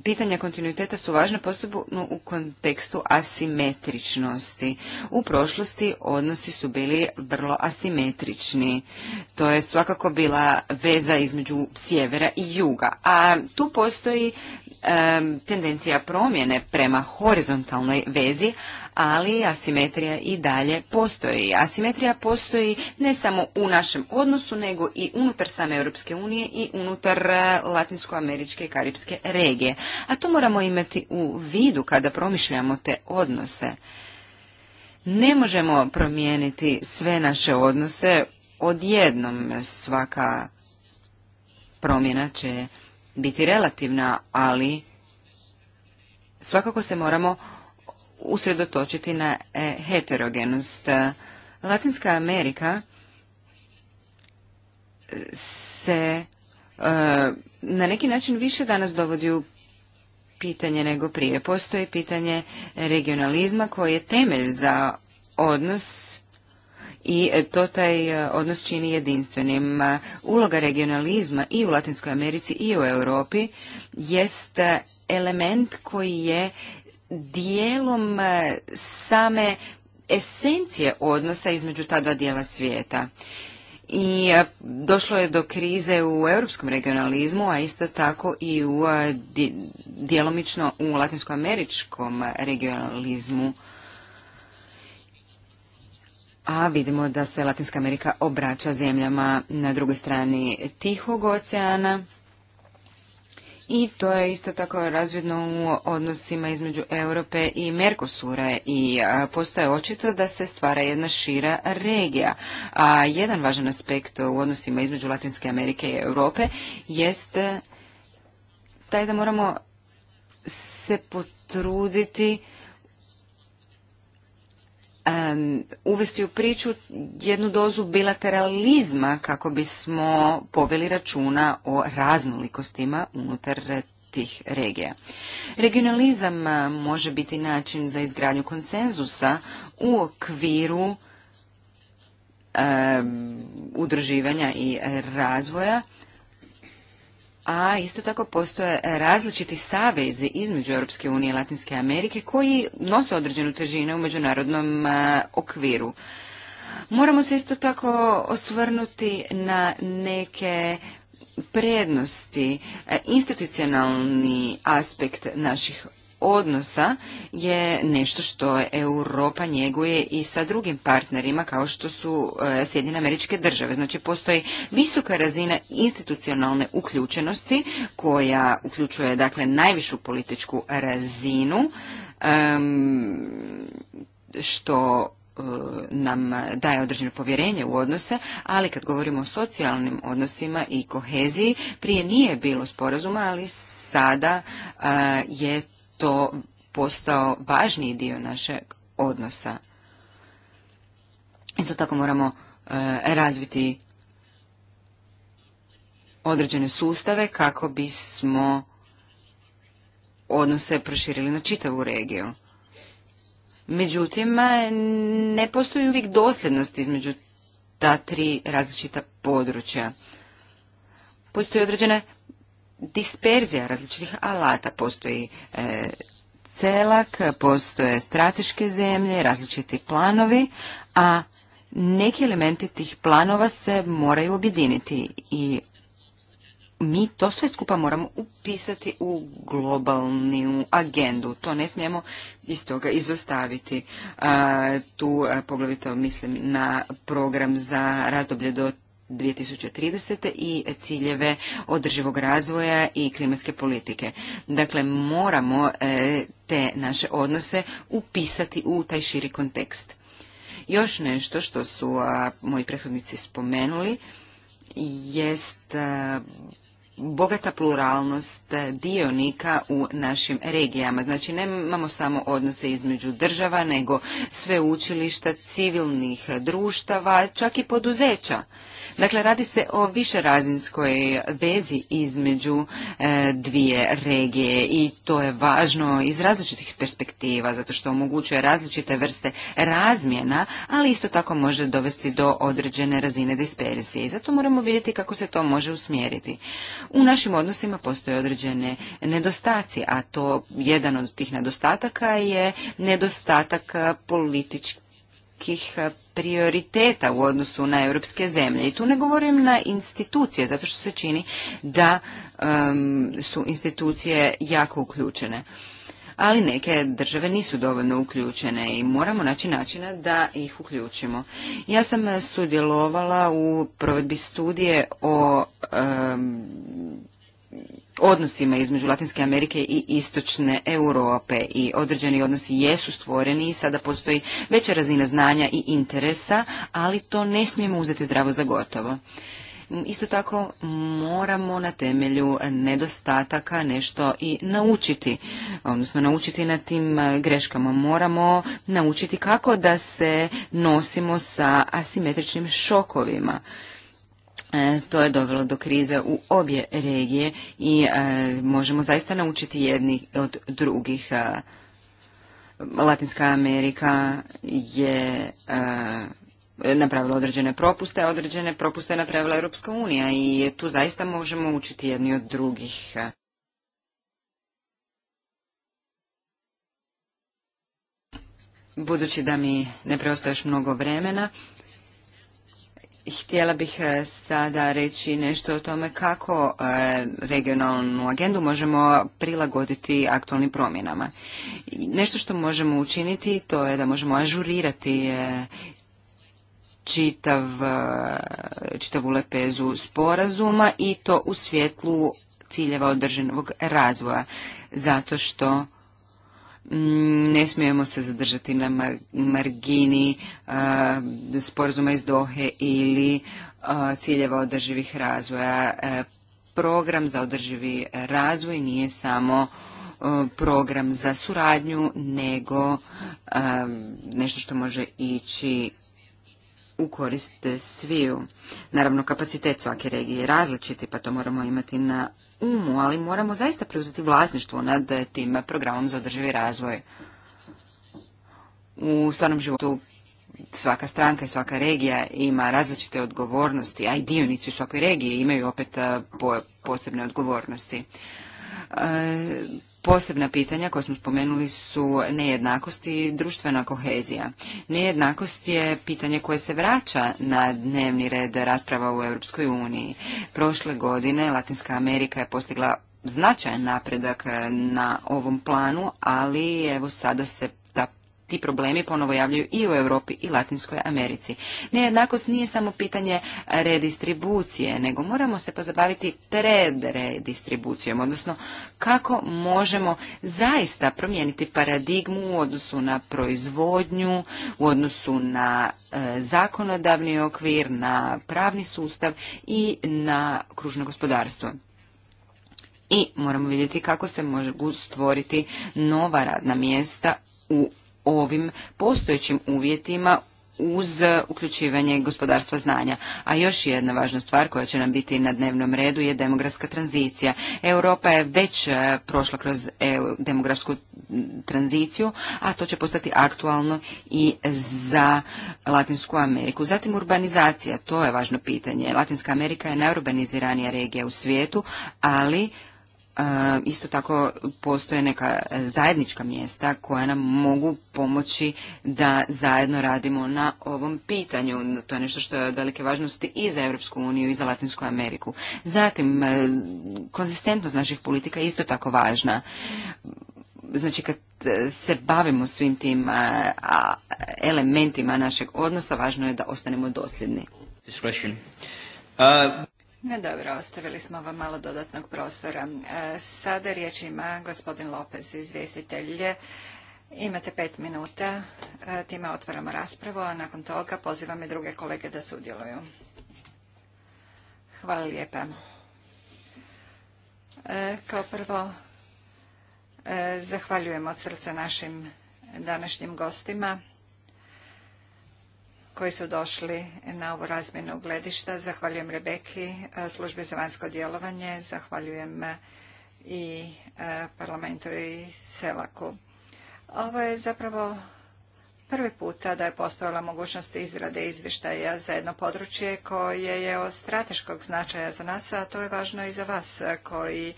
Pitanja kontinuiteta su važna posebno u kontekstu asimetričnosti. U prošlosti odnosi su bili vrlo asimetrični. To je svakako bila veza između sjevera i juga. A tu postoji tendencija promjene prema horizontalnoj vezi, ali asimetrija i dalje postoji. Asimetrija postoji ne samo u našem odnosu, nego i unutar same Europske unije i unutar e, latinskoameričke i karibske regije. A to moramo imati u vidu kada promišljamo te odnose. Ne možemo promijeniti sve naše odnose odjednom svaka promjena će biti relativna, ali svakako se moramo usredotočiti na e, heterogenost. Latinska Amerika se e, na neki način više danas dovodi u pitanje nego prije. Postoji pitanje regionalizma koji je temelj za odnos i e, to taj e, odnos čini jedinstvenim. E, uloga regionalizma i u Latinskoj Americi i u Europi jest element koji je dijelom same esencije odnosa između ta dva dijela svijeta. I došlo je do krize u europskom regionalizmu, a isto tako i u djelomično u latinskoameričkom regionalizmu a vidimo da se Latinska Amerika obraća zemljama na drugoj strani Tihog oceana. I to je isto tako razvidno u odnosima između Europe i Merkosura i postoje očito da se stvara jedna šira regija. A jedan važan aspekt u odnosima između Latinske Amerike i Europe jest e, taj da moramo se potruditi uvesti u priču jednu dozu bilateralizma kako bismo poveli računa o raznolikostima unutar tih regija. Regionalizam može biti način za izgradnju konsenzusa u okviru udrživanja i razvoja a isto tako postoje različiti savezi između Europske unije i Latinske Amerike koji nose određenu težinu u međunarodnom e, okviru. Moramo se isto tako osvrnuti na neke prednosti, e, institucionalni aspekt naših odnosa je nešto što Europa njeguje i sa drugim partnerima kao što su e, Sjedinjene američke države. Znači postoji visoka razina institucionalne uključenosti koja uključuje dakle najvišu političku razinu što e, nam daje određeno povjerenje u odnose, ali kad govorimo o socijalnim odnosima i koheziji, prije nije bilo sporazuma, ali sada e, je to postao važniji dio našeg odnosa. Isto tako moramo e, razviti određene sustave kako bismo odnose proširili na čitavu regiju. Međutim, ne postoji uvijek dosljednost između ta tri različita područja. Postoji određene disperzija različitih alata. Postoji e, celak, postoje strateške zemlje, različiti planovi, a neki elementi tih planova se moraju objediniti i mi to sve skupa moramo upisati u globalnu agendu. To ne smijemo iz toga izostaviti. Tu poglavito mislim na program za razdoblje do 2030. i ciljeve održivog razvoja i klimatske politike. Dakle, moramo e, te naše odnose upisati u taj širi kontekst. Još nešto što su moji prethodnici spomenuli jest e, bogata pluralnost dionika u našim regijama. Znači nemamo samo odnose između država, nego sve učilišta, civilnih društava, čak i poduzeća. Dakle, radi se o višerazinskoj vezi između e, dvije regije i to je važno iz različitih perspektiva, zato što omogućuje različite vrste razmjena, ali isto tako može dovesti do određene razine dispersije. I zato moramo vidjeti kako se to može usmjeriti. U našim odnosima postoje određene nedostaci, a to jedan od tih nedostataka je nedostatak političkih nekih eh, prioriteta u odnosu na europske zemlje. I tu ne govorim na institucije, zato što se čini da su institucije jako uključene. Ali neke države nisu dovoljno uključene i moramo naći načina da ih uključimo. Ja sam eh, sudjelovala u provedbi studije o odnosima između Latinske Amerike i Istočne Europe i određeni odnosi jesu stvoreni i sada postoji veća razina znanja i interesa, ali to ne smijemo uzeti zdravo za gotovo. Isto tako moramo na temelju nedostataka nešto i naučiti, odnosno naučiti na tim e, greškama. Moramo naučiti kako da se nosimo sa asimetričnim šokovima. E, to je dovelo do krize u obje regije i e, možemo zaista naučiti jedni od drugih. E, Latinska Amerika je napravila određene propuste, a određene propuste je napravila Europska unija i tu zaista možemo učiti jedni od drugih. Budući da mi ne preostaje još mnogo vremena, Htjela bih e, sada reći nešto o tome kako e, regionalnu agendu možemo prilagoditi aktualnim promjenama. Nešto što možemo učiniti to je da možemo ažurirati e, čitav, čitavu lepezu sporazuma i to u svjetlu ciljeva održivog razvoja, zato što Mm, ne smijemo se zadržati na margini sporazuma iz Dohe ili ciljeva održivih razvoja. E, program za održivi razvoj nije samo program za suradnju, nego nešto što može ići u korist sviju. Naravno, kapacitet svake regije je različiti, pa to moramo imati na umu, ali moramo zaista preuzeti vlasništvo nad tim programom za održivi razvoj. U stvarnom životu svaka stranka i svaka regija ima različite odgovornosti, a i dionici u svakoj regiji imaju opet eh, posebne odgovornosti. Eh, Posebna pitanja koja smo spomenuli su nejednakost i društvena kohezija. Nejednakost je pitanje koje se vraća na dnevni red rasprava u Europskoj uniji. Prošle godine Latinska Amerika je postigla značajan napredak na ovom planu, ali evo sada se ti problemi ponovo javljaju i u Europi i Latinskoj Americi. Nejednakost nije samo pitanje redistribucije, nego moramo se pozabaviti pred redistribucijom, odnosno kako možemo zaista promijeniti paradigmu u odnosu na proizvodnju, u odnosu na e, zakonodavni okvir, na pravni sustav i na kružno gospodarstvo i moramo vidjeti kako se mogu stvoriti nova radna mjesta u ovim postojećim uvjetima uz uključivanje gospodarstva znanja. A još jedna važna stvar koja će nam biti na dnevnom redu je demografska tranzicija. Europa je već e, prošla kroz e, demografsku tranziciju, a to će postati aktualno i za Latinsku Ameriku. Zatim urbanizacija, to je važno pitanje. Latinska Amerika je najurbaniziranija regija u svijetu, ali E, isto tako postoje neka zajednička mjesta koja nam mogu pomoći da zajedno radimo na ovom pitanju. To je nešto što je od velike važnosti i za Europsku uniju i za Latinsku Ameriku. Zatim, e, konzistentnost naših politika je isto tako važna. Znači, kad e, se bavimo svim tim elementima našeg odnosa, važno je da ostanemo dosljedni. Ne dobro, ostavili smo vam malo dodatnog prostora. E, sada riječ ima gospodin Lopez, izvjestitelj. Imate pet minuta, e, time otvaramo raspravu, a nakon toga pozivam i druge kolege da sudjeluju. Hvala lijepa. E, kao prvo, zahvaljujem od srca našim današnjim gostima koji su došli na ovu razmjenu gledišta. Zahvaljujem Rebeki, e, službi za vanjsko djelovanje, zahvaljujem e, i e, parlamentu i Selaku. Ovo je zapravo prvi puta da je postojala mogućnost izrade izvještaja za jedno područje koje je od strateškog značaja za nas, a to je važno i za vas koji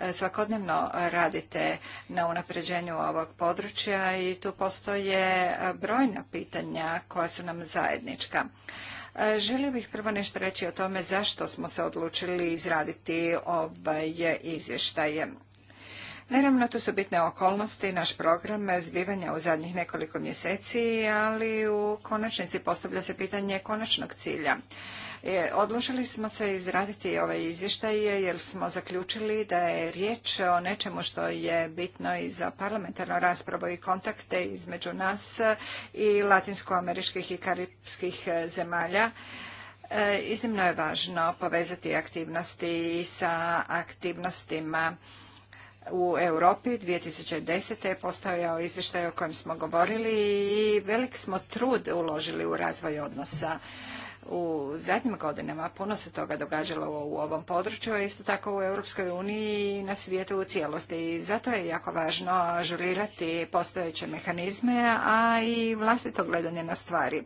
e, svakodnevno radite na unapređenju ovog područja i tu postoje e, brojna pitanja koja su nam zajednička. E, želio bih prvo nešto reći o tome zašto smo se odlučili izraditi ovaj izvještaj. Naravno, to su bitne okolnosti, naš program zbivanja u zadnjih nekoliko mjeseci, ali u konačnici postavlja se pitanje konačnog cilja. E, odlučili smo se izraditi ovaj izvještaj jer smo zaključili da je riječ o nečemu što je bitno i za parlamentarnu raspravu i kontakte između nas i latinskoameričkih i karibskih zemalja. E, iznimno je važno povezati aktivnosti sa aktivnostima u Europi 2010. je postojao izvještaj o kojem smo govorili i velik smo trud uložili u razvoj odnosa. U zadnjim godinama puno se toga događalo u ovom području, a isto tako u Europskoj uniji i na svijetu u cijelosti. I zato je jako važno ažurirati postojeće mehanizme, a i vlastito gledanje na stvari.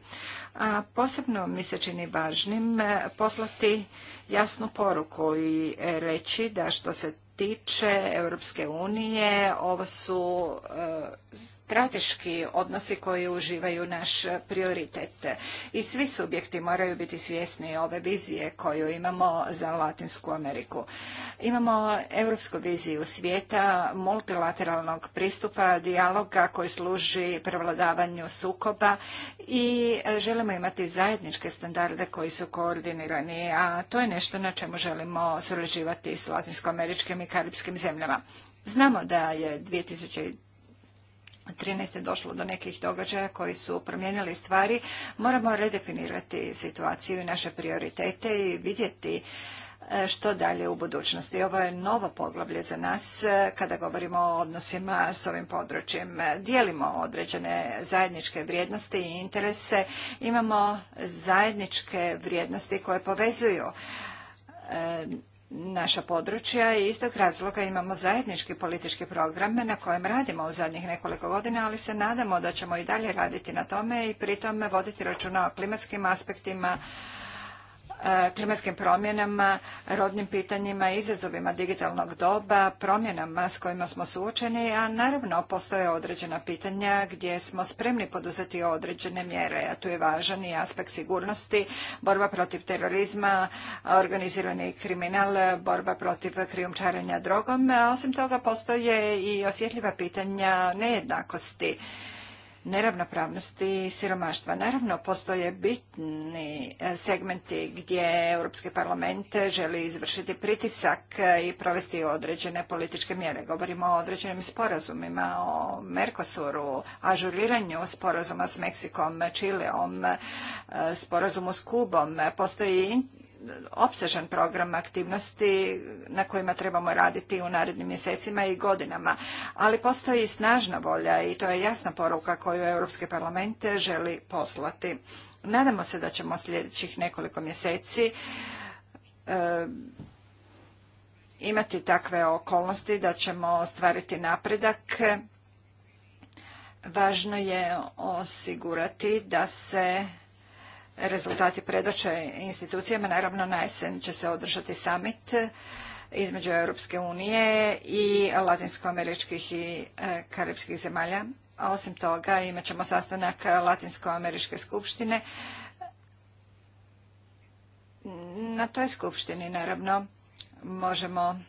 A posebno mi se čini važnim poslati jasnu poruku i reći da što se tiče Europske unije, ovo su e, strateški odnosi koji uživaju naš prioritet. I svi subjekti moraju biti svjesni ove vizije koju imamo za Latinsku Ameriku. Imamo europsku viziju svijeta, multilateralnog pristupa, dijaloga koji služi prevladavanju sukoba i želimo imati zajedničke standarde koji su koordinirani, a to je nešto na čemu želimo surađivati s latinskoameričkim i karibskim zemljama. Znamo da je 2013. došlo do nekih događaja koji su promijenili stvari, moramo redefinirati situaciju i naše prioritete i vidjeti e, što dalje u budućnosti. Ovo je novo poglavlje za nas e, kada govorimo o odnosima s ovim područjem. Dijelimo određene zajedničke vrijednosti i interese. Imamo zajedničke vrijednosti koje povezuju e, naša područja i iz tog razloga imamo zajednički politički program na kojem radimo u zadnjih nekoliko godina, ali se nadamo da ćemo i dalje raditi na tome i pritom voditi računa o klimatskim aspektima, E, klimatskim promjenama, rodnim pitanjima, izazovima digitalnog doba, promjenama s kojima smo suočeni, a naravno postoje određena pitanja gdje smo spremni poduzeti određene mjere, a tu je važan i aspekt sigurnosti, borba protiv terorizma, organizirani kriminal, borba protiv krijumčarenja drogom. Osim toga postoje i osjetljiva pitanja nejednakosti neravnopravnosti i siromaštva. Naravno, postoje bitni e, segmenti gdje Europski parlament želi izvršiti pritisak i provesti određene političke mjere. Govorimo o određenim sporazumima, o Mercosuru, ažuriranju sporazuma s Meksikom, Čileom, e, sporazumu s Kubom. Postoji opsežan program aktivnosti na kojima trebamo raditi u narednim mjesecima i godinama. Ali postoji i snažna volja i to je jasna poruka koju Europski parlament želi poslati. Nadamo se da ćemo sljedećih nekoliko mjeseci e, imati takve okolnosti da ćemo ostvariti napredak. Važno je osigurati da se rezultati predoče institucijama. Naravno, na jesen će se održati summit e, između Europske unije i latinskoameričkih i e, karibskih zemalja. A osim toga, imat ćemo sastanak Latinskoameričke skupštine. Na toj skupštini, naravno, možemo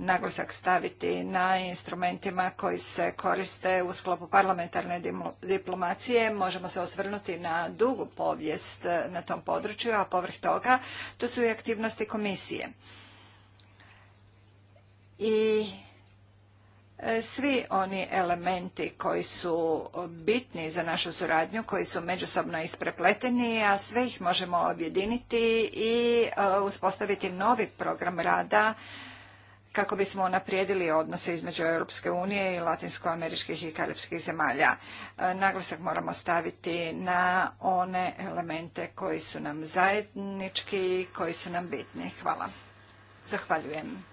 naglasak staviti na instrumentima koji se koriste u sklopu parlamentarne diplomacije. Možemo se osvrnuti na dugu povijest na tom području, a povrh toga to su i aktivnosti komisije. I e, svi oni elementi koji su bitni za našu suradnju, koji su međusobno isprepleteni, a sve ih možemo objediniti i e, uspostaviti novi program rada kako bismo unaprijedili odnose između Europske unije i latinskoameričkih i karipskih zemalja. E, naglasak moramo staviti na one elemente koji su nam zajednički i koji su nam bitni. Hvala. Zahvaljujem.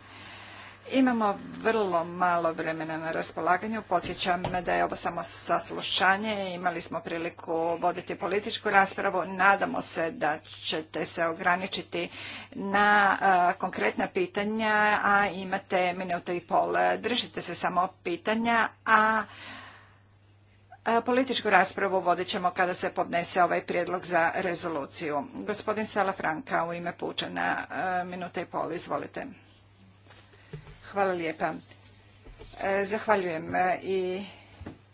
Imamo vrlo malo vremena na raspolaganju. Podsjećam da je ovo samo saslušanje. Imali smo priliku voditi političku raspravu. Nadamo se da ćete se ograničiti na konkretna pitanja, a imate minutu i pol. Držite se samo pitanja, a Političku raspravu vodit ćemo kada se podnese ovaj prijedlog za rezoluciju. Gospodin Franka u ime Pučana, minuta i pol, izvolite. Hvala lijepa. E, zahvaljujem e, i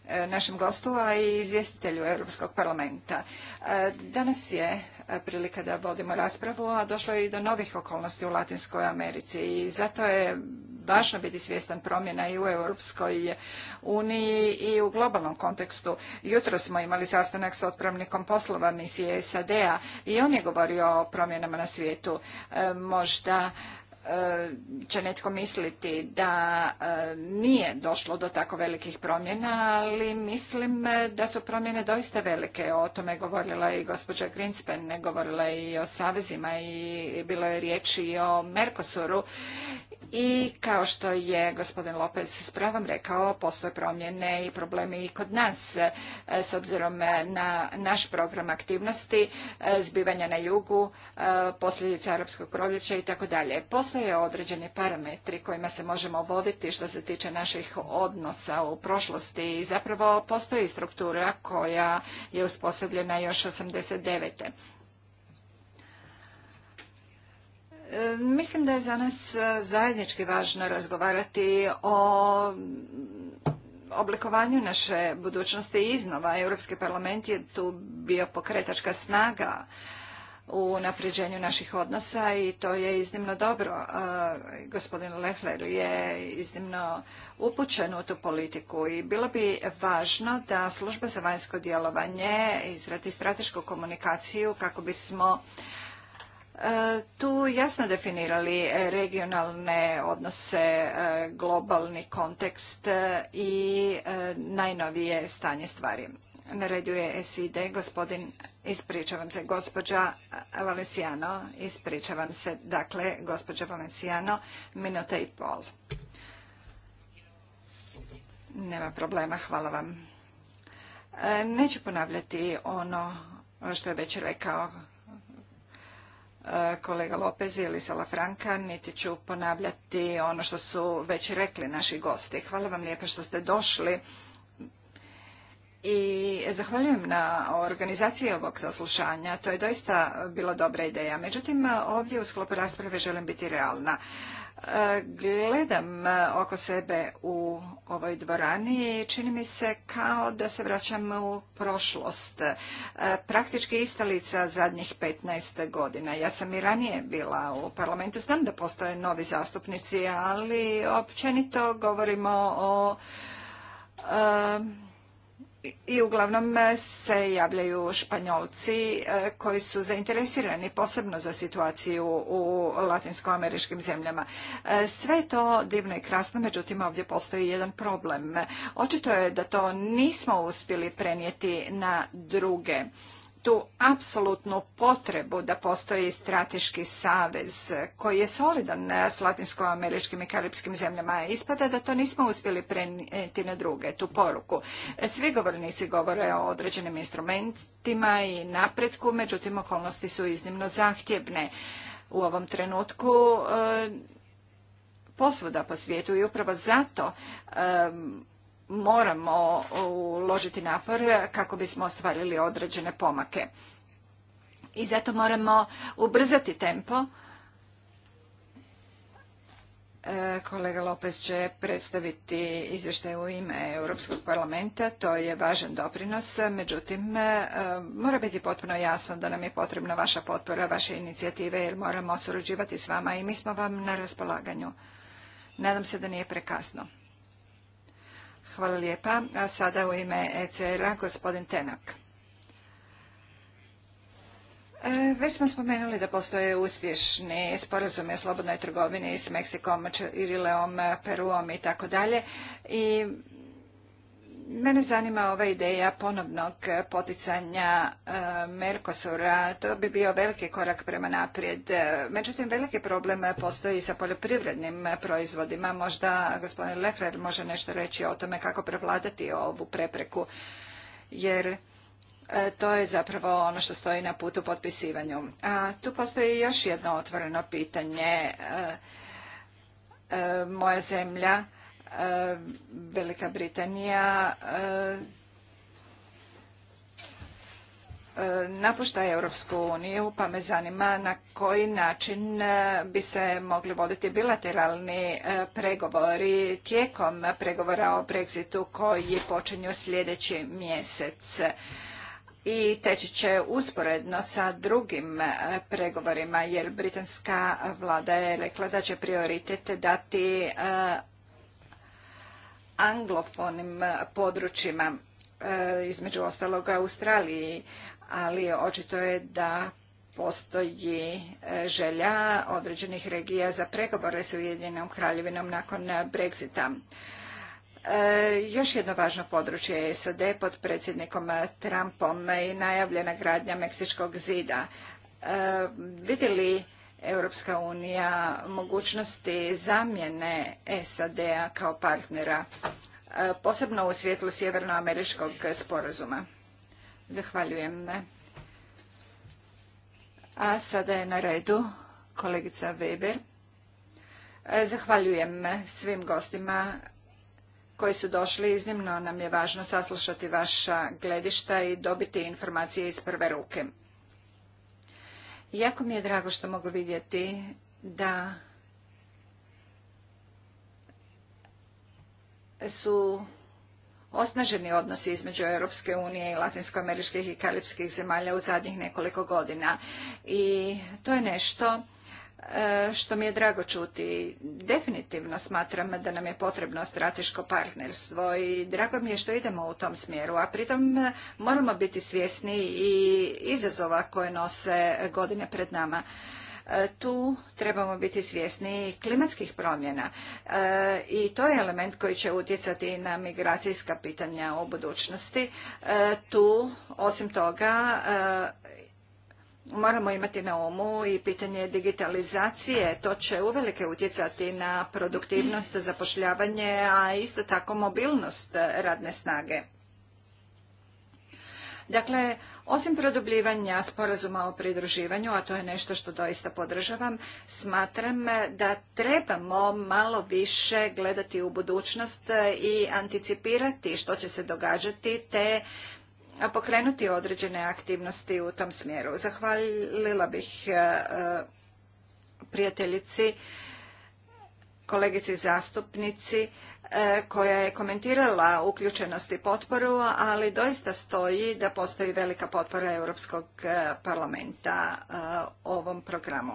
e, našem gostu, a i izvjestitelju Europskog parlamenta. Danas je prilika da vodimo raspravu, a došlo je i do novih okolnosti u Latinskoj Americi i zato je važno biti svjestan promjena i u Europskoj uniji i u globalnom kontekstu. Jutro smo imali sastanak s otpravnikom poslova misije SAD-a i on je govorio o promjenama na svijetu. Možda E, će netko misliti da e, nije došlo do tako velikih promjena, ali mislim e, da su promjene doista velike. O tome je govorila i gospođa Greenspan, govorila i o savezima i bilo je riječi i o Mercosuru. I kao što je gospodin Lopez s pravom rekao, postoje promjene i problemi i kod nas s obzirom na naš program aktivnosti, zbivanja na jugu, posljedice arapskog proljeća i tako dalje postoje određeni parametri kojima se možemo voditi što se tiče naših odnosa u prošlosti i zapravo postoji struktura koja je uspostavljena još 89. Mislim da je za nas zajednički važno razgovarati o oblikovanju naše budućnosti iznova. Europski parlament je tu bio pokretačka snaga u napređenju naših odnosa i to je iznimno dobro. Gospodin Leffler je iznimno upućen u tu politiku i bilo bi važno da služba za vanjsko djelovanje izradi stratešku komunikaciju kako bismo e, tu jasno definirali regionalne odnose, e, globalni kontekst e, i najnovije stanje stvari na redu je SID, gospodin, ispričavam se, gospođa Valenciano, ispričavam se, dakle, gospođa Valenciano, minuta i pol. Nema problema, hvala vam. E, neću ponavljati ono što je već rekao e, kolega Lopez ili franka niti ću ponavljati ono što su već rekli naši gosti. Hvala vam lijepo što ste došli i zahvaljujem na organizaciji ovog saslušanja. To je doista bila dobra ideja. Međutim, ovdje u sklopu rasprave želim biti realna. E, gledam oko sebe u ovoj dvorani i čini mi se kao da se vraćam u prošlost. E, praktički istalica zadnjih 15 godina. Ja sam i ranije bila u parlamentu. Znam da postoje novi zastupnici, ali općenito govorimo o e, i uglavnom e, se javljaju Španjolci e, koji su zainteresirani posebno za situaciju u latinskoameričkim zemljama. E, sve to divno i krasno, međutim ovdje postoji jedan problem. Očito je da to nismo uspjeli prenijeti na druge tu apsolutnu potrebu da postoji strateški savez koji je solidan s Latinsko-Američkim i karipskim zemljama. Ispada da to nismo uspjeli prenijeti na druge, tu poruku. Svi govornici govore o određenim instrumentima i napretku, međutim okolnosti su iznimno zahtjevne. U ovom trenutku e, posvuda po svijetu i upravo zato e, moramo uložiti napor kako bismo ostvarili određene pomake. I zato moramo ubrzati tempo. E, kolega Lopez će predstaviti izvještaj u ime Europskog parlamenta, to je važan doprinos, međutim e, mora biti potpuno jasno da nam je potrebna vaša potpora, vaše inicijative jer moramo surađivati s vama i mi smo vam na raspolaganju. Nadam se da nije prekasno. Hvala lijepa. A sada u ime ECR-a gospodin Tenak. E, već smo spomenuli da postoje uspješni sporazumi o slobodnoj trgovini s Meksikom, Irileom, Peruom i tako dalje. I Mene zanima ova ideja ponovnog poticanja e, Merkosura. To bi bio veliki korak prema naprijed. Međutim, veliki problem postoji sa poljoprivrednim proizvodima. Možda gospodin Lefler može nešto reći o tome kako prevladati ovu prepreku. Jer e, to je zapravo ono što stoji na putu potpisivanju. A tu postoji još jedno otvoreno pitanje. E, moja zemlja E, Velika Britanija e, e, napušta Europsku uniju, pa me zanima na koji način bi se mogli voditi bilateralni pregovori tijekom pregovora o Brexitu koji počinju sljedeći mjesec i teći će usporedno sa drugim pregovorima jer britanska vlada je rekla da će prioritete dati anglofonim e, područjima, e, između ostalog Australiji, ali očito je da postoji e, želja određenih regija za pregovore s Ujedinjenom kraljevinom nakon Brexita. još jedno važno područje je SAD pod predsjednikom Trumpom i najavljena gradnja Meksičkog zida. vidjeli Europska unija mogućnosti zamjene SAD-a kao partnera, e, posebno u svjetlu sjevernoameričkog sporazuma. Zahvaljujem. A sada je na redu kolegica Weber. E, zahvaljujem svim gostima koji su došli. Iznimno nam je važno saslušati vaša gledišta i dobiti informacije iz prve ruke. Jako mi je drago što mogu vidjeti da su osnaženi odnosi između Europske unije i latinskoameričkih i karipskih zemalja u zadnjih nekoliko godina. I to je nešto što mi je drago čuti. Definitivno smatram da nam je potrebno strateško partnerstvo i drago mi je što idemo u tom smjeru, a pritom e, moramo biti svjesni i izazova koje nose godine pred nama. E, tu trebamo biti svjesni klimatskih promjena e, i to je element koji će utjecati na migracijska pitanja u budućnosti. Tu, osim toga, moramo imati na umu i pitanje digitalizacije. To će uvelike utjecati na produktivnost, zapošljavanje, a isto tako mobilnost radne snage. Dakle, osim produbljivanja sporazuma o pridruživanju, a to je nešto što doista podržavam, smatram da trebamo malo više gledati u budućnost i anticipirati što će se događati te pokrenuti određene aktivnosti u tom smjeru. Zahvalila bih e, e, prijateljici, kolegici zastupnici e, koja je komentirala uključenost i potporu, ali doista stoji da postoji velika potpora Europskog parlamenta ovom programu.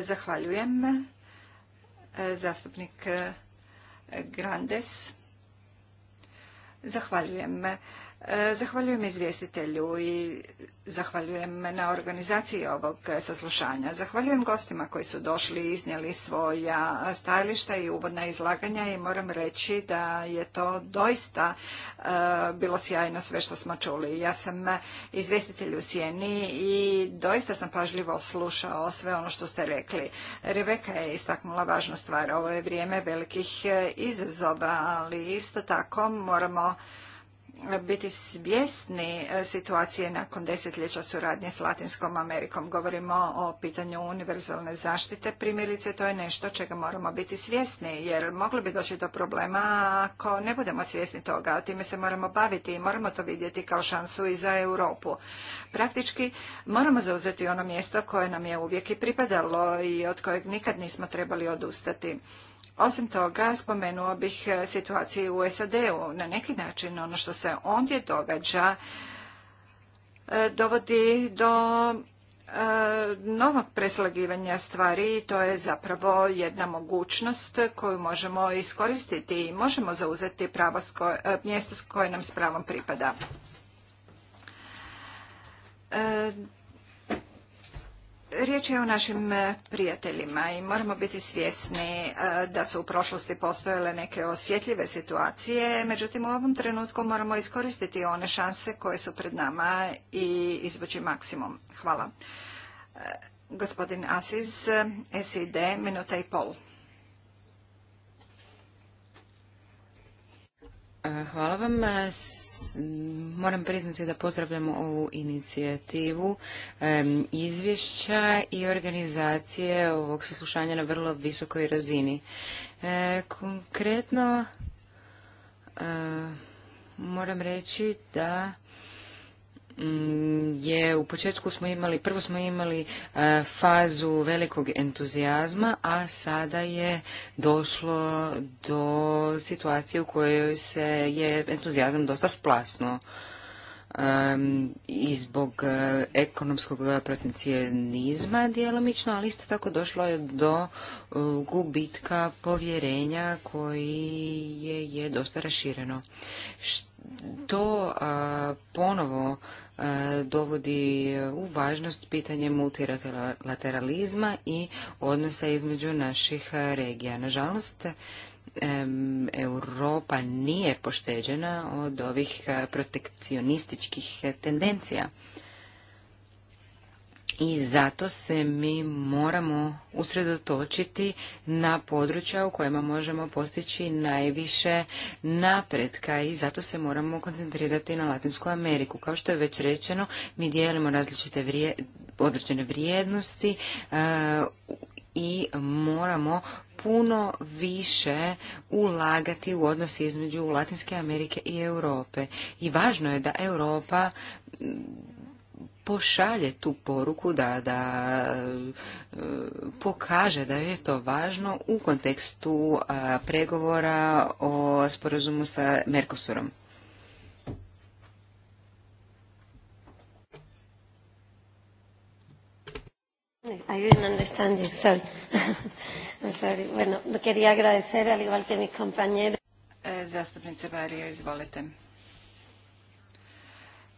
Zahvaljujem. Zastupnik Grandes. Zahvaljujem. E, zahvaljujem izvjestitelju i zahvaljujem na organizaciji ovog saslušanja. Zahvaljujem gostima koji su došli i iznijeli svoja stajališta i uvodna izlaganja i moram reći da je to doista e, bilo sjajno sve što smo čuli. Ja sam izvjestitelj u Sjeni i doista sam pažljivo slušao sve ono što ste rekli. Rebeka je istaknula važnu stvar. Ovo je vrijeme velikih e, izazova, ali isto tako moramo biti svjesni e, situacije nakon desetljeća suradnje s Latinskom Amerikom. Govorimo o pitanju univerzalne zaštite. Primjerice, to je nešto čega moramo biti svjesni, jer moglo bi doći do problema ako ne budemo svjesni toga. A time se moramo baviti i moramo to vidjeti kao šansu i za Europu. Praktički, moramo zauzeti ono mjesto koje nam je uvijek i pripadalo i od kojeg nikad nismo trebali odustati. Osim toga, spomenuo bih e, situaciju u SAD-u. Na neki način ono što se ondje događa e, dovodi do e, novog preslagivanja stvari i to je zapravo jedna mogućnost koju možemo iskoristiti i možemo zauzeti pravo mjesto koje nam s pravom pripada. Riječ je o našim e, prijateljima i moramo biti svjesni e, da su u prošlosti postojale neke osjetljive situacije, međutim u ovom trenutku moramo iskoristiti one šanse koje su pred nama i izvući maksimum. Hvala. E, gospodin Asiz, SID, minuta i pol. E, hvala vam. E, moram priznati da pozdravljam ovu inicijativu e, izvješća i organizacije ovog saslušanja na vrlo visokoj razini. Konkretno moram reći da Mm, je u početku smo imali, prvo smo imali e, fazu velikog entuzijazma, a sada je došlo do situacije u kojoj se je entuzijazam dosta splasno i zbog e, ekonomskog protekcionizma djelomično, ali isto tako došlo je do e, gubitka povjerenja koji je, dosta rašireno. To ponovo E, dovodi u važnost pitanje multilateralizma i odnosa između naših regija. Nažalost, e, Europa nije pošteđena od ovih protekcionističkih tendencija i zato se mi moramo usredotočiti na područja u kojima možemo postići najviše napretka i zato se moramo koncentrirati na Latinsku Ameriku. Kao što je već rečeno, mi dijelimo različite vrije, određene vrijednosti e, i moramo puno više ulagati u odnose između Latinske Amerike i Europe. I važno je da Europa pošalje tu poruku, da, da e, pokaže da je to važno u kontekstu pregovora o sporazumu sa Mercosurom. I didn't understand you, sorry. I'm sorry. Bueno, quería agradecer, al igual que mis compañeros. E, zastupnice Barrio, izvolite.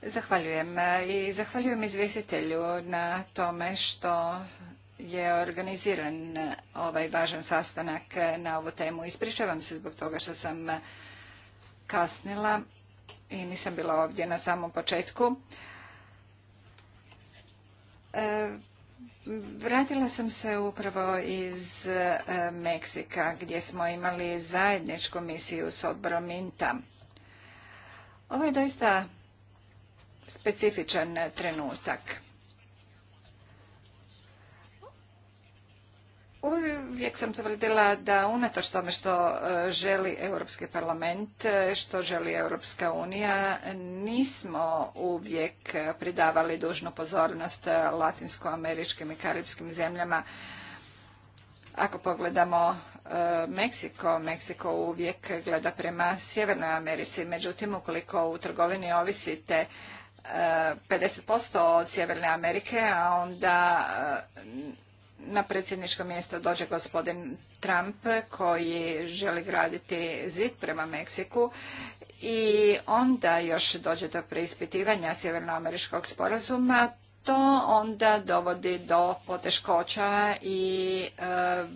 Zahvaljujem e, i zahvaljujem izvjestitelju na tome što je organiziran ovaj važan sastanak na ovu temu. Ispričavam se zbog toga što sam kasnila i nisam bila ovdje na samom početku. E, vratila sam se upravo iz e, Meksika gdje smo imali zajedničku misiju s odborom INTA. Ovo je doista specifičan trenutak. Uvijek sam tvrdila da unatoč tome što e, želi Europski parlament, e, što želi Europska unija, nismo uvijek pridavali dužnu pozornost latinskoameričkim i karibskim zemljama. Ako pogledamo e, Meksiko, Meksiko uvijek gleda prema Sjevernoj Americi. Međutim, ukoliko u trgovini ovisite 50% od Sjeverne Amerike, a onda e, na predsjedničko mjesto dođe gospodin Trump koji želi graditi zid prema Meksiku i onda još dođe do preispitivanja Sjevernoameričkog sporazuma. To onda dovodi do poteškoća i e,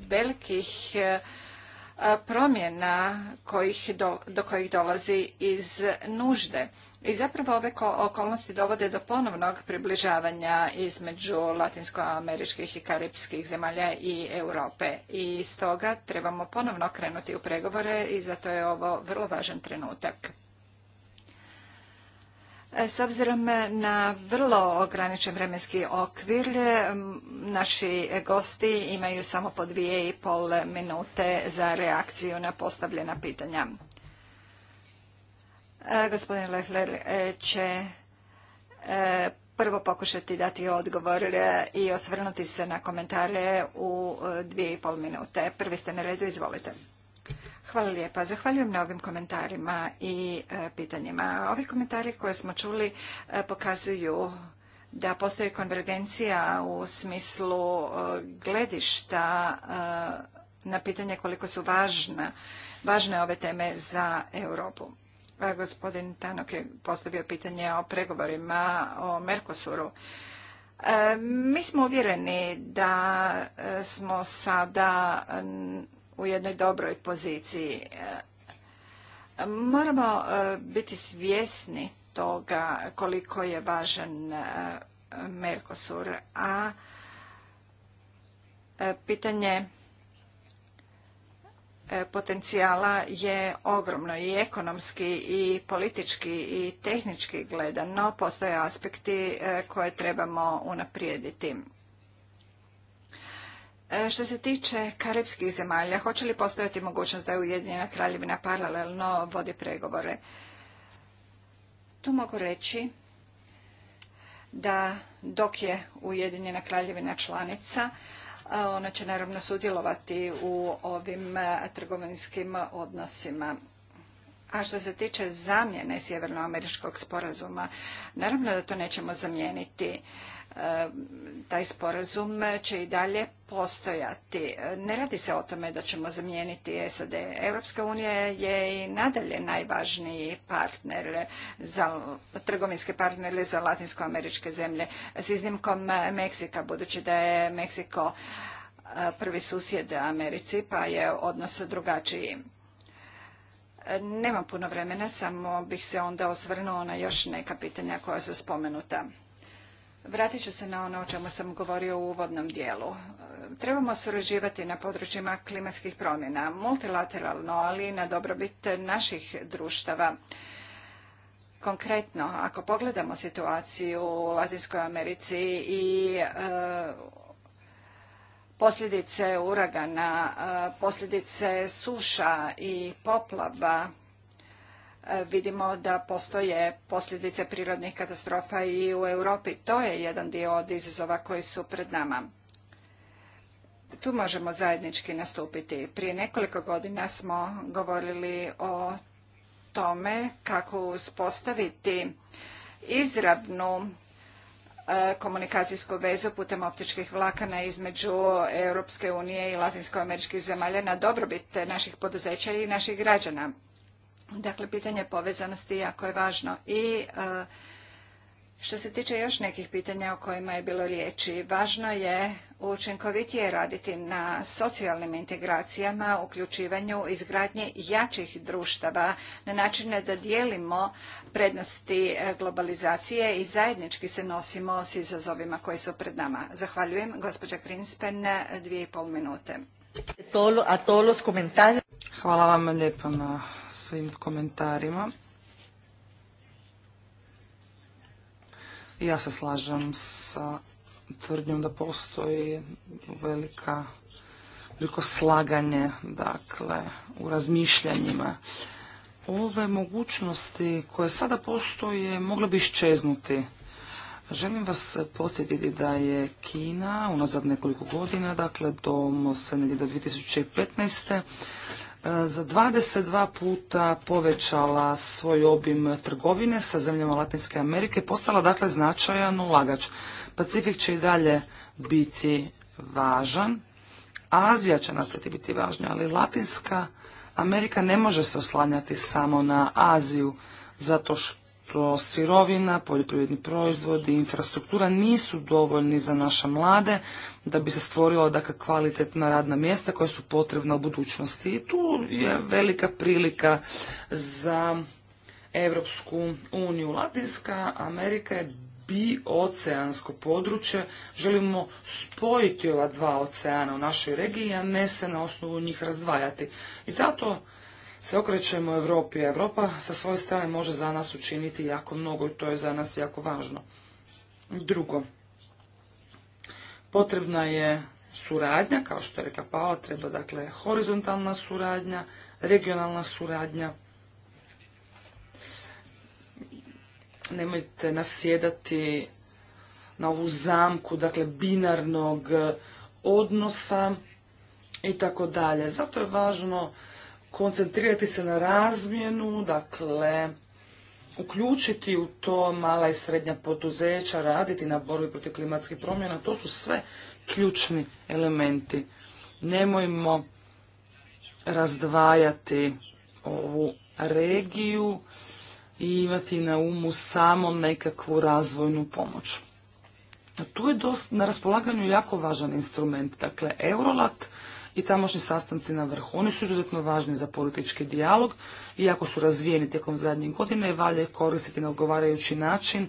velikih e, promjena do, do kojih dolazi iz nužde. I zapravo ove okolnosti dovode do ponovnog približavanja između latinskoameričkih i karipskih zemalja i Europe. I stoga trebamo ponovno krenuti u pregovore i zato je ovo vrlo važan trenutak. E, s obzirom na vrlo ograničen vremenski okvir, naši gosti imaju samo po dvije i pol minute za reakciju na postavljena pitanja. E, gospodin Lehler e, će e, prvo pokušati dati odgovor i osvrnuti se na komentare u dvije i pol minute. Prvi ste na redu, izvolite. Hvala lijepa. Zahvaljujem na ovim komentarima i pitanjima. Ovi komentari koje smo čuli pokazuju da postoji konvergencija u smislu gledišta na pitanje koliko su važne ove teme za Europu. Gospodin Tanok je postavio pitanje o pregovorima o Merkosuru. E, mi smo uvjereni da e, smo sada u jednoj dobroj poziciji. E, moramo biti svjesni toga koliko je važan Merkosur, a pitanje E, potencijala je ogromno i ekonomski i politički i tehnički gledano postoje aspekti e, koje trebamo unaprijediti. E, što se tiče karibskih zemalja, hoće li postojati mogućnost da Ujedinjena kraljevina paralelno vodi pregovore? Tu mogu reći da dok je Ujedinjena kraljevina članica, ona će naravno sudjelovati u ovim e, trgovinskim odnosima. A što se tiče zamjene sjevernoameričkog sporazuma, naravno da to nećemo zamijeniti. E, taj sporazum će i dalje postojati. Ne radi se o tome da ćemo zamijeniti SAD. Europska unija je i nadalje najvažniji partner za trgovinske partnere za latinskoameričke zemlje s iznimkom Meksika, budući da je Meksiko prvi susjed Americi, pa je odnos drugačiji. Nemam puno vremena, samo bih se onda osvrnuo na još neka pitanja koja su spomenuta. Vratit ću se na ono o čemu sam govorio u uvodnom dijelu trebamo surađivati na područjima klimatskih promjena, multilateralno, ali i na dobrobit naših društava. Konkretno, ako pogledamo situaciju u Latinskoj Americi i e, posljedice uragana, e, posljedice suša i poplava, e, vidimo da postoje posljedice prirodnih katastrofa i u Europi. To je jedan dio od izazova koji su pred nama tu možemo zajednički nastupiti. Prije nekoliko godina smo govorili o tome kako uspostaviti izravnu e, komunikacijsku vezu putem optičkih vlakana između Europske unije i latinskoameričkih zemalja na dobrobit naših poduzeća i naših građana. Dakle, pitanje povezanosti jako je važno i e, što se tiče još nekih pitanja o kojima je bilo riječi, važno je učinkovitije raditi na socijalnim integracijama, uključivanju izgradnje jačih društava na način da dijelimo prednosti e, globalizacije i zajednički se nosimo s izazovima koji su pred nama. Zahvaljujem, gospođa Krinspen, dvije i pol minute. Hvala vam lijepo na svim komentarima. Ja se slažem sa tvrdnjom da postoji velika, veliko slaganje dakle, u razmišljanjima. Ove mogućnosti koje sada postoje mogle bi iščeznuti. Želim vas podsjetiti da je Kina unazad nekoliko godina, dakle do, se negdje do 2015 za 22 puta povećala svoj obim trgovine sa zemljama Latinske Amerike i postala dakle značajan ulagač. Pacifik će i dalje biti važan, Azija će nastati biti važna, ali Latinska Amerika ne može se oslanjati samo na Aziju, zato što što sirovina, poljoprivredni proizvodi, infrastruktura nisu dovoljni za naše mlade da bi se stvorila dakle, kvalitetna radna mjesta koja su potrebna u budućnosti. I tu je velika prilika za Evropsku uniju. Latinska Amerika je bioceansko područje. Želimo spojiti ova dva oceana u našoj regiji, a ne se na osnovu njih razdvajati. I zato se okrećemo Europi. Europa sa svoje strane može za nas učiniti jako mnogo i to je za nas jako važno. Drugo, potrebna je suradnja, kao što je rekla Paola, treba dakle horizontalna suradnja, regionalna suradnja. Nemojte nasjedati na ovu zamku, dakle binarnog odnosa i tako dalje. Zato je važno koncentrirati se na razmjenu, dakle, uključiti u to mala i srednja poduzeća, raditi na borbi protiv klimatskih promjena, to su sve ključni elementi. Nemojmo razdvajati ovu regiju i imati na umu samo nekakvu razvojnu pomoć. Tu je na raspolaganju jako važan instrument. Dakle, Eurolat i tamošnji sastanci na vrhu. Oni su izuzetno važni za politički dijalog, iako su razvijeni tijekom zadnjih godina i valje koristiti na odgovarajući način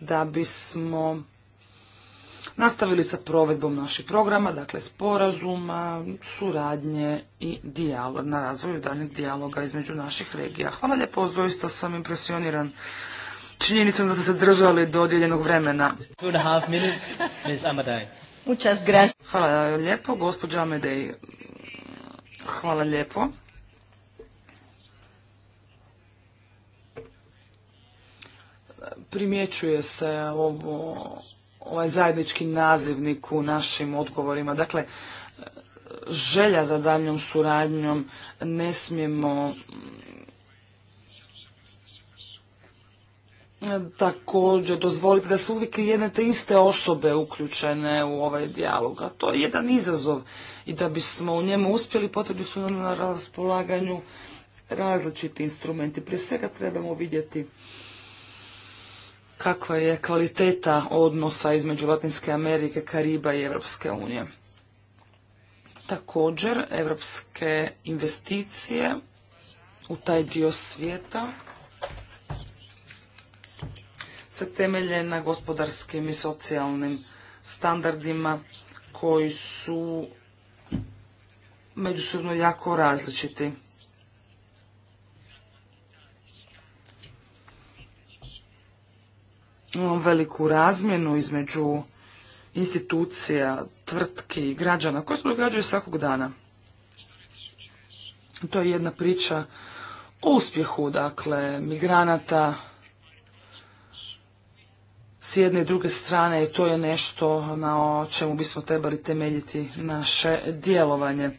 da bismo nastavili sa provedbom naših programa, dakle sporazuma, suradnje i dijalog, na razvoju daljnjeg dijaloga između naših regija. Hvala lijepo, doista sam impresioniran činjenicom da ste se držali dodijeljenog vremena gracias. Hvala lijepo, gospođa Amedej. Hvala lijepo. Primjećuje se ovo, ovaj zajednički nazivnik u našim odgovorima. Dakle, želja za daljnjom suradnjom ne smijemo također dozvoliti da su uvijek jedne te iste osobe uključene u ovaj dijalog, a to je jedan izazov i da bismo u njemu uspjeli potrebni su nam na raspolaganju različiti instrumenti. Prije svega trebamo vidjeti kakva je kvaliteta odnosa između Latinske Amerike, Kariba i Europske unije. Također, europske investicije u taj dio svijeta se temelje na gospodarskim i socijalnim standardima koji su međusobno jako različiti. Imamo veliku razmjenu između institucija, tvrtki, građana koji se događaju svakog dana. To je jedna priča o uspjehu, dakle, migranata, s jedne i druge strane i to je nešto na čemu bismo trebali temeljiti naše djelovanje.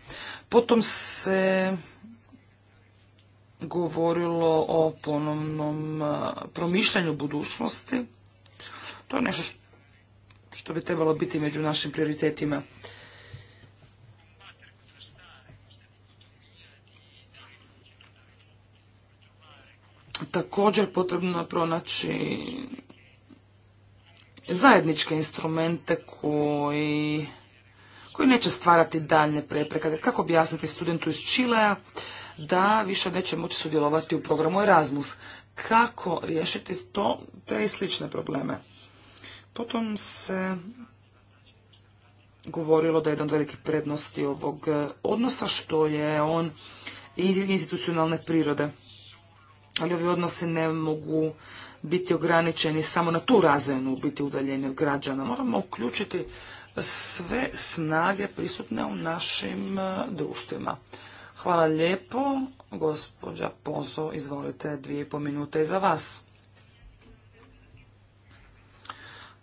Potom se govorilo o ponovnom promišljanju budućnosti. To je nešto što bi trebalo biti među našim prioritetima. Također potrebno je pronaći zajedničke instrumente koji, koji neće stvarati daljne prepreke. Kako objasniti studentu iz Čilea da više neće moći sudjelovati u programu Erasmus? Kako riješiti to, te i slične probleme? Potom se govorilo da je jedan od velikih prednosti ovog odnosa, što je on institucionalne prirode. Ali ovi odnosi ne mogu biti ograničeni samo na tu razinu, biti udaljeni od građana. Moramo uključiti sve snage prisutne u našim e, društvima. Hvala lijepo. Gospođa Pozo, izvolite dvije i pol minute i za vas.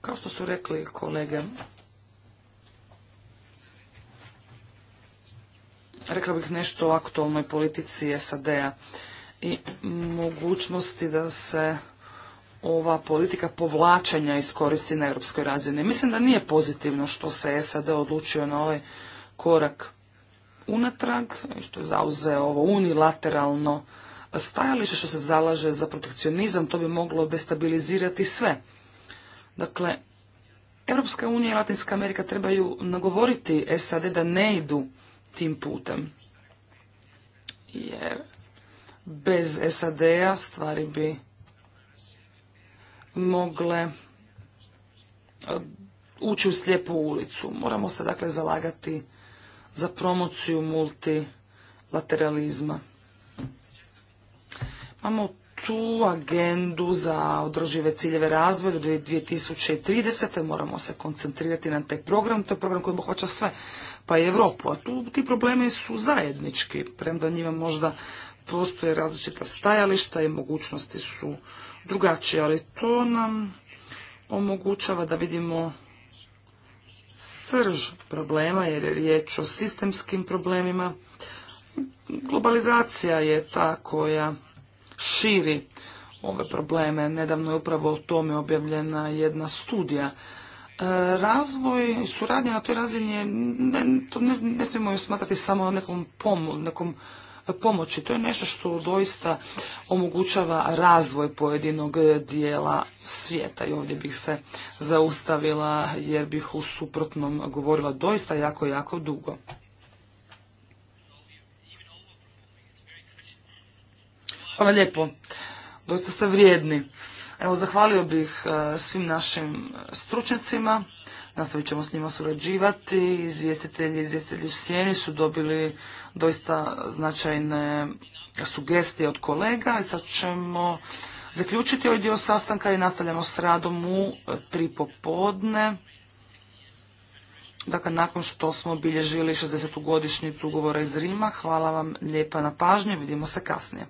Kao što su rekli kolege, rekla bih nešto o aktualnoj politici SAD-a i mogućnosti da se ova politika povlačenja iskoristi na europskoj razini. Mislim da nije pozitivno što se SAD odlučio na ovaj korak unatrag, što je zauzeo ovo unilateralno stajalište što se zalaže za protekcionizam, to bi moglo destabilizirati sve. Dakle, Europska unija i Latinska Amerika trebaju nagovoriti SAD da ne idu tim putem. Jer bez SAD-a stvari bi mogle ući u slijepu ulicu. Moramo se dakle zalagati za promociju multilateralizma. Imamo tu agendu za održive ciljeve razvoja do 2030. Moramo se koncentrirati na taj program. To je program koji obuhvaća sve, pa i Europu. A tu ti problemi su zajednički, premda njima možda postoje različita stajališta i mogućnosti su drugačije, ali to nam omogućava da vidimo srž problema, jer je riječ o sistemskim problemima. Globalizacija je ta koja širi ove probleme. Nedavno je upravo o tome objavljena jedna studija. E, razvoj i suradnja na toj razini ne, to ne, smijemo ju smatrati samo nekom, pom, nekom pomoći. To je nešto što doista omogućava razvoj pojedinog e, dijela svijeta. I ovdje bih se zaustavila jer bih u suprotnom govorila doista jako, jako dugo. Hvala lijepo. Doista ste vrijedni. Evo, zahvalio bih e, svim našim stručnjacima. Nastavit ćemo s njima surađivati. Izvjestitelji i izvjestitelji u sjeni su dobili doista značajne sugestije od kolega i sad ćemo zaključiti ovaj dio sastanka i nastavljamo s radom u tri popodne. Dakle, nakon što smo obilježili 60. godišnjicu ugovora iz Rima, hvala vam lijepa na pažnju, vidimo se kasnije.